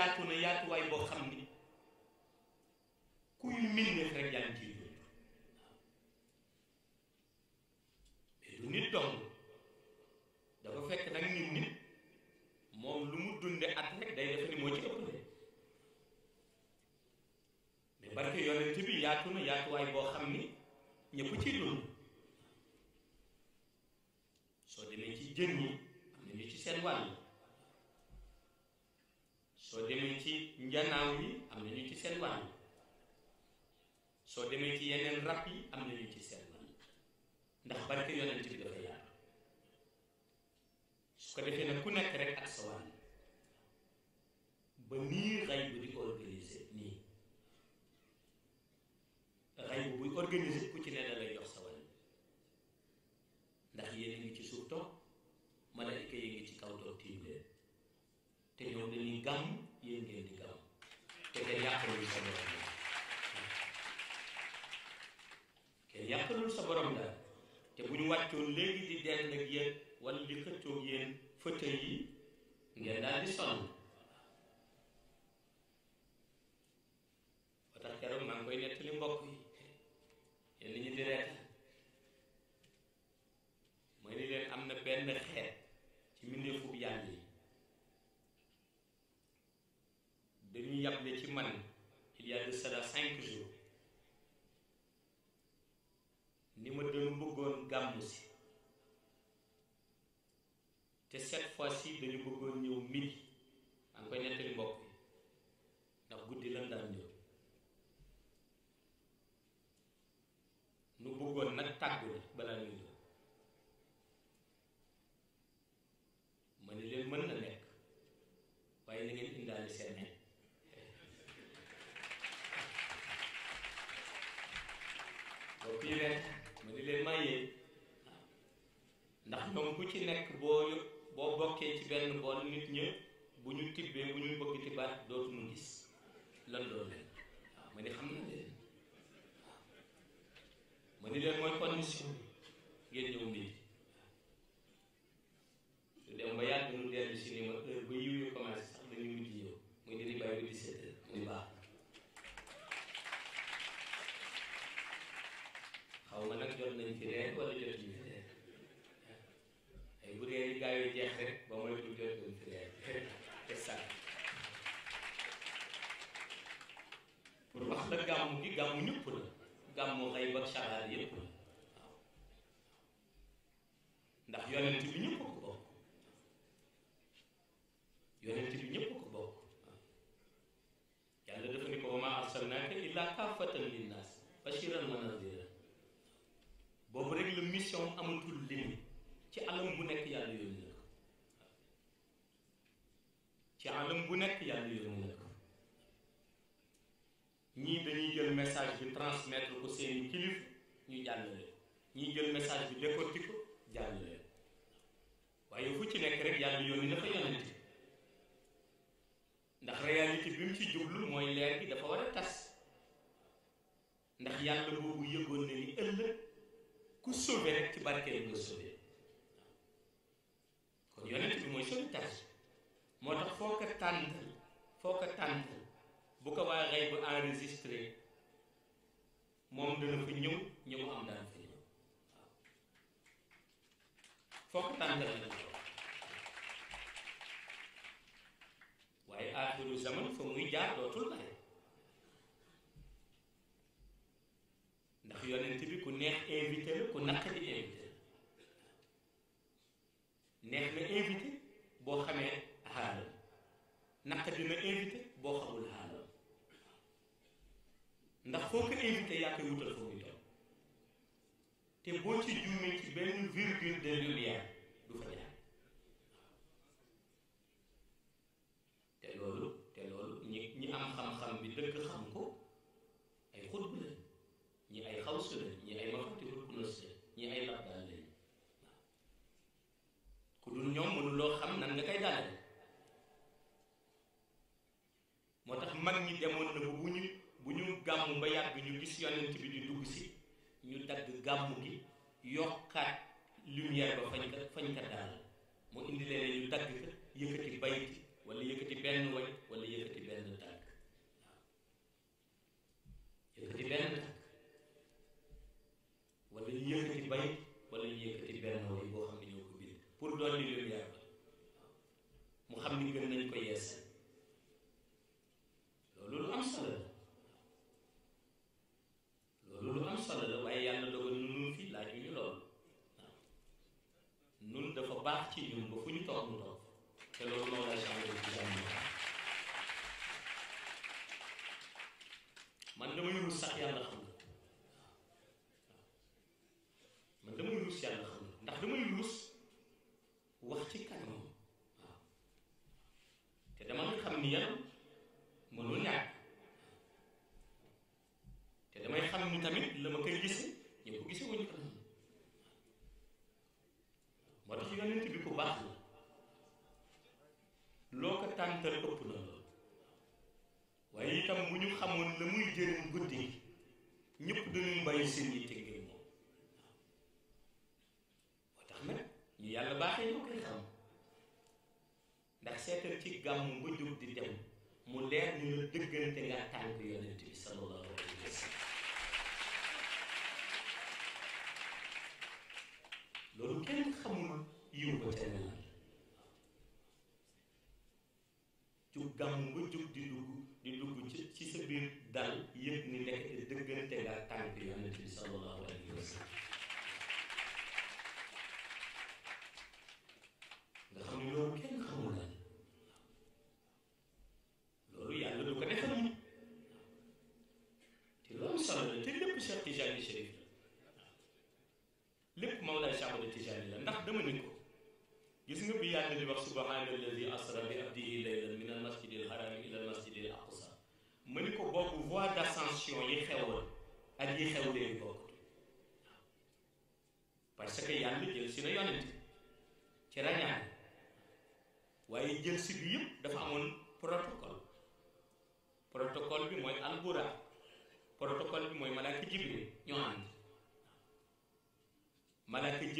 yaatu na yaatuwaay boo xam ngeen daal di sonn ba tax keroog maa ngi koy nettali mbokk yi yéen ñi di reeta mooy ni am na benn xeet ci mbindeefu yàlla yi dañu yàble ci man il y a de cela cinq jours ñu jël message bi décortique ko jàng leen waaye fu ci nekk rek yàlla yónni na fa yonent ndax réalité bi mu ci jublu mooy leer gi dafa war a tas ndax yàlla boobu yëgoon na ni ëllëg ku sauvé rek ci barkeel nga sauvé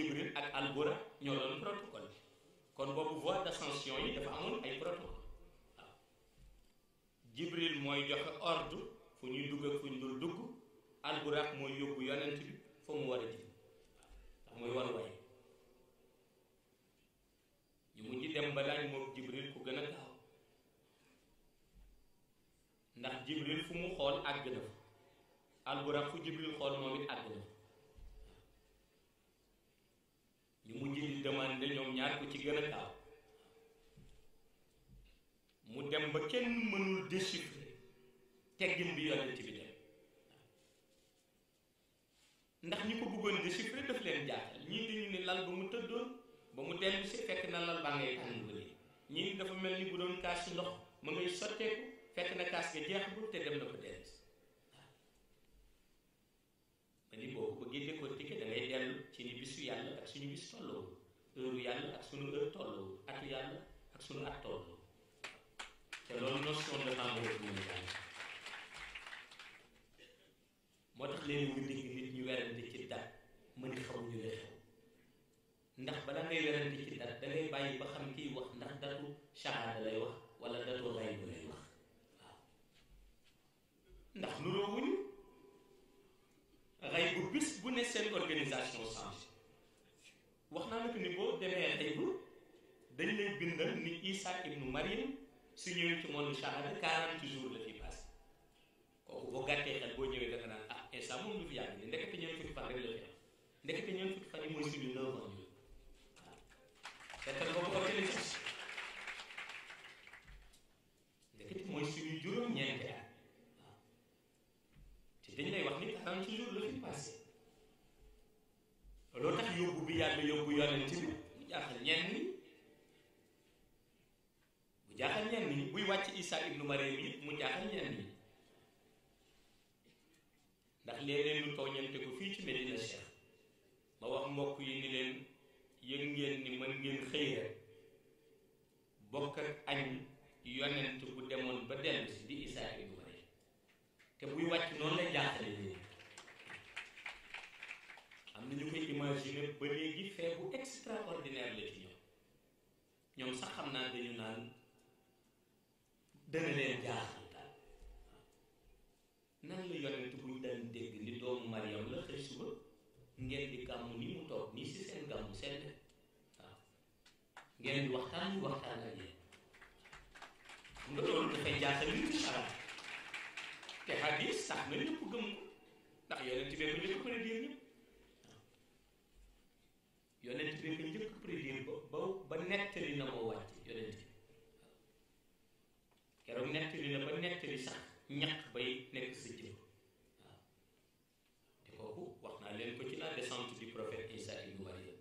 Jibril ak Albura ñoo doon protocole bi kon boobu voie d'ascension yi dafa amoon ay protocole waaw Jibril mooy joxe ordre fu ñuy dugg ak fu ñu dul dugg Alburaak mooy yóbbu yonent bi fa mu war a jëm ndax Jibril fu mu xool àgg na fa Alburaak fu Jibril xool moom it àgg na mujj di demandé ñoom ñaar ko ci gën a gaaw mu dem ba kenn mënul déchiffrer teggin bi yonent bi dem ndax ñi ko bëggoon déchiffrer daf leen jaaxal ñii dañu ne lal ba mu tëddoon ba mu dellu si fekk na lal baa ngay tàng ba léegi ñii dafa mel ni bu doon kaas ci ndox ma ngay sotteeku fekk na kaas nga jeexagul te dem na ko dellu ba ni boo ko bëggee décortiquer suñu bis tolloo heure yàlla ak suñu heure tolloo atu yàlla ak suñu at tolloo te loolu notion de temps boobu ñu jàng moo tax léegi nga dégg nit ñu werante ci dat mën xaw ñu lay xew bala ngay ci dat da bàyyi ba xam kiy wax ndax datu shahada lay wax wala datu raybu lay wax waaw ndax nuroowuñu raybu bis bu ne seen organisation changé wax naa ne que ni boo demee Hebru dañ lay bindal ni Isa ibnu Maryam su ñëwee ci monde shahada 40 jours la fi passé kooku boo gàttee xel boo ñëwee da nga naan ah Isa moom du fi yàgg ni ndekete ñeent fukki fan la fi am ndekete ñeent fukki mooy suñu juróom-ñeenti at waaw te dañ lay wax ni 40 jours la fi passé. loolu tax yóbbu bi yàlla yóbbu yonent bi bu jaaxal ñenn ñi wàcc Isaa ibnu Maryam mu jaaxal ñenn ñi ndax léeg-léeg tooñante ko fii ci Medina Cheikh ma wax mbokk yi ni leen yëg ngeen ni mën ngeen xëy rek bokk ak añ yonent bu demoon ba dellu si di Isaa ibnu Maryam te buy wàcc noonu la jaaxale nii ni ñu koy imaginer ba léegi feebu extraordinaire la ci ñoom ñoom sax xam naa dañu naan dana leen jaaxal daal nan la yonent buñ daan dégg ni doomu Mariam la xëy suba ngeen di gàmm ni mu toog nii si seen gàmmu sedd waaw ngeen di waxtaan ñu waxtaan ak yéen bu nga loolu dafay jaaxal nit ñi xalaat te xadis sax na ñëpp gëm ndax yonent bee ko ñëpp mën ñëpp yonent bi ko njëkk prédire ba ba nettali na moo wàcc yonent bi keroog nettali na ba nettali sax ñaq bay nekk sa jëf waaw te kooku wax naa leen ko ci la descente du prophète Isa ibn Maryam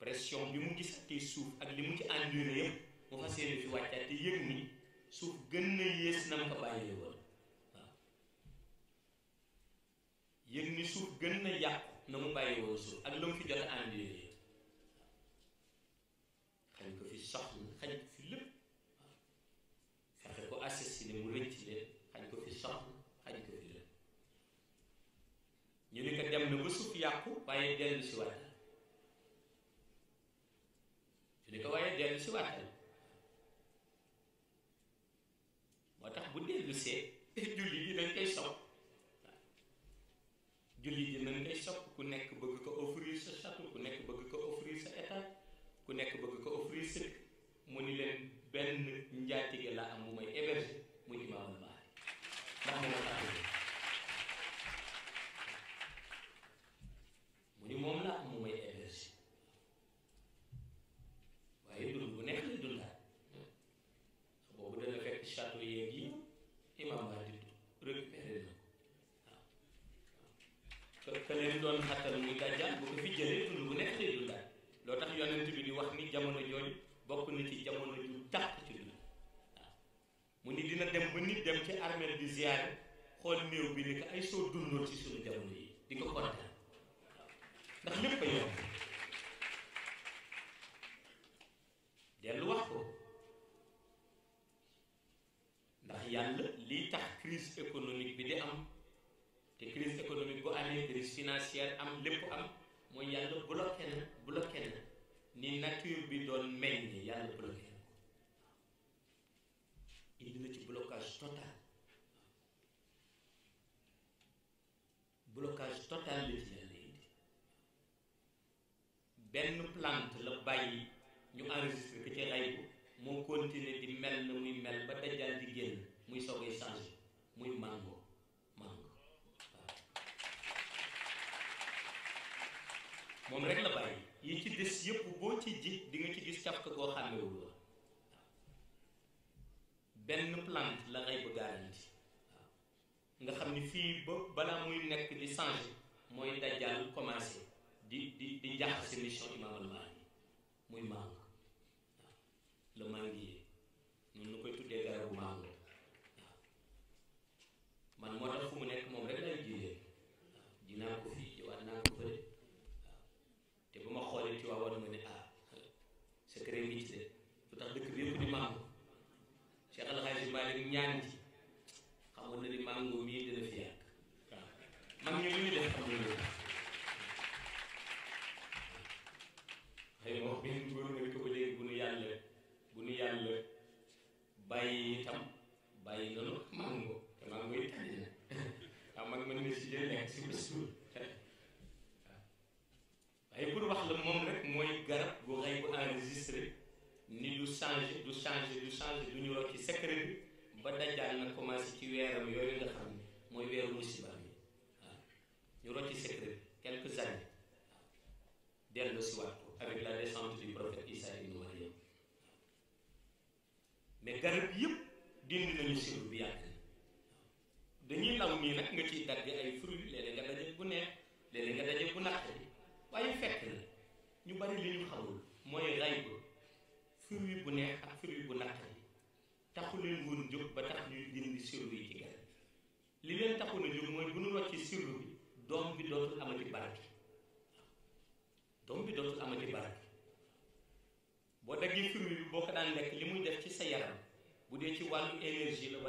pression bi mu gisatee suuf ak li mu ci enduré yëpp mu fas yéene fi wàccaat te yëg ni suuf gën na yées na mu ko bàyyee yëg ni suuf gën na yàqu na mu bàyyi woon suuf ak la mu fi jot a andi yooyu xañ ko fi soxna xañ ko fi lépp fexe ko assassiné mu rëcc leen xañ ko fi soxna xañ ko fi lépp ñu ne ko dem na ba suuf yàqu waaye dellu si waatal ñu ne ko waaye dellu si waatal moo tax bu dellu see julli yi dañ koy sopp jullit yi nañ koy sopp ku nekk bëgg ko offrir sa château ku nekk bëgg ko offrir sa état ku nekk bëgg ko offrir sa mu ni leen benn njaatige la am mu may héberger muy imaamul Mahdi ndax moom lim doon xàttal muy dajjal bu ko fi jëlee tund bu nekk lay dundaat loo tax yonent bi di wax ni jamono jooju bokk na ci jamono ju tàq ci dund waaw mu ni dina dem ba nit dem ci armeel di ziyaare xool néew bi ni ay soo dundoon ci suñu jamono yi di ko kontaan ndax lépp a yomb dellu wax ko ndax yàlla lii tax crise économique bi di am te crise économique bu amee crise financière am lépp am mooy yàlla bloqué na bloqué na ni nature bi doon meññ yàlla bloqué na indi na ci blocage total blocage total la ci yàlla indi benn plante la bàyyi ñu enregistré ko ca ray ko moo continuer di mel na muy mel ba dajal di génn muy soogay changé muy mango moom rek la bàyyi yi ci des yëpp boo ci ji di ci gis càpp goo xàmmewul la benn plante la ngay bëgg garanti nga xam ni fii ba balaa muy nekk di changer mooy dajjal commencé di di di jaxase mission imaam al mahdi muy mangu waaw le manguier noonu la koy tuddee garabu mangu waaw man moo tax fu mu nekk moom rek lay jilee waaw dinaa ko ñaan ji boo daggee fruit bi boo ko daan lekk li muy def ci sa yaram bu dee ci wàllu énergie la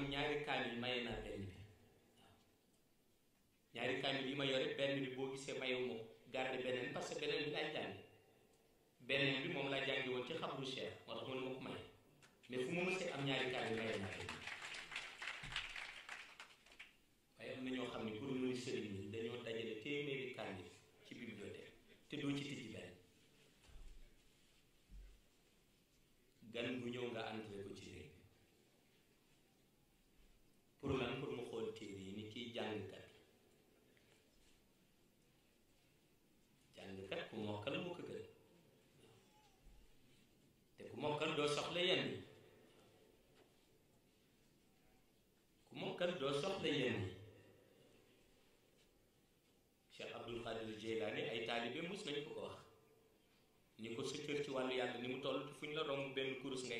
am ñaari kaamil maye naa benn bi waaw ñaari kaamil yi ma yore benn bi boo gisee mayewu garde beneen parce que beneen bi laa jàngi beneen bi moom laa jàngi woon ci xabru cheikh moo tax mënu ma ko maye mais fu ma mësee am ñaari kaamil maye naa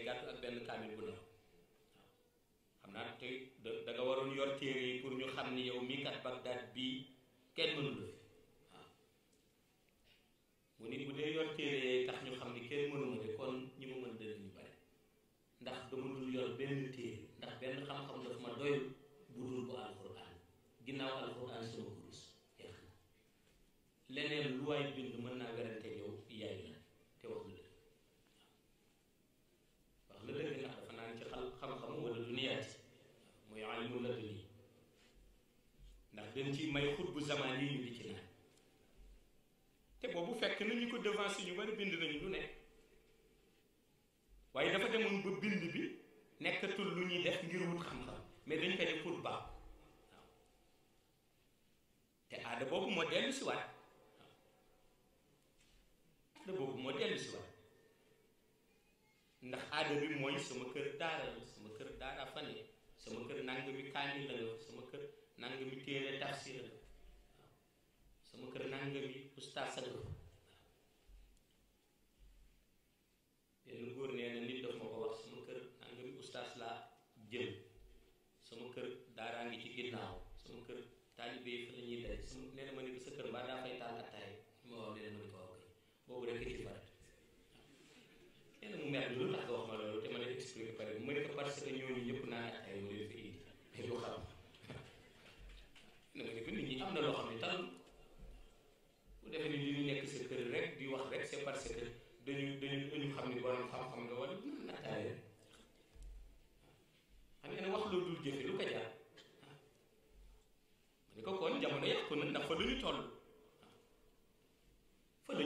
day gàtt ak benn kaamil bu ndaw xam naa te da nga waroon yor téere yi pour ñu xam ni yow mii kat Bagdad bii kenn mënu la fi waaw ah. mu ni bu dee yor téere yi tax ñu xam ni kenn mënu ma de kon ñi ma mën dëgg ñu bare ndax dama dul yor benn téere ndax benn xam-xam dafa ma doyul bu dul bu alxuraan ginnaaw alxuraan sama kurus jeex na leneen lu waay bind mën naa wéral ci may may bu zamaan yi ñu di ci naan te boobu fekk na ñu ko devancé ñu bari bind nañu lu ne waaye dafa demoon ba bind bi nekkatul lu ñuy def ngir wut xam-xam mais dañ koy def pour baax te aada boobu moo dellu si waat moo dellu si waat ndax aada bi mooy sama kër daara la sama kër daara fane sama kër nangami kaani la nga nangami téere tafsir la waaw sama kër nangami ustaas la waaw benn góor nee nit daf ma ko wax sama kër nangami ustaas laa jël sama kër daaraa ngi ci ginnaaw sama kër taalibe fa la daj sama nee ma ne ko sa kër mbaa daa fay taal attaay ma wax nee ma ne ko waaw kay boobu rek ci farat nee na mu mel lu la parce que dañu dañu dañu xam ni borom xam-xam nga wala dina nattaale xam ngeen wax loolu dul jëfe lu ko jaar ma ne ko kon jamono yàqu na ndax fa la ñu toll fa la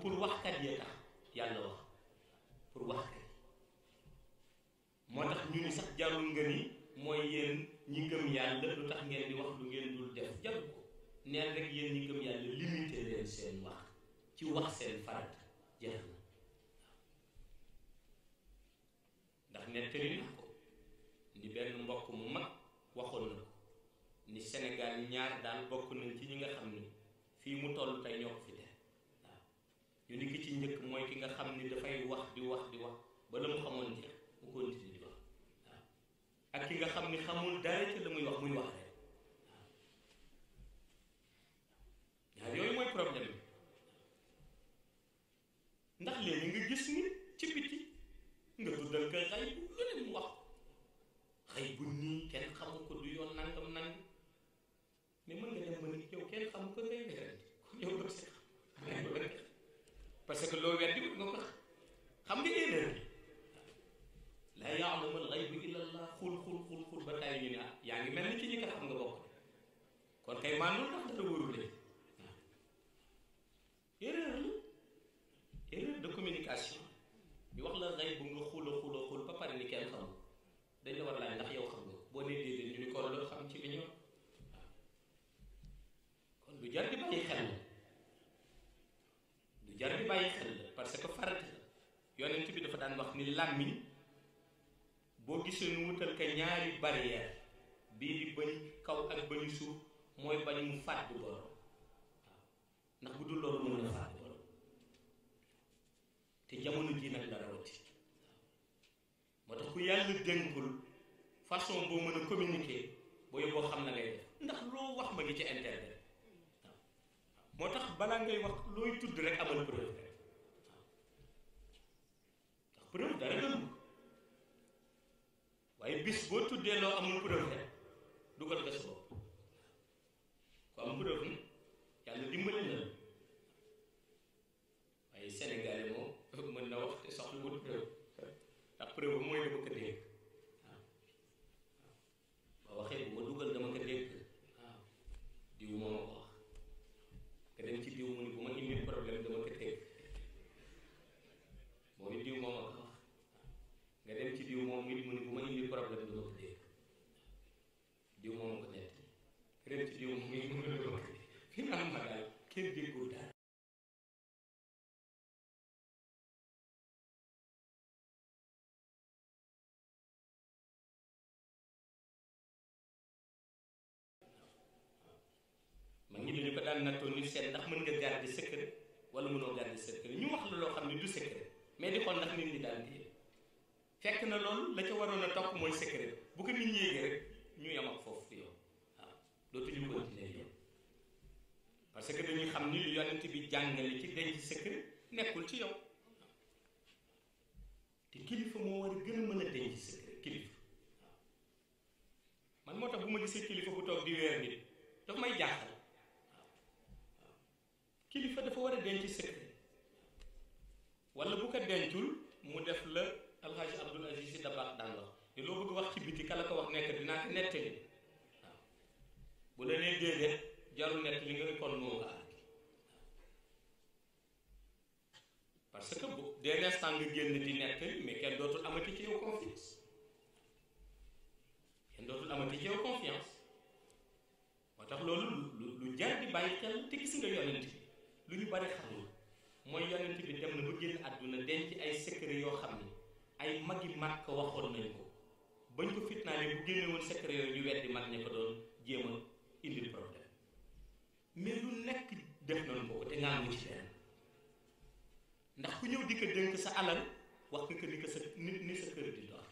pour waxkat yee tax yàlla wax pour waxkat yi moo tax ñu ni sax jarul nga ni mooy yéen ñi gëm yàlla lu tax ngeen di wax lu ngeen dul def jarul ko neen rek yéen ñi gëm yàlla limité leen seen wax ci wax seen farat jeex na ndax nettali na ko ni benn mbokk mu mag waxoon na ko ni Sénégal ñaar daan bokk nañ ci ñi nga xam ni fii mu toll tey ñoo fi ñu ni ki ci njëkk mooy ki nga xam ni dafay wax di wax di wax ba la mu xamoon jeex mu continue di wax waaw ak ki nga xam ni xamul dara ci la muy wax muy wax rek waaw yooyu mooy problème bi ndax léegi nga gis ni ci biti nga tuddal ka xay bu lu ne mu wax xay bu nii kenn xamu ko du yoon nangam nangam mais mën nga dem ba yow kenn xamu ko ngay werante kon yow doo si parce que loo weddi wut nga ko xam nga erreur bi laa ya'lamul ghayba illa Allah xul xul xul xul ba tàyyi ñu ne ah, yaa ngi mel ni ci ñi nga xam nga bokk kon kay maa noonu dara wóorul waaw erreur la erreur de communication ñu wax la ghayb nga xul jar bi bàyyi xel parce que farat yonent bi dafa daan wax ni làmmiñ boo gisee nu wutal ka ñaari barrière bii di bañ kaw ak bañu suuf mooy bañ mu fàddu borom waaw ndax bu dul loolu mën na fàddu borom te jamono ji nag la rawati moo tax ku yàlla dénkul façon boo mën a communiquer boo yóbboo xam na lay def ndax loo wax ma ngi ci internet moo tax balaa ngay wax looy tudd rek amal preuve rek ndax preuve dara gënu waaye bis boo tuddee loo amul preuve rek dugal nga sa bopp ku am preuve yàlla dimbale na waaye sénégalais moom mën na wax te soxla wut ndax preuve mooy la bëgg a dégg seet ndax mën nga garder secret wala mënoo garder secret ñu wax la loo xam ne du secret mais di xool ndax nit ñi daan téye fekk na loolu la ca waroon a topp mooy secret bu ko nit ñi yéegee rek ñu yam ak foofu yow waaw dootuñu ko dinañ yow parce que dañuy xam ni lu yonent bi jàngale ci denc secret nekkul ci yow te kilifa moo war a gën a mën a denc secret kilifa waaw man moo tax bu ma gisee kilifa bu toog di weer nit daf may jaaxal. kilifa dafa war a denc secret wala bu ko dencul mu def la alxaaji abdul aziz si dabaax daan wax ni loo bëgg wax ci biti kala ko wax nekk dinaa ko nettali waaw bu la nee déedéet jarul nett li nga kon moo que bu dee instant nga génn di nettali mais kenn dootul amati ci yow kenn dootul amati ci yow moo tax loolu lu lu jar di bàyyi xel te gis nga yonent lu ñu bari xamul mooy yonent bi dem na ba génn àdduna denc ay secret yoo xam ne ay mag magi màkk waxoon nañ ko bañ ko fitnaale bu génne woon secret yooyu ñu weddi mag ña ko doon jéem a indil problème mais lu mu ci ndax ku ñëw di ko dénk sa alal wax nga ko ni ko sa ni ni sa kër di dox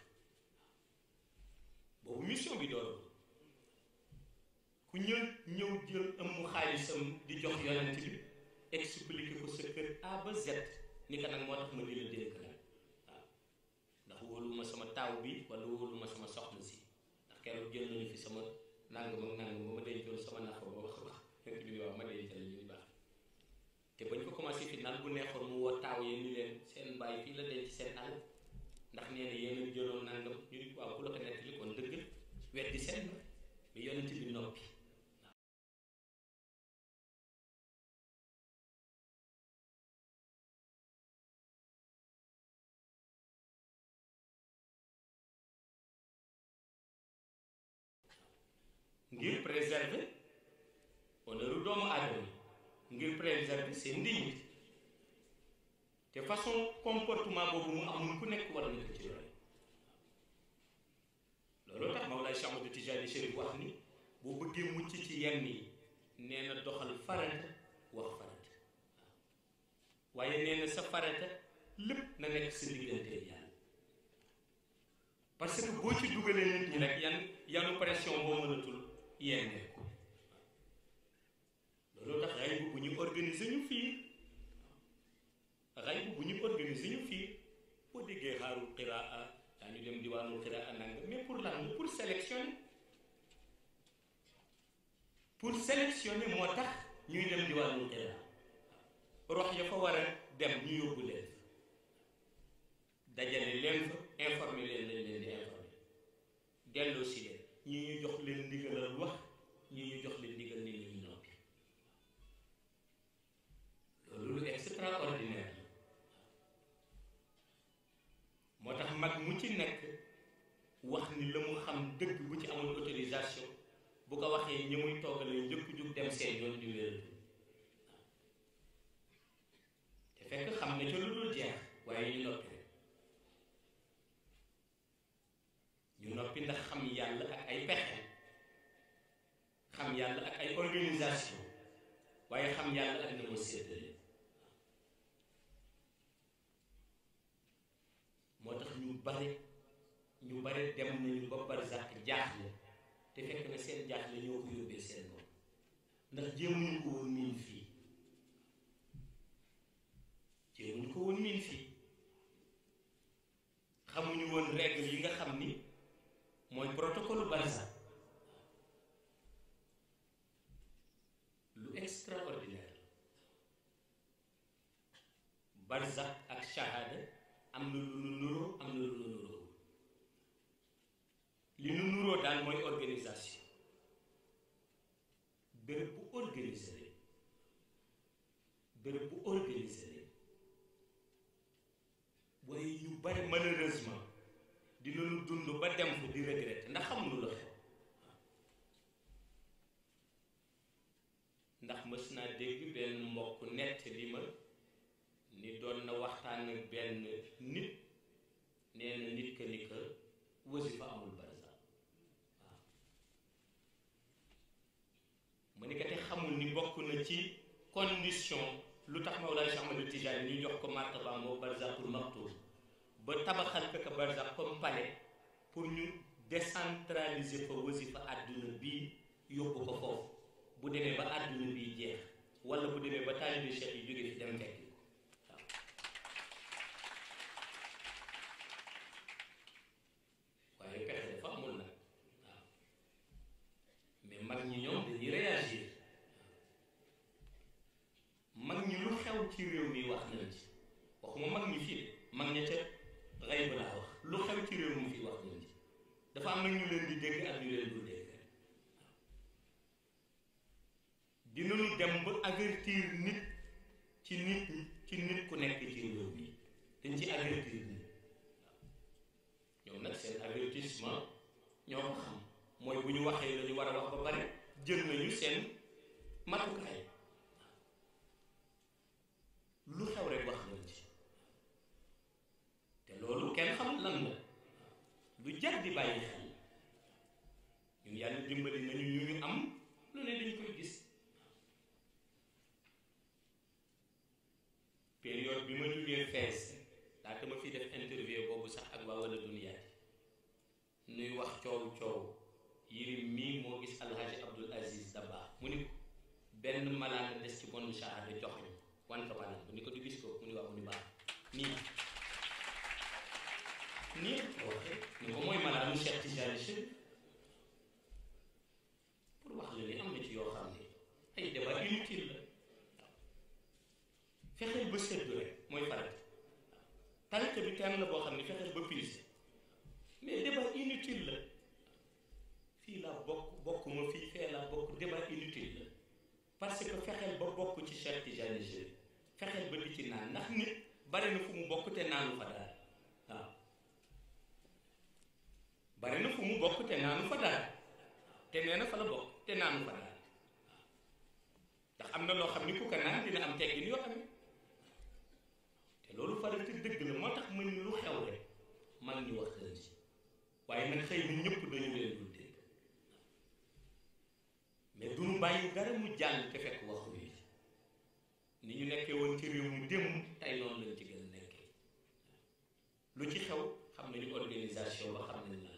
boobu mission bi doon ku ñëw ñëw jël ëmm xaalisam di jox yonent bi expliqué ko sa kër A ba Z ni ko nag moo tax ma di la dénk nag waaw ndax wóoluma sama taaw bi wala wóoluma sama soxna si ndax keroog jël nañu fi sama nangam ak nangam ba ma dencoon sama nafa ba wax wax fekk waaw ma dencal ñu baax te bañ ko commencé fi nag bu neexoon mu woo taaw leen seen bàyyi fii la denc seen àll ndax nee na yéen a jëloon nangam ñu di waaw ku la ko nettali kon dëgg weddi seen mais yonent bi noppi. ngir préserver honneur doomu aadama ngir préserver seen dignité te façon comportement boobu mu amul ku nekk war na ko ci roy loolu tax Mawlaay Cheikh Ahmadou Tijaani Chérif wax ni boo bëggee mucc ci yenn yi nee na doxal farata wax farata waaye nee sa farata lépp na nekk sa diggante yàlla parce que boo ci dugalee nit ñi rek yan pression boo mënatul yeendeeku loolu tax rey bu ñu organiser ñu fii rey bu ñu organiser ñu fii boo déggee xaarul xiraa daañu dem diwaanul xiraa nanga mais pour lan pour sélectionner pour sélectionner moo tax ñuy dem diwaanul xiraa rox ya fa war a dem ñu yóbbu leen dajale leen fa informer leen lañ leen di informer delloo si leen ñii ñu jox leen ndigalal wax ñii ñu jox leen ndigal ne ñu noppi loolu lu extraordinaire la moo tax mag mu ci nekk wax ni la mu xam dëgg bu ci amul autorisation bu ko waxee ñi muy toogalee njëkk jug dem seen yoon di te fekk xam ne ca lu dul jeex waaye ñu noppi noppi ndax xam yàlla ak ay pexe xam yàlla ak ay organisation waaye xam yàlla ak na ma séddale moo tax ñu bare ñu bare dem nañu ba barzak jaaxle te fekk na seen jaaxle ñoo ko yóbbee seen bopp ndax jéemuñu ko woon miin fii jéemuñu ko woon miin fii xamuñu woon règle yi nga xam ni mooy protocole Barça lu extraordinaire Barza ak shahada am na lu nu nuroo am na lu nuroo li nu nuroo daal mooy organisation béréb bu organisé lañ bu organisé waaye yu bari malheureusement dinañu dund ba dem fu di regretter ndax xam lu la xew ndax mës naa dégg benn mbokk nett li ma ni doon na waxtaan ak benn nit nee nit ka ni ka wasifa amul barza waaw mu ne te xamul ni bokk na ci condition lu tax Mawlaay Cheikh Ahmad Tijaani ñu jox ko martaba moo barza pour maxtuum ba tabaxal ko barsax comme palais pour ñu décentraliser fa wasifa àdduna bi yóbbu ko foofu bu demee ba àdduna bi jeex wala bu demee ba taalibe cheikh yi jógee fi dem fekk waaw waaye pexe dafa amul nag waaw mais mag ñi ñoom dañuy réagir mag ñi lu xew ci réew mi wax nañ ci waxuma mag ñi fii mag ña ca xëy balaa wax lu xew ci réew mi fi wax ñun ci dafa am na ñu leen di dégg ak ñu leen dul dégg waaw dinañu dem ba avertir nit ci nit ci nit ku nekk ci réew mi dañ ci avertir nit waaw ñoom nag seen avertissement ñoo ko xam mooy bu ñu waxee la war a wax ba pare jël nañu seen matukaay lu xew rek wax nañu loolu kenn xamul lan la lu jar di bàyyi xel ñun yàlla dimbali nañu ñu ñu am lu ne dañ koy gis période bi ma jugee fees laata ma fi def interview boobu sax ak waa wala duniyaat nuy wax coow coow Yérim mii moo gis alhaji abdul aziz Dabba mu ni ko benn malaan des ci bonne shahada joxoñ wante banaan mu ni ko du gis ko mu ni waa mu ni baax nii nii ni ko mooy maanaam Cheikh Tidiane pour wax la ni am na ci yoo xam ne ay débat inutile la fexeel ba seddu rek mooy farata tarika bi tànn la boo xam ne fexeel ba piise mais débat inutile la fii laa bokk bokk fii fee laa bokk débat inutile la parce que fexeel ba bokk ci Cheikh Tidiane Chérif fexeel ba di naan ndax nit bari na mu bokk te naanu fa daal bare na fu mu bokk te naanu fa daal te nee na fa la bokk te naanu fa daal ndax am na loo xam ni ku ko naan dina am teggin yoo xam ne te loolu faral te dëgg la moo tax ma ni lu xew rek mag ñi wax xëy si waaye nag xëy na ñëpp dañu leen dul dégg mais du ñu bàyyi dara mu jàll te fekk waxu yi ni ñu nekkee woon ci réew mu démb tey noonu lañ ci gën a nekkee lu ci xew xam nañu organisation ba xam nañ la.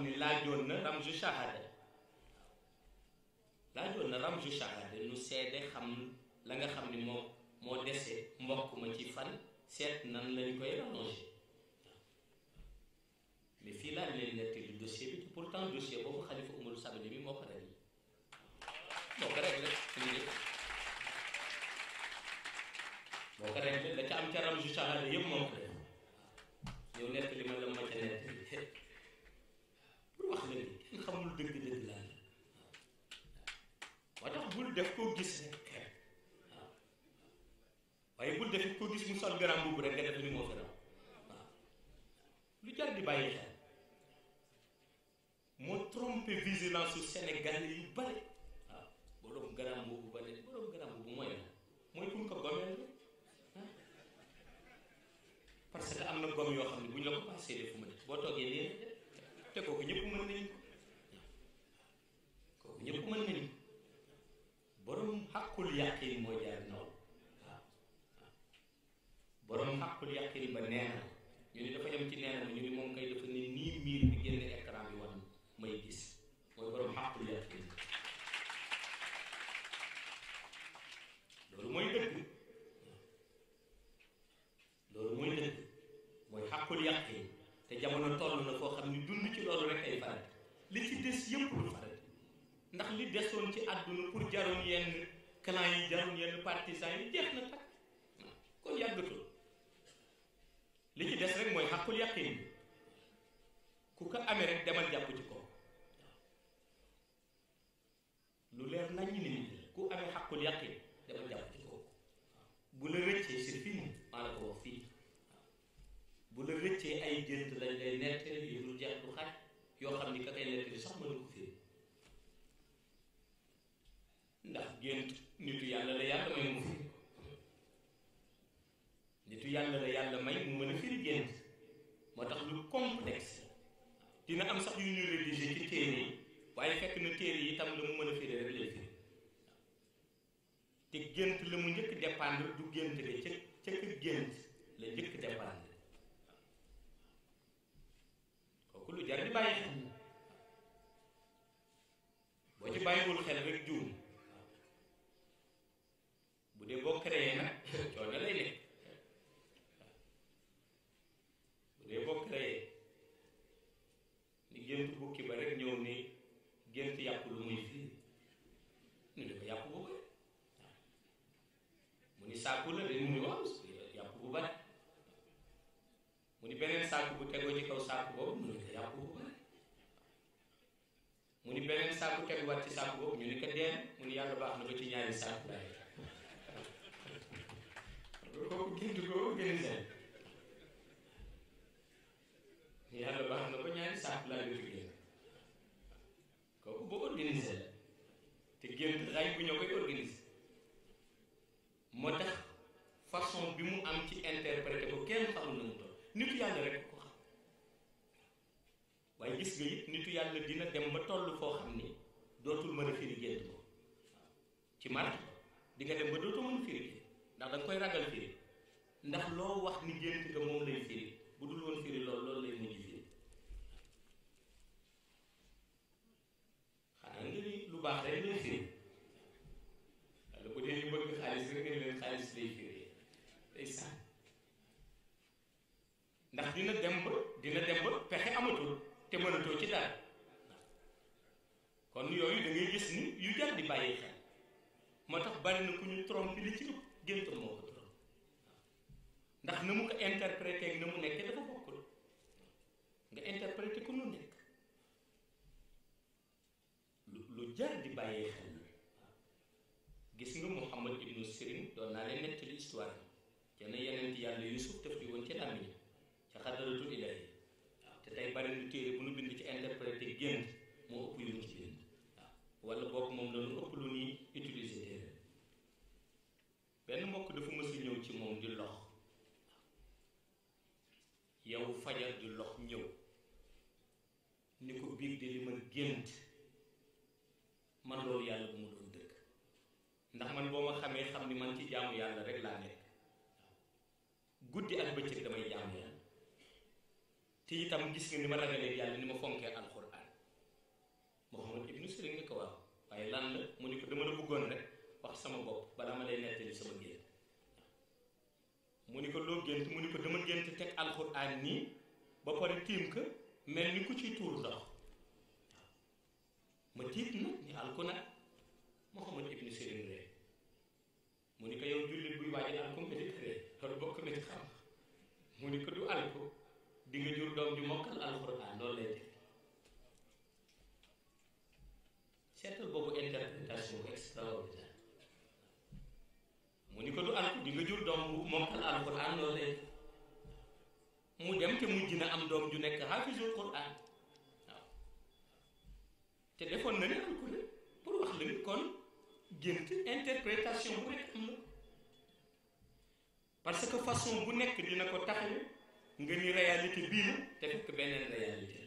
xam ni laajoon na ramju shahada laajoon na ramju shahada nu seede xam la nga xam ni moo moo dese mbokk ma ci fan seet nan lañ koy rallongé mais fii laa leen nettali dossier bi te pourtant dossier boobu Xalifa Umaru Sabali bi moo ko rek moo ko rek moo ko rek la ca am ca ramju shahada yëpp moo ko def yow nettali ma la ma ca bul def koo gis rek waaw waaye bul def koo gis mu sol garam boobu rek nga def ni moo gën waaw lu jar di bàyyi xel moo trompé vigilance su Sénégal yu bare waaw borom garam boobu ba léegi borom garam boobu mooy la mooy pour ko gomeel rek ah. parce que am na gom yoo xam ne bu ñu la ko passé def ma def boo toogee nii te kooku ñëpp mën nañu ko xaqul yaqin moo jaar noonu waaw borom xaqul yaqin ba neena ñu ni dafa yem ci neena bi ñu ni moom kay dafa ni nii miir bi génn écran bi wan may gis mooy borom xaqul yaqin loolu mooy dëgg loolu mooy xaqul yaqin te jamono toll na koo xam ni dund ci loolu rek ay farat li ci des yëpp lu farat ndax li desoon ci àdduna pour jaroon yenn clan yi jarul yenn partisan yi jeex na takk kon yàggatul li ci des rek mooy xàqul yàqin ku ko ame rek demal jàpp ci kaw lu leer nañ ni ku amee xàqul yàqin demal jàpp ci kaw bu la rëccee c'est fini maa la ko fii bu la rëccee ay gént lañ lay nettali yu dul jeex xaj yoo xam ni ka koy nettali sax mënu ko firi ndax gént nitu yàlla la yàlla may mu firi nitu yàlla la yàlla may mu mën a firi gént moo tax lu complexe dina am sax yu ñu rédigé ci téere yi waaye fekk na téere yi tam la mu mën a firi rek lay firi te gént la mu njëkk dépendre du gént de ca ca gént la njëkk dépendre kooku lu jar di bàyyi xel boo ci bàyyiwul xel rek juum dee boo créé nag coono lay nekk bu dee ni gént bukki ba rek ñëw ni gént yàpp lu muy fii ñu ne mu ni sàkku la de mu ni waaw yàpp bu bëri mu ni beneen sàkku bu tegoo ci kaw sàkku boobu mu ni ko yàpp bu bëri mu ni beneen sàkku teguwaat ci sàkku boobu ñu ni ko deen mu ni yàlla baax na ko ci ñaari sàkku laay ko gént ko organisé yàlla baax na ba ñaari saaf laa jot génn kooku boo organisé te gént ray bu ñoo koy organisé moo tax façon bi mu am ci interprété ko kenn xamul na mu toll nitu yàlla rek ko xam waaye gis nga it nitu yàlla dina dem ma toll foo xam ni dootul mën a firi gént ko ci marque di nga dem ba dootul mën a firi ndax da koy ragal firi ndax loo wax ni gént ga moom lay firi bu dul woon firi loolu loolu lay mujj firi xanaa ngir lu baax rek lay firi wala bu dee ñu bëgg xaalis rek ngeen leen xaalis lay firi day sànn ndax dina dem ba dina dem ba pexe amatul te mënatoo ci dara kon yooyu da gis ni yu jar di bàyyi moo tax bari na ku ñu trompe li ci gént moo ko ndax na mu ko interprété ak na mu nekk dafa bokkul nga interprété ko nu nekk lu lu jar di bàyyee xel gis nga Muhammad ibnu Sirin doon naa leen nettali histoire bi kenn yeneen ci yàlla Yusuf tëf di woon ci làmmiñ ca xadaratul ilaahi te tey bari lu téere bu nu bind ci interprété gént moo ëpp yu nu ci bind wala boog moom la nu ëpp lu ñuy utiliser téere benn mbokk dafa mës ñëw ci moom di lox yow fajar ju lox ñëw ni ko biig de li ma gént man loolu yàlla bu mu doon dëkk ndax man boo ma xamee xam ni man ci jaamu yàlla rek laa nekk guddi ak bëccëg damay jaamu yàlla te itam gis nga ni ma ragalee yàlla ni ma fonkee alxuraan Muhammad ibnu Sirin ni ko waaw waaye lan la mu ni ko dama la bëggoon rek wax sama bopp balaa ma lay nettali sama génn mu ni ko loo gént mu ni ko dama gént teg alxuraan nii ba pare tiim ko mel ni ku ciy tuur ndox ma tiit nag ni alku nag Muhammad ibnu Sirin ree mu ni ko yow jullit buy waaji alku médicare bokk na ci xam mu ni ko du alku di nga jur doom ju mokkal alxuraan loolu lay def seetal boobu interprétation extraordinaire mu ni ko du alku di jur doom bu mokkal alquran loolee mu dem te mu jina am doom ju nekk hafizul quran waaw te defoon na ne alku la gént interprétation bu parce que façon bu nekk dina ko taxawe nga ni réalité bii la te fekk beneen réalité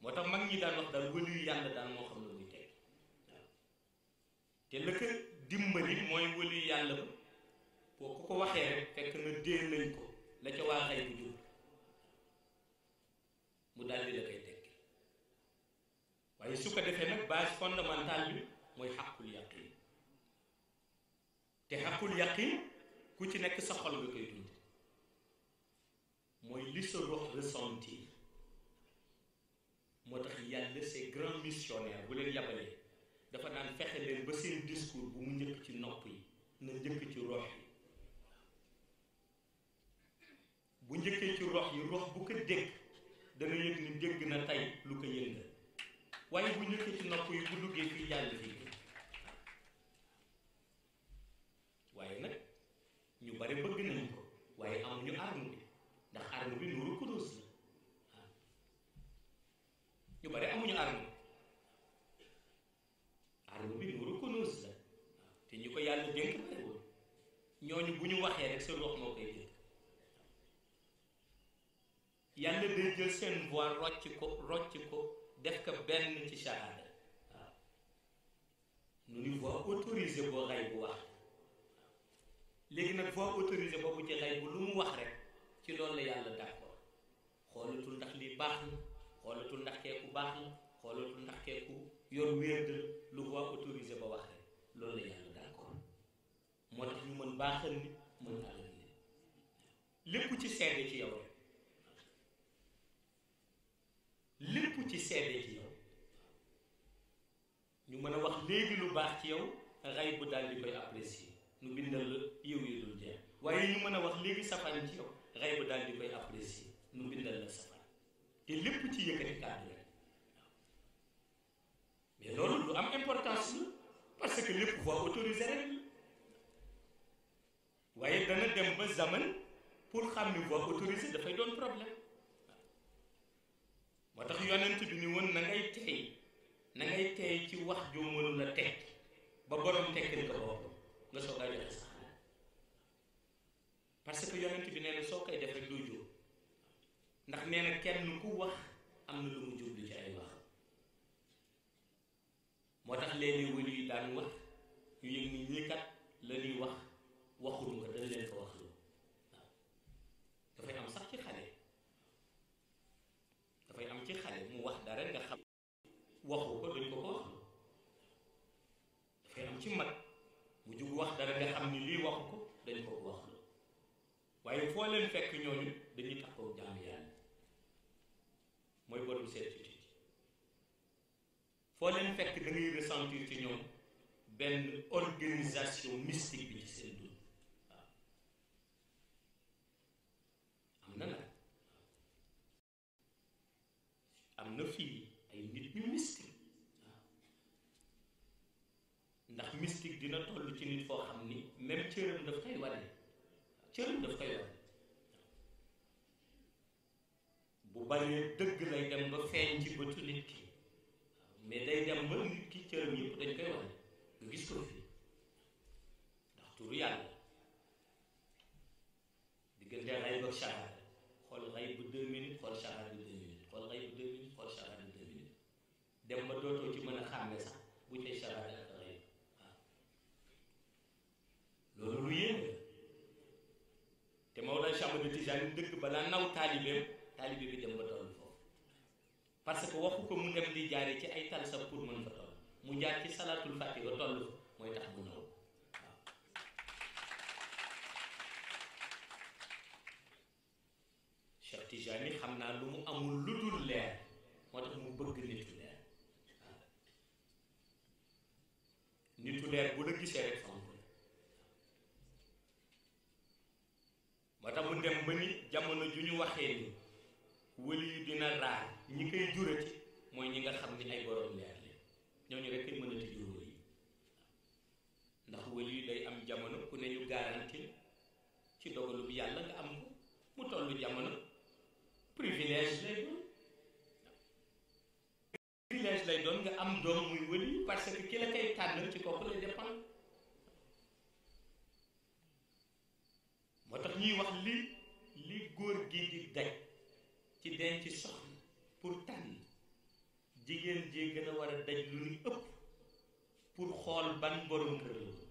moo tax mag ñi daan wax daal wëluyu yàlla daal moo xam ne muy waaw te lëkk dimbali mooy wëli yàlla ba boo ko ko waxee rek fekk na déer nañ ko la ca waa xay bu jur mu daal la koy tekki waaye su ko defee nag base fondamentale bi mooy xaqul yaqin te xaqul yaqin ku ci nekk sa xol nga koy dund mooy li sa rox ressentir moo tax yàlla c'est grand missionnaire bu leen yabalee dafa naan fexe leen ba seen discours bu mu njëkk ci nopp yi na njëkk ci rox yi bu njëkkee ci rox yi rox bu ko dégg dana yëg ni dégg na tey lu ko yëngal waaye bu njëkkee ci nopp yi bu duggee fii jàll fii waaye nag ñu bare bëgg nañu ko waaye amuñu arme bi ndax arme bi nuuru kudos la ñu bari amuñu arme yàlla dénk bariwul bu ñu waxee rek seen moo koy dégg yàlla day jël seen voix rocc ko def ko benn ci shahada waaw nu ni voix autorisée bu wax léegi nag voix autorisée boobu ci xay lu mu wax rek ci loolu la yàlla d'accord xoolatul ndax lii baax na xoolatul ndax keeku baax na xoolatul ndax keeku yor wér lu voix autorisée ba wax rek loolu la yàlla moo tax ñu mën baaxal nit mën àll nit lépp ci seede ci yow rek lépp ci seede ci yow ñu mën a wax léegi lu baax ci yow ray bu daal di koy apprécier nu bindal la yow yi dul jeex waaye ñu mën a wax léegi safaan ci yow ray bu daal di koy apprécier nu bindal la safaan te lépp ci yëkkati kàddu rek mais loolu lu am importance parce que lépp voie autorisée rek waaye dana dem ba zaman pour xam ni voie autorisée dafay doon problème moo tax yonent bi ni woon na ngay tey na ngay tey ci wax joo mënu la tekki ba borom tekkil nga bopp nga soog a joxe sax parce que yonent bi nee na soo koy def rek doo jóg ndax nee kenn ku wax am na lu mu jublu ci ay wax moo tax léegi wëli yi daan wax ñu yëg ni ñii kat la ñuy wax waxuñu ko dana leen ko wax loo dafay am sax ci xale dafay am ci xale mu wax dara nga xam waxu ko dañ ko ko wax dafay am ci mag mu jug wax dara nga xam ni lii waxu ko dañ ko ko wax loo waaye foo leen fekk ñooñu dañuy takkoo jaam yàlla mooy borom certitude foo leen fekk da ngay ressentir ci ñoom benn organisation mystique bi ci seen am na fii ay nit ñu mystique waaw ndax mystique dina toll ci nit foo xam ni même cëram daf koy wane cëram daf koy wane bu baree dëgg lay dem ba feeñ ci bëtu nit ki waaw day dem ba nit ki cëram yëpp dañ koy wane nga gis ko fii ndax turu yàlla diggante ray ba shahaada xool ray bu deux xool shahaada dem ba dootoo ci mën a xàmme sax bu tey sharaada ak waaw loolu lu yéen te Mawlana Cheikh Ahmadou Tidiane dëkk balaa naw taalibeem taalibe bi dem ba toll foofu parce que waxu ko mu dem di jaare ci ay talsa pour mën fa toll mu jaar ci salaatul fàtte ba toll fa mooy tax mu naw Cheikh Tijani xam naa lu mu amul lu dul leer moo tax mu bëgg nit ñi leer bu la gisee rek fonk la moo tax mu dem ba ni jamono ju ñu waxee ni wëli yu dina raar ñi koy jurati mooy ñi nga xam ni ay borom leer la ñooñu rek kay mën a tijjoo wëli ndax wëli yu day am jamono ku ne ñu garanti ci dogalu bi yàlla nga am ko mu tollu jamono privilège lay privilège lay nga am doom muy wëli parce que ki la ci kooku lay dépendre tax ñuy wax li li góor gi di daj ci denc soxna pour tànn jigéen jee gën a war a daj lu ñu ëpp pour xool ban borom kër la lu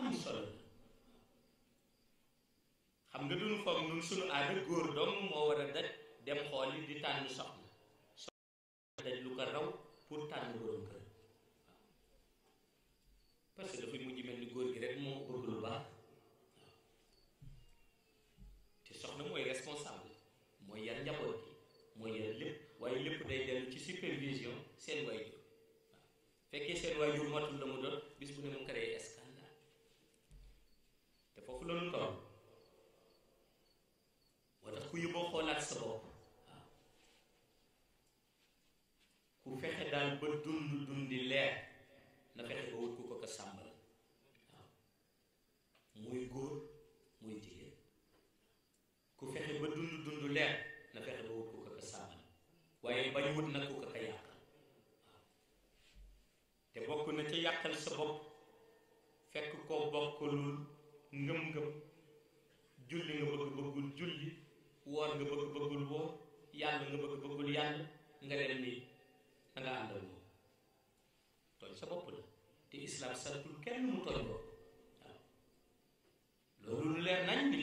am sol lu xam nga duñu foog nun suñu aada góor dong moo war a daj dem xooli di tànn soxna soxna daj lu ko raw pour tànn borom kër parce que dafay mujj mel ni góor gi rek moo bëgg lu baax te soxna mooy responsable mooy yar njaboot gi mooy yar lépp waaye lépp day dellu ci supervision seen waajur waaw fekkee seen waajur matul la mu doon bis bu ne mu créé scandale te foofu la ñu toll ku yóbboo xoolaat sa bopp waaw ku fexe daal ba dund dundi leer na fexe ba wut ku ko ko sàmmal waaw muy góor muy jigéen ku fexe ba dund dund leer na fexe ba wut ku ko ko sàmmal waaye bañ wut nag ku ko ko yàqal waaw te bokk na ca yàqal sa bopp fekk ko bokkalul ngëm-ngëm julli nga bëgg bëggul julli woor nga bëgg bëggul woor yàlla nga bëgg bëggul yàlla nga dem nii da nga àndal moom tooñ sa bopp la te islam santul kenn mu tooñ bopp waaw loolu lu leer nañ ni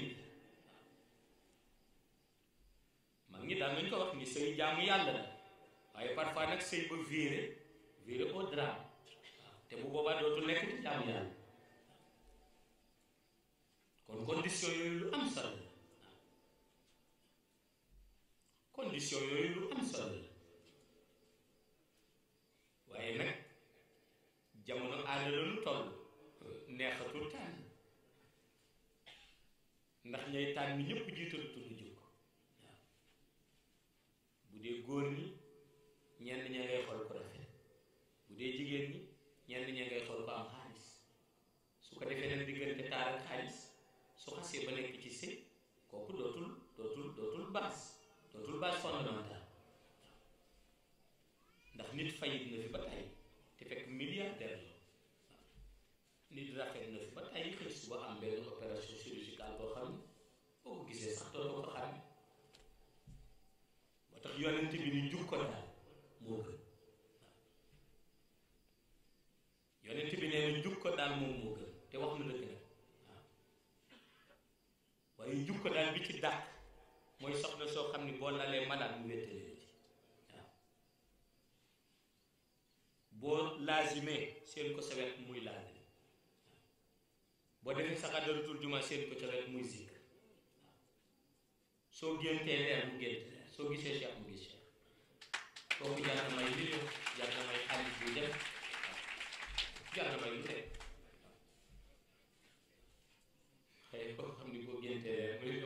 mag ñi daan nañ ko wax ni sëy jaamu yàlla la waaye parfois nag sëy ba viré viré au drame waaw te bu boobaa dootul nekk di jaamu yàlla kon condition yooyu lu am solo condition yooyu lu am solo la waaye nag jamono aada la neexatul tànn ndax ñooy tànn ñëpp jiital tudd jóg waaw bu dee góor ni ñenn ña ngay xool ko rafet jigéen ñi ñenn ña su ko defee nag diggante taar ak xaalis su xasee ba nekk ci sëy kooku dootul dootul dootul baas dootul base fondamentale ndax nit fayit na fi ba tey te fekk milliardaire la nit rafet na fi ba tey xëy suba am benn opération chirurgicale boo xam ne boo ko gisee sax doo ko xam moo tax yonent bi ni njug ko daal moom moo gën te wax na dëgg nag waaw waaye njug ko daal bi ci dàq mooy soxna soo xam ni boo lalee malaan mu wéttali la ci waaw boo laazimee seen ko sawet muy laazim boo defee sa xadaratul juma seen ko sawet muy zikk soo géntee leer mu gént leer soo gisee cheikh mu gis cheikh kooku na may million jar na may xaalis bu dem jar na may lu nekk xëy koo xam ni boo géntee leer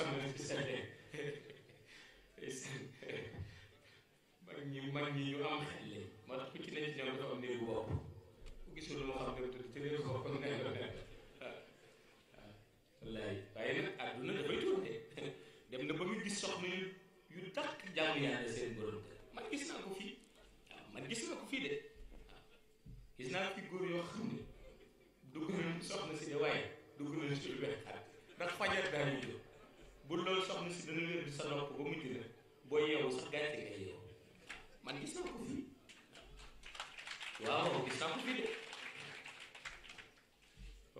sonn nañ mag ñi mag ñi ñu am xel lañ moo tax ku ci ne ci ñoom dafa am néegu bopp ku gisul lu ma xam ne tudd ci waaye nag dafay tuute dem na ba muy gis soxna yu yu takk jàmm yàlla seen borom kër man gis naa ko fii man gis naa ko fii de waaw gis naa fi góor yoo xam ne dugg nañ soxna si de waaye dugg nañ si lu weex xat ndax fajar daañu jóg bu loolu soxna si dana wér di sa nopp ba mujj la boo yeewu sax gàcce ngay yeewu man gis naa ko fii waaw gis naa ko fii de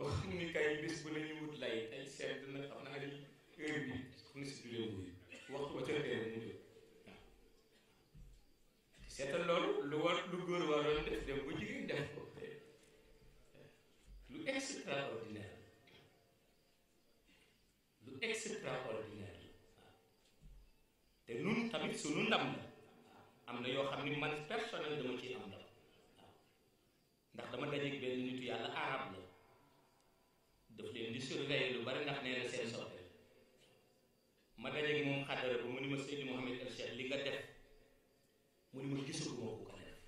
wax ni kay bis bu la wut lay ay seet dina xam naa ni heure bi soxna si du leen wuyu waxtu ba ca teer mu jóg seetal loolu lu war lu góor waroon def dem bu jigéen def ko lu extraordinaire extraordinaire la waaw te nun tamit sunu ndam la waaw am na yoo xam ni man personnel dama ciy am ndam waaw ndax dama dajeeg benn nitu yàlla arab la daf leen di surveiller lu bari ndax nee na seen soppe ma dajeeg moom xaddara ba mu ni ma Seydi Mouhamed El Cheikh li nga def mu ni ma gisaguma ko ko def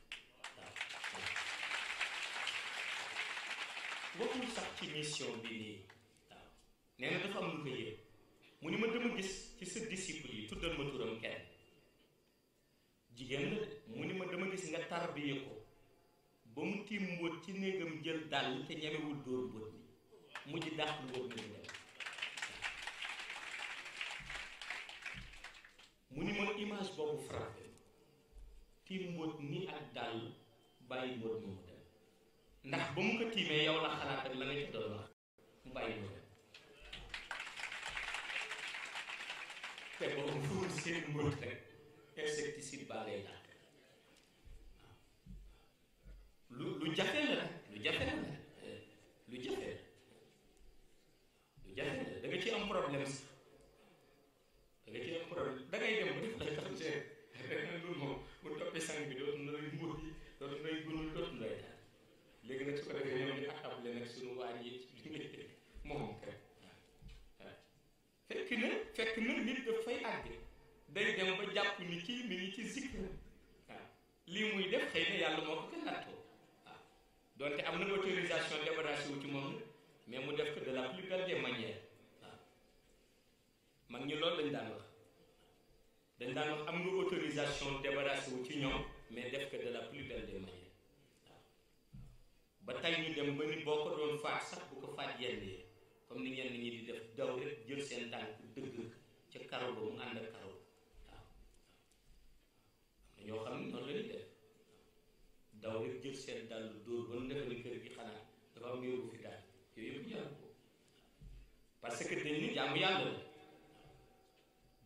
waxul sax ci mission bi nii waaw nee dafa am lu ko yëg mu ni ma dama gis ci sa disciple yi tuddal ma turam kenn jigéen la mu ni ma dama gis nga tarbiye ko ba mu tiim mbóot ci néegam jël dàll te ñemewul dóor mbóot mi mu ci dàq mbóot mi mu ni ma image boobu frappé tiim mbóot ni ak dàll bàyyi mbóot moomu dem ndax ba mu ko tiimee yow la xalaat ak la nga ci doon mu bàyyi mbóot te boobu buur seen mbóot rek insecticide baa lay tàkk lu lu jafe la lu la eh, lu jafe la lu jafe la da nga ci am problème si da nga ci am problème da ngay dem ba def la tam seen rek na loolu moom bu toppee sang bi dootu na lay mbóot yi dootu nay gunul dootu na lay daal léegi nag su ko defee ñoom ñu atable nag suñu waañ yi ne fekk na nit daf fay àgg day dem ba jàpp ni kii mi ngi ci zikr waaw lii muy def xëy na yàlla moo ko ko waaw donte am na autorisation débarrassé ci moom mais mu def ko de la plus belle des waaw mag ñi loolu dañ daan wax dañ daan wax am nga autorisation débarrassé wu ci ñoom mais def ko de la plus belle des waaw ba tey ñu dem ba ni boo ko doon faat sax bu ko faat yenn yi comme ni ñenn ñi di def daw rek jël seen tànk dëgg ca karo ba mu ànd ak karo waaw am na ñoo xam ne noonu la def daw rek jël seen dàll dóor ba nekk ni kër gi xanaa dafa am yóbbu fi daal yooyu yëpp jàll ko parce que dañ ni jàmm yàlla la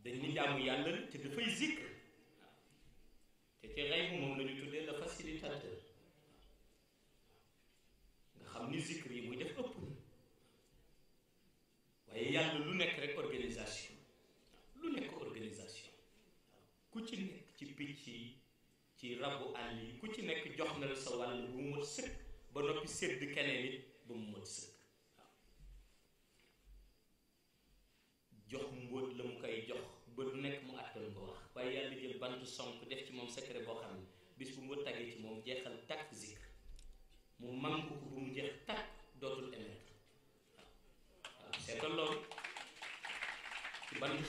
dañ ni jàmm yàlla la te dafay zikr te ci moom la tuddee la facilitateur nga xam ni zikr yàlla lu nekk rek organisation lu nekk organisation ku ci nekk ci picc yi ci rabu àll yi ku ci nekk jox na la sa wàll bu mu mot sëkk ba noppi sédd keneen it ba mu mot sëkk waaw jox mbóot la mu koy jox ba du nekk mu àttal ko wax waaye yàlla jël bant sonk def ci moom secret boo xam ne bis bu mu tàggee ci moom jeexal takk zik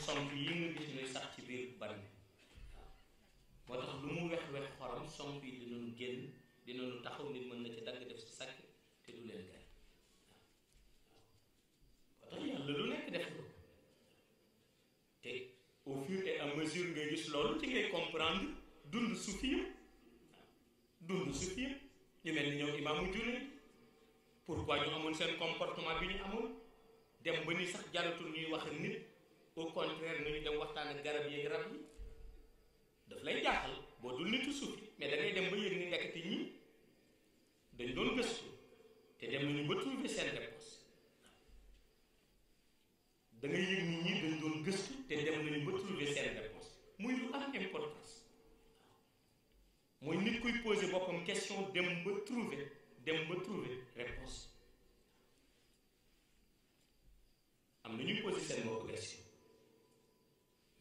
somp yi nga gis muy sax ci biir ban bi waaw moo tax lu mu wex wex xorom somp yi dinañu génn dinañu taxaw nit mën na ci dagg def si sakk te du leen gën waaw moo tax yàlla lu nekk def ko te au fur et à mesure ngay gis loolu ci ngay comprendre dund suuf yi dund suuf yi ñu mel ni ñëw imaamu jullit pourquoi ñu amoon seen comportement bi ñu amoon dem ba ni sax jaratul ñuy wax nit au contraire nga ñu dem waxtaan ak garab yeeg rab yi daf lay jaaxal boo dul nitu suufi mais da dem ba yëg ni nekk te ñi dañ doon gëstu te dem nañu ba trouver seen réponse da yëg ni ñii dañ doon gëstu te dem nañu ba trouver seen réponse muy lu am importance mooy nit kuy posé boppam question dem ba trouver dem ba trouver réponse am nañu ñuy posé seen bopp question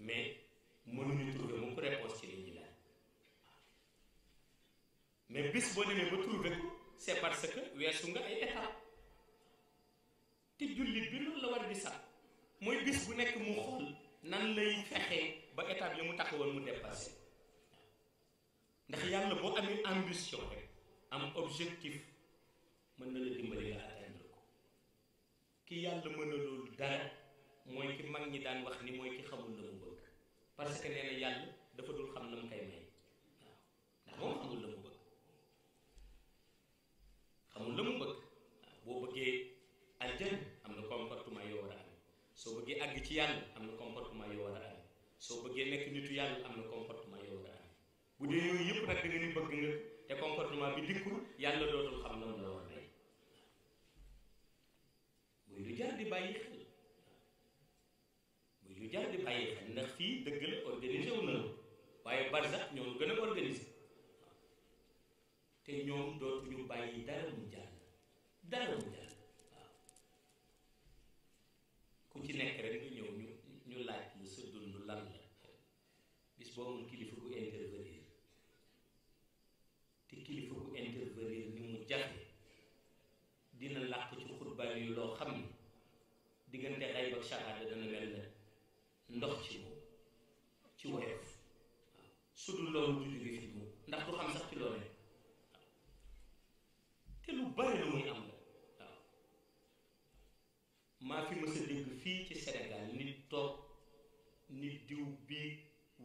mais mënuñu trouver mu ko réponse ci li ñuy mais bis boo demee ba trouver ko c'est parce que weesu nga ay étape te jullit bi loolu la war bi sax mooy bis bu nekk mu xool nan lay fexee ba étape yi mu taxawoon mu dépassé ndax yàlla boo amee ambition rek am objectif mën na la dimbali nga atteindre ko ki yàlla mën na loolu dara mooy ki mag ñi daan wax ni mooy ki xamul la mu bëgg parce que nee na yàlla dafa dul xam la mu koy may waaw ndax waaw na comportement soo àgg ci yàlla am na comportement yoo soo bëggee nekk na comportement yoo war a bi dikkul yàlla lu jar di ndax fii dëgg la organisé waaye barsax ñoo gën a organisé te ñoom dootuñu bàyyi dara mu jàll dara mu jàll waaw ku ci nekk rek ñu ñëw ñu ñu laaj lu sa dund lan la bis boo amul kilifa bu intervenir te kilifa bu intervenir ni mu jafe dina làq ci xutbaan loo xam ne diggante xayb ak shahaada ndox ci moom ci woyof waaw su dul loolu du jóge fii moom ndax du xam sax ci loolu ne te lu bari lu muy am la waaw maa fi mës dégg fii ci Sénégal nit toog nit diw bii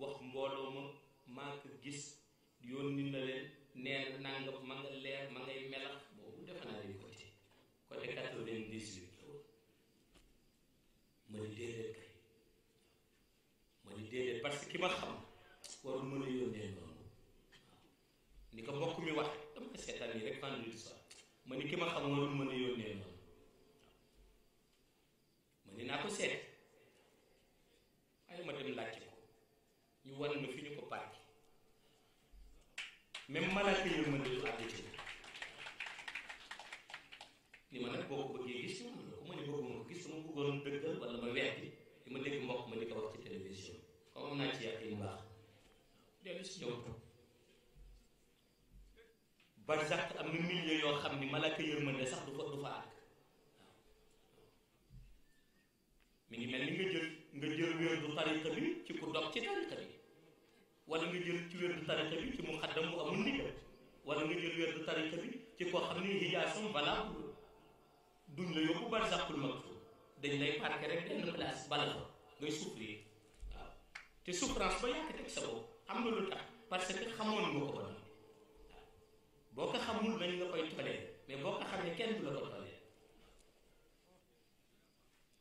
wax mbooloo ma maa ko gis yónni na leen neer nangam ma nga leer ma ngay melax boobu defe naa leen côté côté quatre vingt dix ma di déedéet déedéet parce que ki ma xam warul mën a yónnee noonu ni ko mbokk mi wax dama ko seetaan nii rek pendant ma ni ki ma xam mën yónnee noonu ma ni naa ma dem laajte ko fi ñu ko parqué même malaaka yi mën nañu àgg ci li ma nag boo ko bëggee gis ma ne ko ma ne bëgguma ko gis sama bëggoon dëggal wala ma weex li ma dégg mbokk ma di wax ci télévision am naa ci yaqin baax yoo xam ni malaka yërmande sax du fa ngi mel ni nga jël nga jël wér du tariqa bi ci ku dog ci tariqa bi wala nga jël ci wér du tariqa bi ci muxaddam mu amul ndigal wala nga jël wér du tariqa bi ci koo xam ne hijaasam valable duñ la yóbbu barsaxul mag dañ lay parqué rek benn place bala ngay souffrir te souffrance ba yàgg teg sa bopp am na lu tax parce que xamoon nga ko woon boo ko xamul dañ la koy tolee mais boo ko xamee kenn du la ko tolee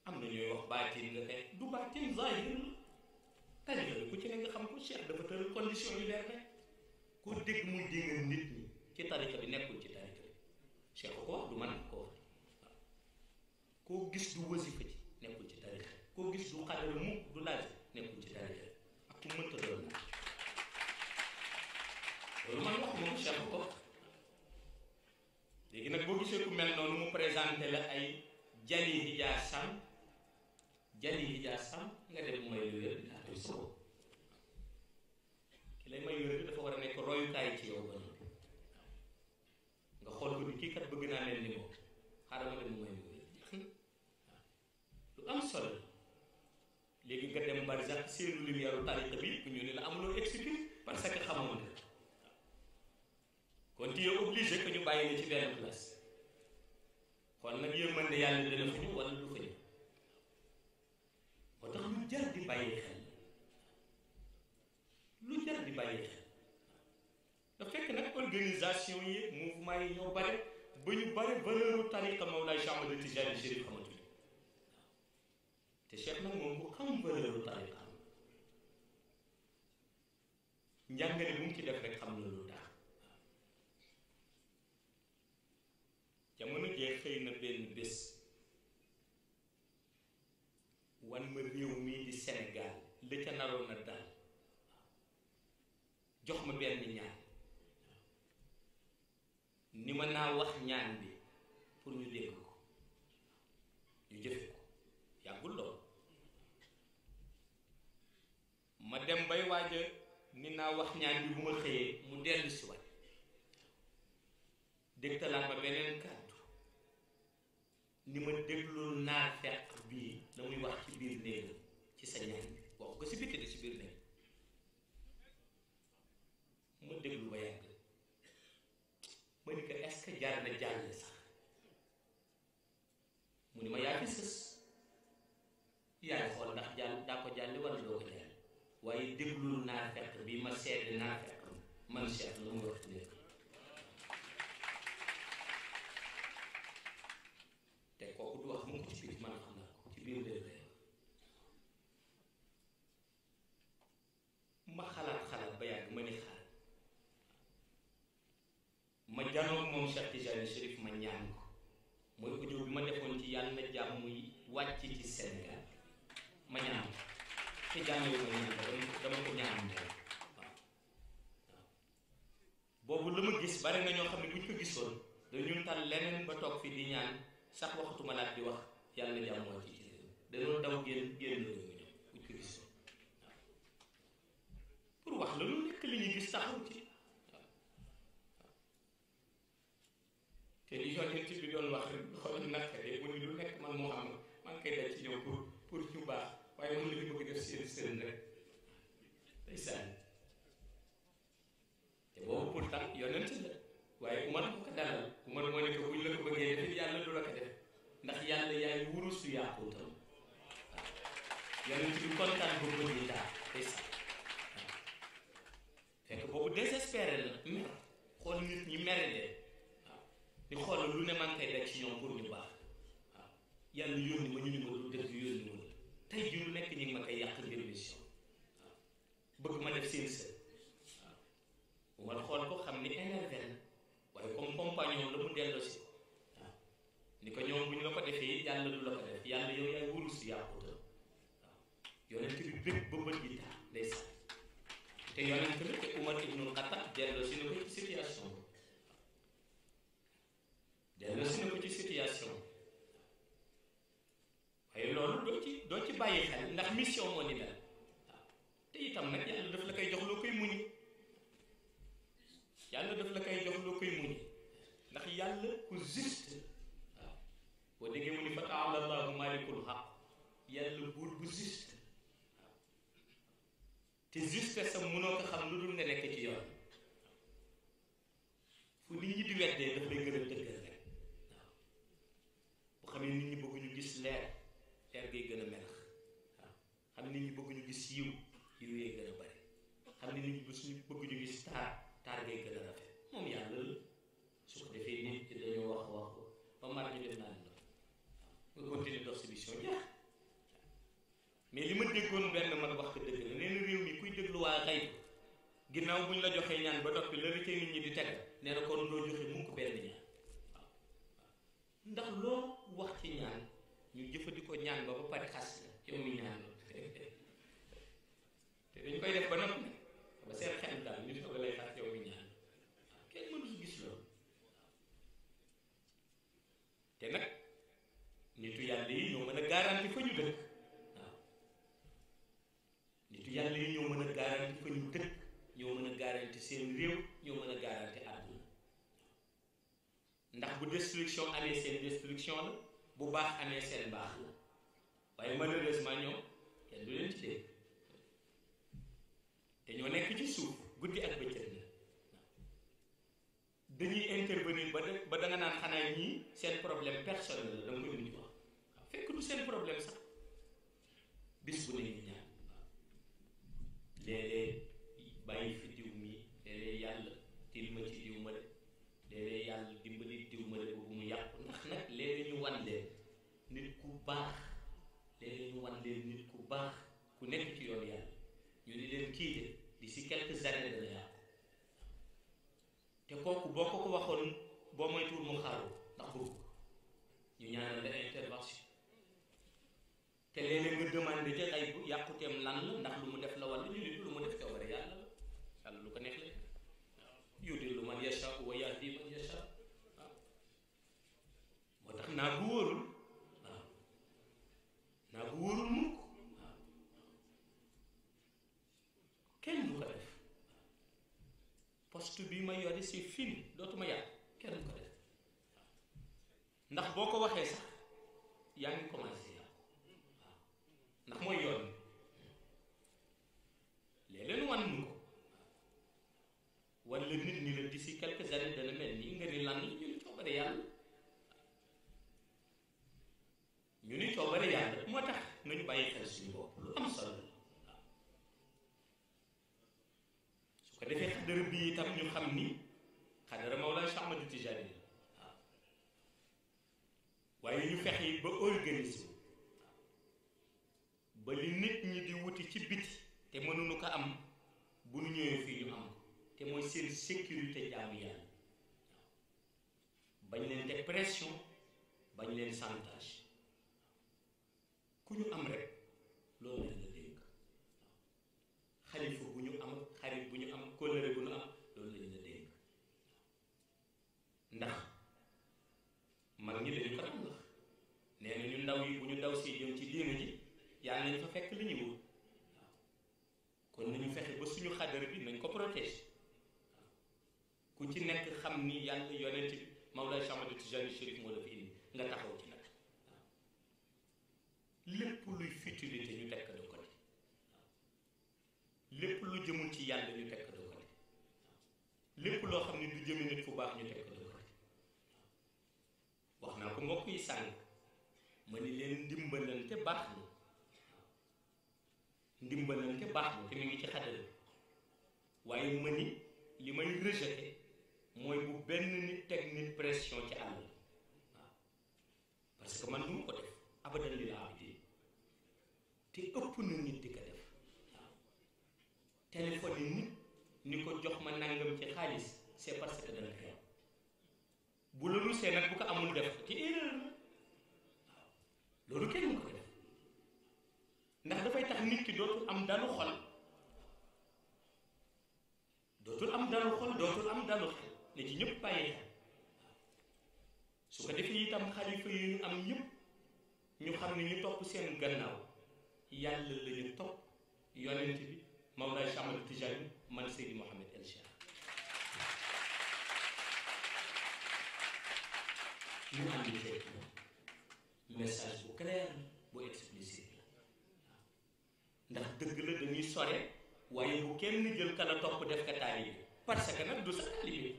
am na ñooy wax baatin nga kay du baatin zahir nga xam ko cheikh dafa tëral condition yu leer rek koo dégg muy déngal nit ñi ci tarika bi nekkul ci tarika bi cheikh ko wax du man ko wax koo gis du wasifa ci nekkul ci tarika koo gis du xadara mu du laaj nekkul ci tarika ku ma tëddal loolu man wax moom Cheikh ko léegi nag boo gisee ku mel noonu mu présenté la ay jali hijaasam jali hijaasam nga dem mooy lu wér daa koy ki lay may wér dafa war a nekk royukaay ci yow ba nga xool ko ni kii bëgg naa mel ni moom xaaral ma dem mooy lu wér lu am solo léegi nga dem barsax seenu lumière tariqa bi ku ñu ne la amuloo expliquer parce que xamoon nga kon tu es obligé que ñu bàyyi la ci benn place kon nag yërmande yàlla dana fu ñu wala du fa ñu moo tax lu jar di bàyyi xel lu jar di bàyyi xel da fekk nag organisation yi mouvement yi ñoo bare ba ñu bare valeur tariqa Mawlaay Cheikh Ahmad Tijani Chérif xam te Cheikh nag moom ku xam valeur tariqa njàngale bu mu ci def rek xam na lu tax jamono jee xëy na benn bés wan ma réew mii di Sénégal la ca naroon na daal jox ma benn ñaan ni ma naa wax ñaan bi pour ñu dégg ma dem bay waaj a ni naa wax ñaan bi bu xëyee mu dellu si waat dégtalaan ba beneen kàddu ni ma déglul naa fekk bii la wax ci biir néegam ci sa ñaan bi wax ko si bitti de si biir néeg ma déglu ba yàgg ma ni ko est-ce na jàll sax mu ni ma yaa sës yaay xool ndax jàll daa ko jàlli wala doo waaye déglul naa fekk bi ma seede naa fekk man Cheikh la mu wax lépp te kooku du wax mu ko ci biir man xam na ko ma xalaat moom Cheikh Tijani Chérif ma ñaan mooy ko bi ma defoon ci yàlla na jàmm muy wàcc ci Sénégal ma ñaan te jàngale ma ñaan dama ko ñaan moom waaw boobu lu ma gis bari na ñoo xam ne bu ko gisoon dañu tal leneen ba toog fii di ñaan sax waxatuma laaj di wax yàlla jàmm moo ci ci dañoo daw génn génn loolu ñu ñëw bu ko gisoon pour wax la lu nekk li ñuy gis saxaw ci waaw te li yonent bi doon wax xool naqare bu ñu lu nekk man moo xam man kay dal ci ñëw pour pour ñu baax waaye mënuñu ko def seen sëriñ rek day sànni te boobu pourtant yonent la waaye ku mën ko dalal ku mën moo nekk buñ la ko bëggee def yàlla du la ko def ndax yàlla yaay wurusu yàquutam waaw yonent bi kontaan ba bët yi daal day sànni fekk boobu désespéré la mer xool nit ñi mere de waaw di xool lu ne man kay daj ci ñoom pour ñu baax waaw yàlla yónni ma ñu ni ma lu def yónni ma tey jii nekk ñu ngi ma koy yàq ngir mission waaw bëgg ma def seen sën waaw man xool ko xam ni énervé na waaye comme compagnon la mu delloo si ni ko ñoom bu ñu la ko defee yàlla du la ko def yàlla yow yaay wóorul si yàqutal waaw yonent bi bëgg ba bët yi tax sax te yonent bi te Umar ibnul Xattaab delloo si na ko ci situation delloo si na ko ci situation. waaye loolu doo ci doo ci bàyyi xel ndax mission moo ni mel waaw te itam nag yàlla daf la koy jox loo koy muñi yàlla daf la koy jox loo koy muñi ndax yàlla ku juste waaw boo déggee mu ni fa taala allahu malikul xaq yàlla buur bu juste waaw te juste sa mënoo ko xam lu dul nga nekk ci yoon fu nit ñi di weddee daf lay gën a dëggal rek waaw bu xamee nit ñi bëgguñu gis leer leer gay gën a melax waaw xam ne nit ñi bëgg ñu gis yiw yiw yee gën a bari xam ne nit ñi bëgg ñu gis taar taar gën a rafet moom yàlla la su ko defee nit ñi dañoo wax wax ko ba mar ñu def naa ne waaw nga continuer dox si mission jeex mais li ma déggoon benn man wax ko dëgg la nee na réew mi kuy déglu waa xay ginnaaw bu ñu la joxee ñaan ba noppi la rëccee nit ñi di teg nee na kon loo joxe mu ko benn ñaan waaw ndax loo wax ci ñaan ñu jëfandikoo ñaan ba ba pare xas la mi ñaan te dañ koy def ba noppi ba seen xel daal ñu di lay xas yow mi ñaan ah, kenn mënu su gis loolu te nag nitu yàlla yi ñoo mën a garanti fa ñu dëkk ah. ñoo mën a garanti fa ñu dëkk ñoo mën seen réew ñoo mën a garanti àdduna ndax bu destruction amee seen destruction la bu baax amee seen baax la waaye malheureusement ñoom kenn leen ci dégg te ñoo nekk ci suuf guddi ak bëccëg la dañuy intervenir ba de ba da nga naan xanaa ñii seen problème personnel la da nga koy mujj wax fekk du seen problème sax bis bu ne ñu waaw léeg-léeg bàyyi fi baax léeg wan leen nit ku baax ku nekk ci yoon yàlla ñu ni leen kii de d'ici quelques années dana yàqu te kooku boo ko ko waxoon boo moytuwul mu xaaru ndax bëgg ñu ñaanal la intervention te léeg-léeg nga demandé ca ay yàquteem lan ndax lu mu def la wala ñu lu mu def coobare yàlla la yàlla lu ko neex la yudillu man yasha wa yahdi man yasha moo tax naa bu wóorul wóorul mukk kenn du ko def poste bi ma yore si fini dootuma yàq kenn ko def ndax boo ko waxee sax yaa ngi commencé yàq ndax mooy yoon léeg-léeg wan nu ko wala nit ñi la d'ici quelques années dana mel nii nga ni lan ñu ni coobare yàlla ñu ni coobare yàlla moo tax nañu bàyyi xel bopp lu am solo waaw su ko defee xadara bi itam ñu xam ni xadara Mawlana Cheikh Ahmadou Tidiane waaw waaye ñu fexe ba organiser ba li nit ñi di wuti ci biti te mënuñu ko am bu nu ñëwee fii ñu am te mooy seen sécurité jaamu yàlla bañ leen teg bañ leen chantage ku ñu am rek loolu la ñu dénk xalifa bu ñu am xarit bu ñu am kóllëre bu ñu am loolu la la dénk ndax mag ñi dañu ko am la nee na ñu ndaw yi bu ñu daw si jëm ci diina ji yàlla nañu fa fekk li ñu kon kon nañu fexe ba suñu xadara bi nañ ko protéger ku ci nekk xam ni yàlla yonent bi Mawlaay Cheikh Ahmad Tijani Chérif moo la fi indi nga taxaw ci luy futilité ñu tekk de côté lépp lu jëmul ci yàlla ñu tekk de côté lépp loo xam ne du jëmi nit fu baax ñu tekk de côté wax naa ko mbokk yi sàng ma ni leen ndimbalante baax na ndimbalante baax na te mu ngi ci xadal waaye ma ni li may rejeté mooy bu benn nit teg nit pression ci àll waaw parce que man du ma ko def abadan li la am te ëpp na nit di ko def waaw téléphone yi ni ko jox ma nangam ci xaalis c'est parce que dana ko yam bu la rusee nag bu ko amul def te erreur waaw loolu kenn mu ko def ndax dafay tax nit ki dootul am dalu xol dootul am dalu xol dootul am dalu xel ne ci ñëpp bàyyi xel su ko defee itam xalifa yi ñu am ñëpp ñu xam ne ñu topp seen gannaaw yàlla la ñu topp yonent bi Mawlana Cheikh Ahmad Tijani man Seydi Mouhamed El Cheikh message bu clair bu explicite ndax dëgg la dañuy sore waaye bu kenn jël kala topp def ka taalibe parce que du sa taalibe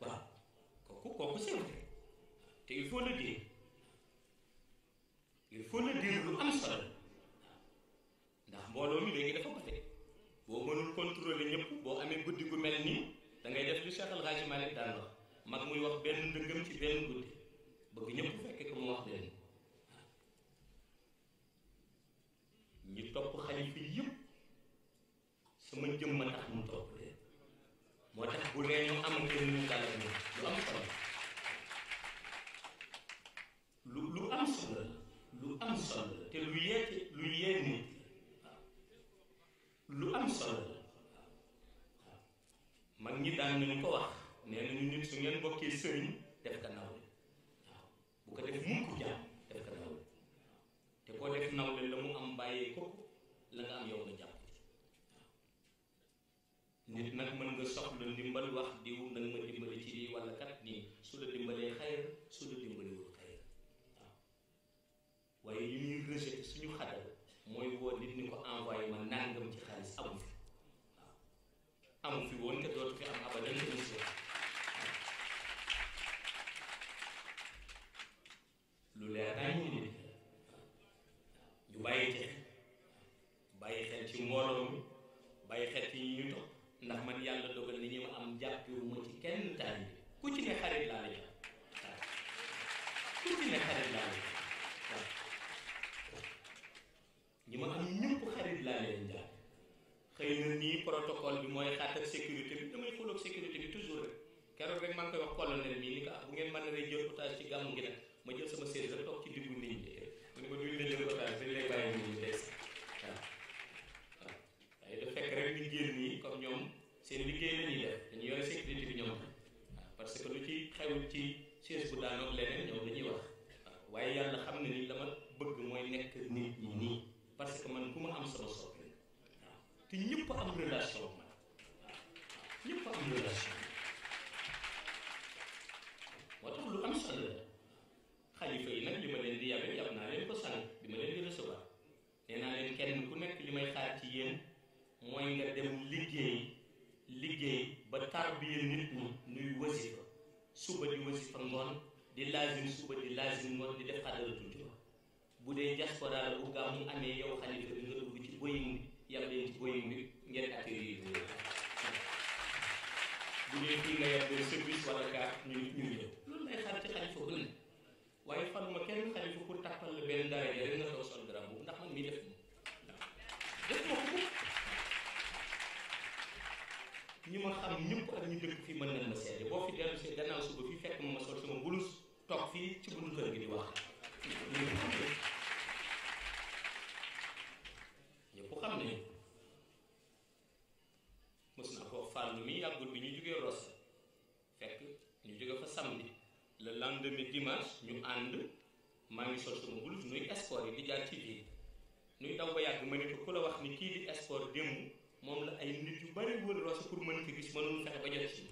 waaw kooku kooku c'est vrai te il faut il faut le lu am solo ndax mbooloo mi léegi dafa bëri boo mënul contrôler ñëpp boo amee guddi gu mel nii dangay ngay def lu Cheikh El daan wax mag muy wax benn ndëngam ci benn guddi bëgg ñëpp fekke ko mu wax leen ñu topp xalifa yi yëpp sama jëmm ma tax mu topp leen moo tax bu nee am kenn ñu dal ñu lu am solo lu lu am solo la lu am solo la te lu yee lu yee nit lu am solo la waaw mag ñi daan nañu ko wax nee nañu nit su ngeen bokkee sëriñ def ko nawle waaw bu ko def mukk jaam def ko nawle te koo def nawle la mu am bàyyee ko la nga am yow nga jàpp nit nag mën nga soxla ndimbal wax diw nag ma dimbali ci lii wala kat nii su la dimbalee xayr su la dimbaliwul xayr waaye yu ñuy rejeté suñu xadal mooy woo nit ni ko envoyé ma nangam ci xaalis amu fi waaw amu fi woon te dootu fi am abadan insha lu leer naa ñu nit ñu bàyyi te bàyyi xel ci mbooloo mi bàyyi xel ci ñu ñu topp ndax man yàlla dogal ni ñi ma am jàppiwu ma ci kenn taalibe ku ci ne xarit laa la jox ku ci ne xarit laa la jox ñi ma am ñëpp xarit laa leen jàpp xëy na nii protocole bi mooy xaat sécurité bi damay xool ak sécurité bi toujours rek keroog rek maa koy wax colonel mii ni ko ah, bu ngeen mën a rey jël otage ci gàmmu gi nag ma jël sama séeréer rek toog ci diggu nit ñi dañ ko duñ la jël otage dañ lay bàyyi nit ñi des waaw waaye da fekk rek ñu nii comme ñoom seen liggéey la def dañu yore sécurité bi ñoom waaw parce que lu ci xewul ci siège bu daanoo leneen parce que man ku ma am sama soppe te ñëpp am relation man waaw ñëpp am relation moo tax lu am solo xalifa yi nag li ma leen di yabe yab naa leen ko sànq bi ma leen di recevoir nee naa leen kenn ku nekk li may xaar ci yéen mooy nga dem liggéey liggéey ba tarbiya nit ñi nuy wasifa suba di wasifa ngoon di laazim suba di laazim ngoon di def xadaratul bu dee diaspora la bu gàmmu amee yow xalifa bi nga dugg ci Boeing bi yab leen ci bi nga yab service wala kaar ñu ñu ñëw loolu lay xaar ci xalifa bu ne waaye faruma kenn xalifa pour taxal la benn dara ya nga toog sol garam boobu ndax man mii def moom def ma ko ñi ma xam ñu dëkk fii mën nañ ma seede boo fi dellu gannaaw suba fii fekk ma sol sama bulus toog fii ci buntu kër gi di wax jàmbur bi ñu jógee Ross fekk ñu jóge fa samedi le lendemain dimanche ñu ànd maa ngi sol sama bulus nuy sport yi di jaar ci biir nuy daw ba yàgg ma ne ko ku la wax ni kii di sport démb moom la ay nit yu bari wër Ross pour mën ko gis mënul fexe ba jot ci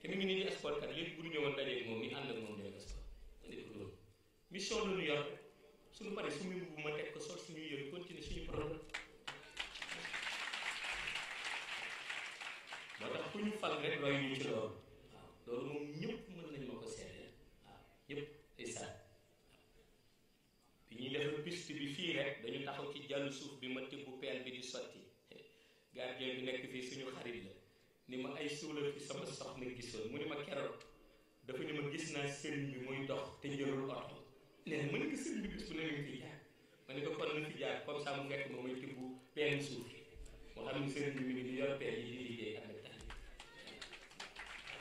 te mi ngi nii di sport kat léegi bu ñu ñëwoon dajeeg moom ni ànd ak moom dee sport ma ne ko loolu mission lu ñu yor suñu pare suñu bu ma teg ko sol suñuy yëre continuer suñu problème moo tax ku ñu fal rek roy ñu ci loolu waaw loolu moom ñëpp mën nañ ma ko seedeel waaw ñëpp ay sàn bi ñuy def piste bi fii rek dañu taxaw ci jàllu suuf bi ma tibb peel bi di sotti gardien bi nekk fii suñu xarit la ni ma ay suula fi sama soxna gisoon mu ni ma keroog dafa ni ma gis naa sëriñ bi muy dox te jëlul oto nee na mën nga sëriñ bi bis bu ne nga fi jaar ma ne ko kon na fi jaar comme ça mu fekk ma muy tibb peel suuf bi moo xam ne sëriñ bi mi di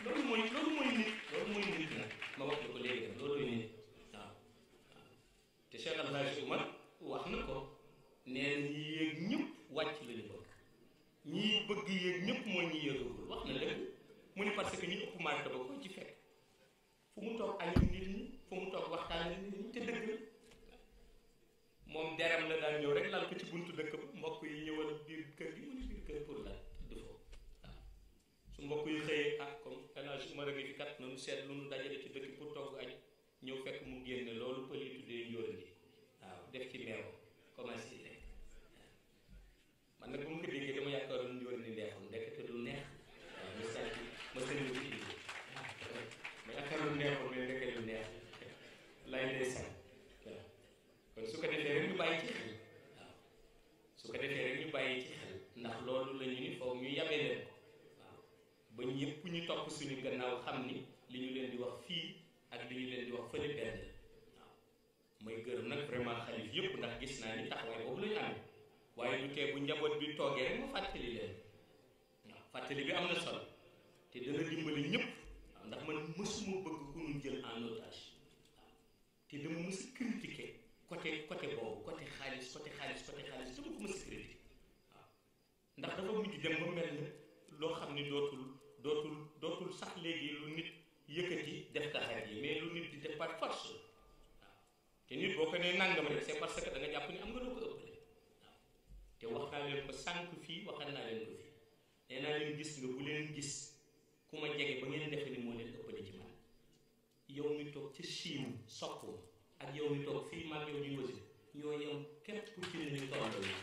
loolu mooy loolu mooy nit loolu mooy nit nag ma wax la ko léegi nag loolu nit waaw waaw wax na ko nee yéeg ñëpp wàcc la ñu bëgg ñii bëgg yéeg ñëpp mooy ñi yéegagul wax na lépp mu ni parce que ñu ëpp marta ba ko ci fekk fu mu toog añu nit ñi fu mu toog waxtaanee nit ñi te dëgg la moom deram la daan ñëw rek lal ko ci buntu dëkk ba mbokk yi ñëwal ñu seet lu ñu dajale ci dëkk pour togg añ ñëw fekk mu génne loolu pël yi tuddee a gi waaw def ci meew soppoo ak toog fii mag yow ñuy wasin ñoo yem képp ku ci ne ñu tolloo yi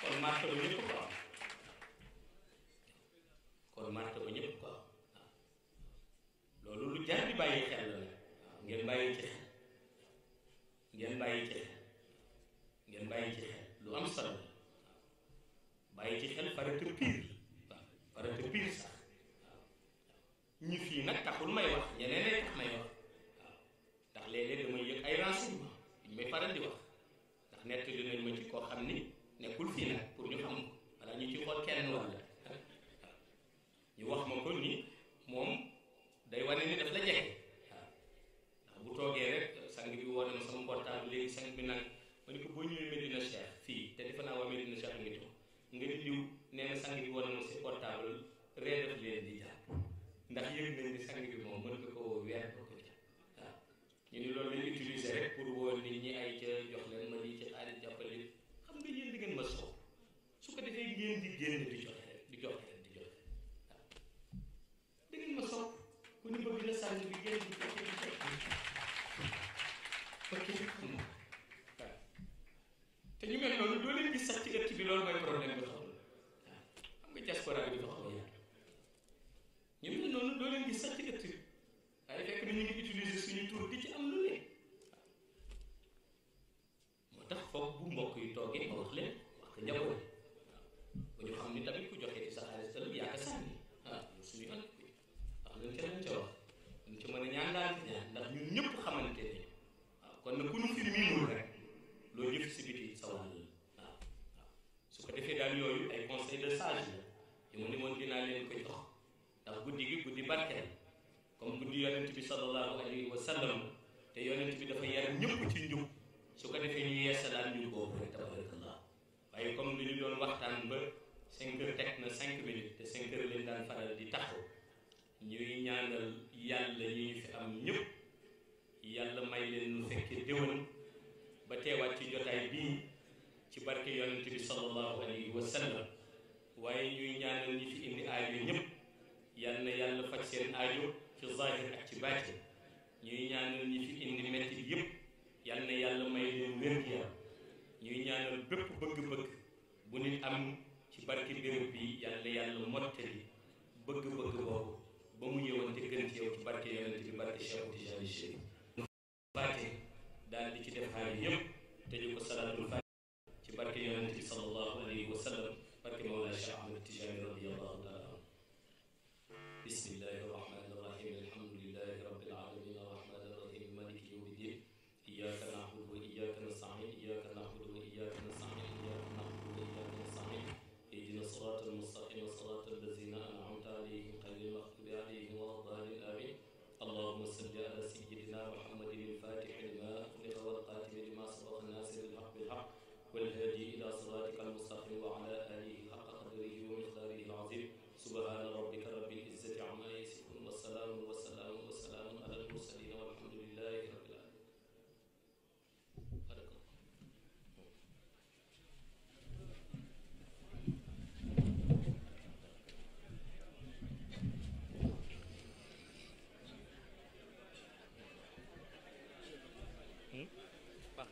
kon marto bi ko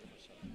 macha allah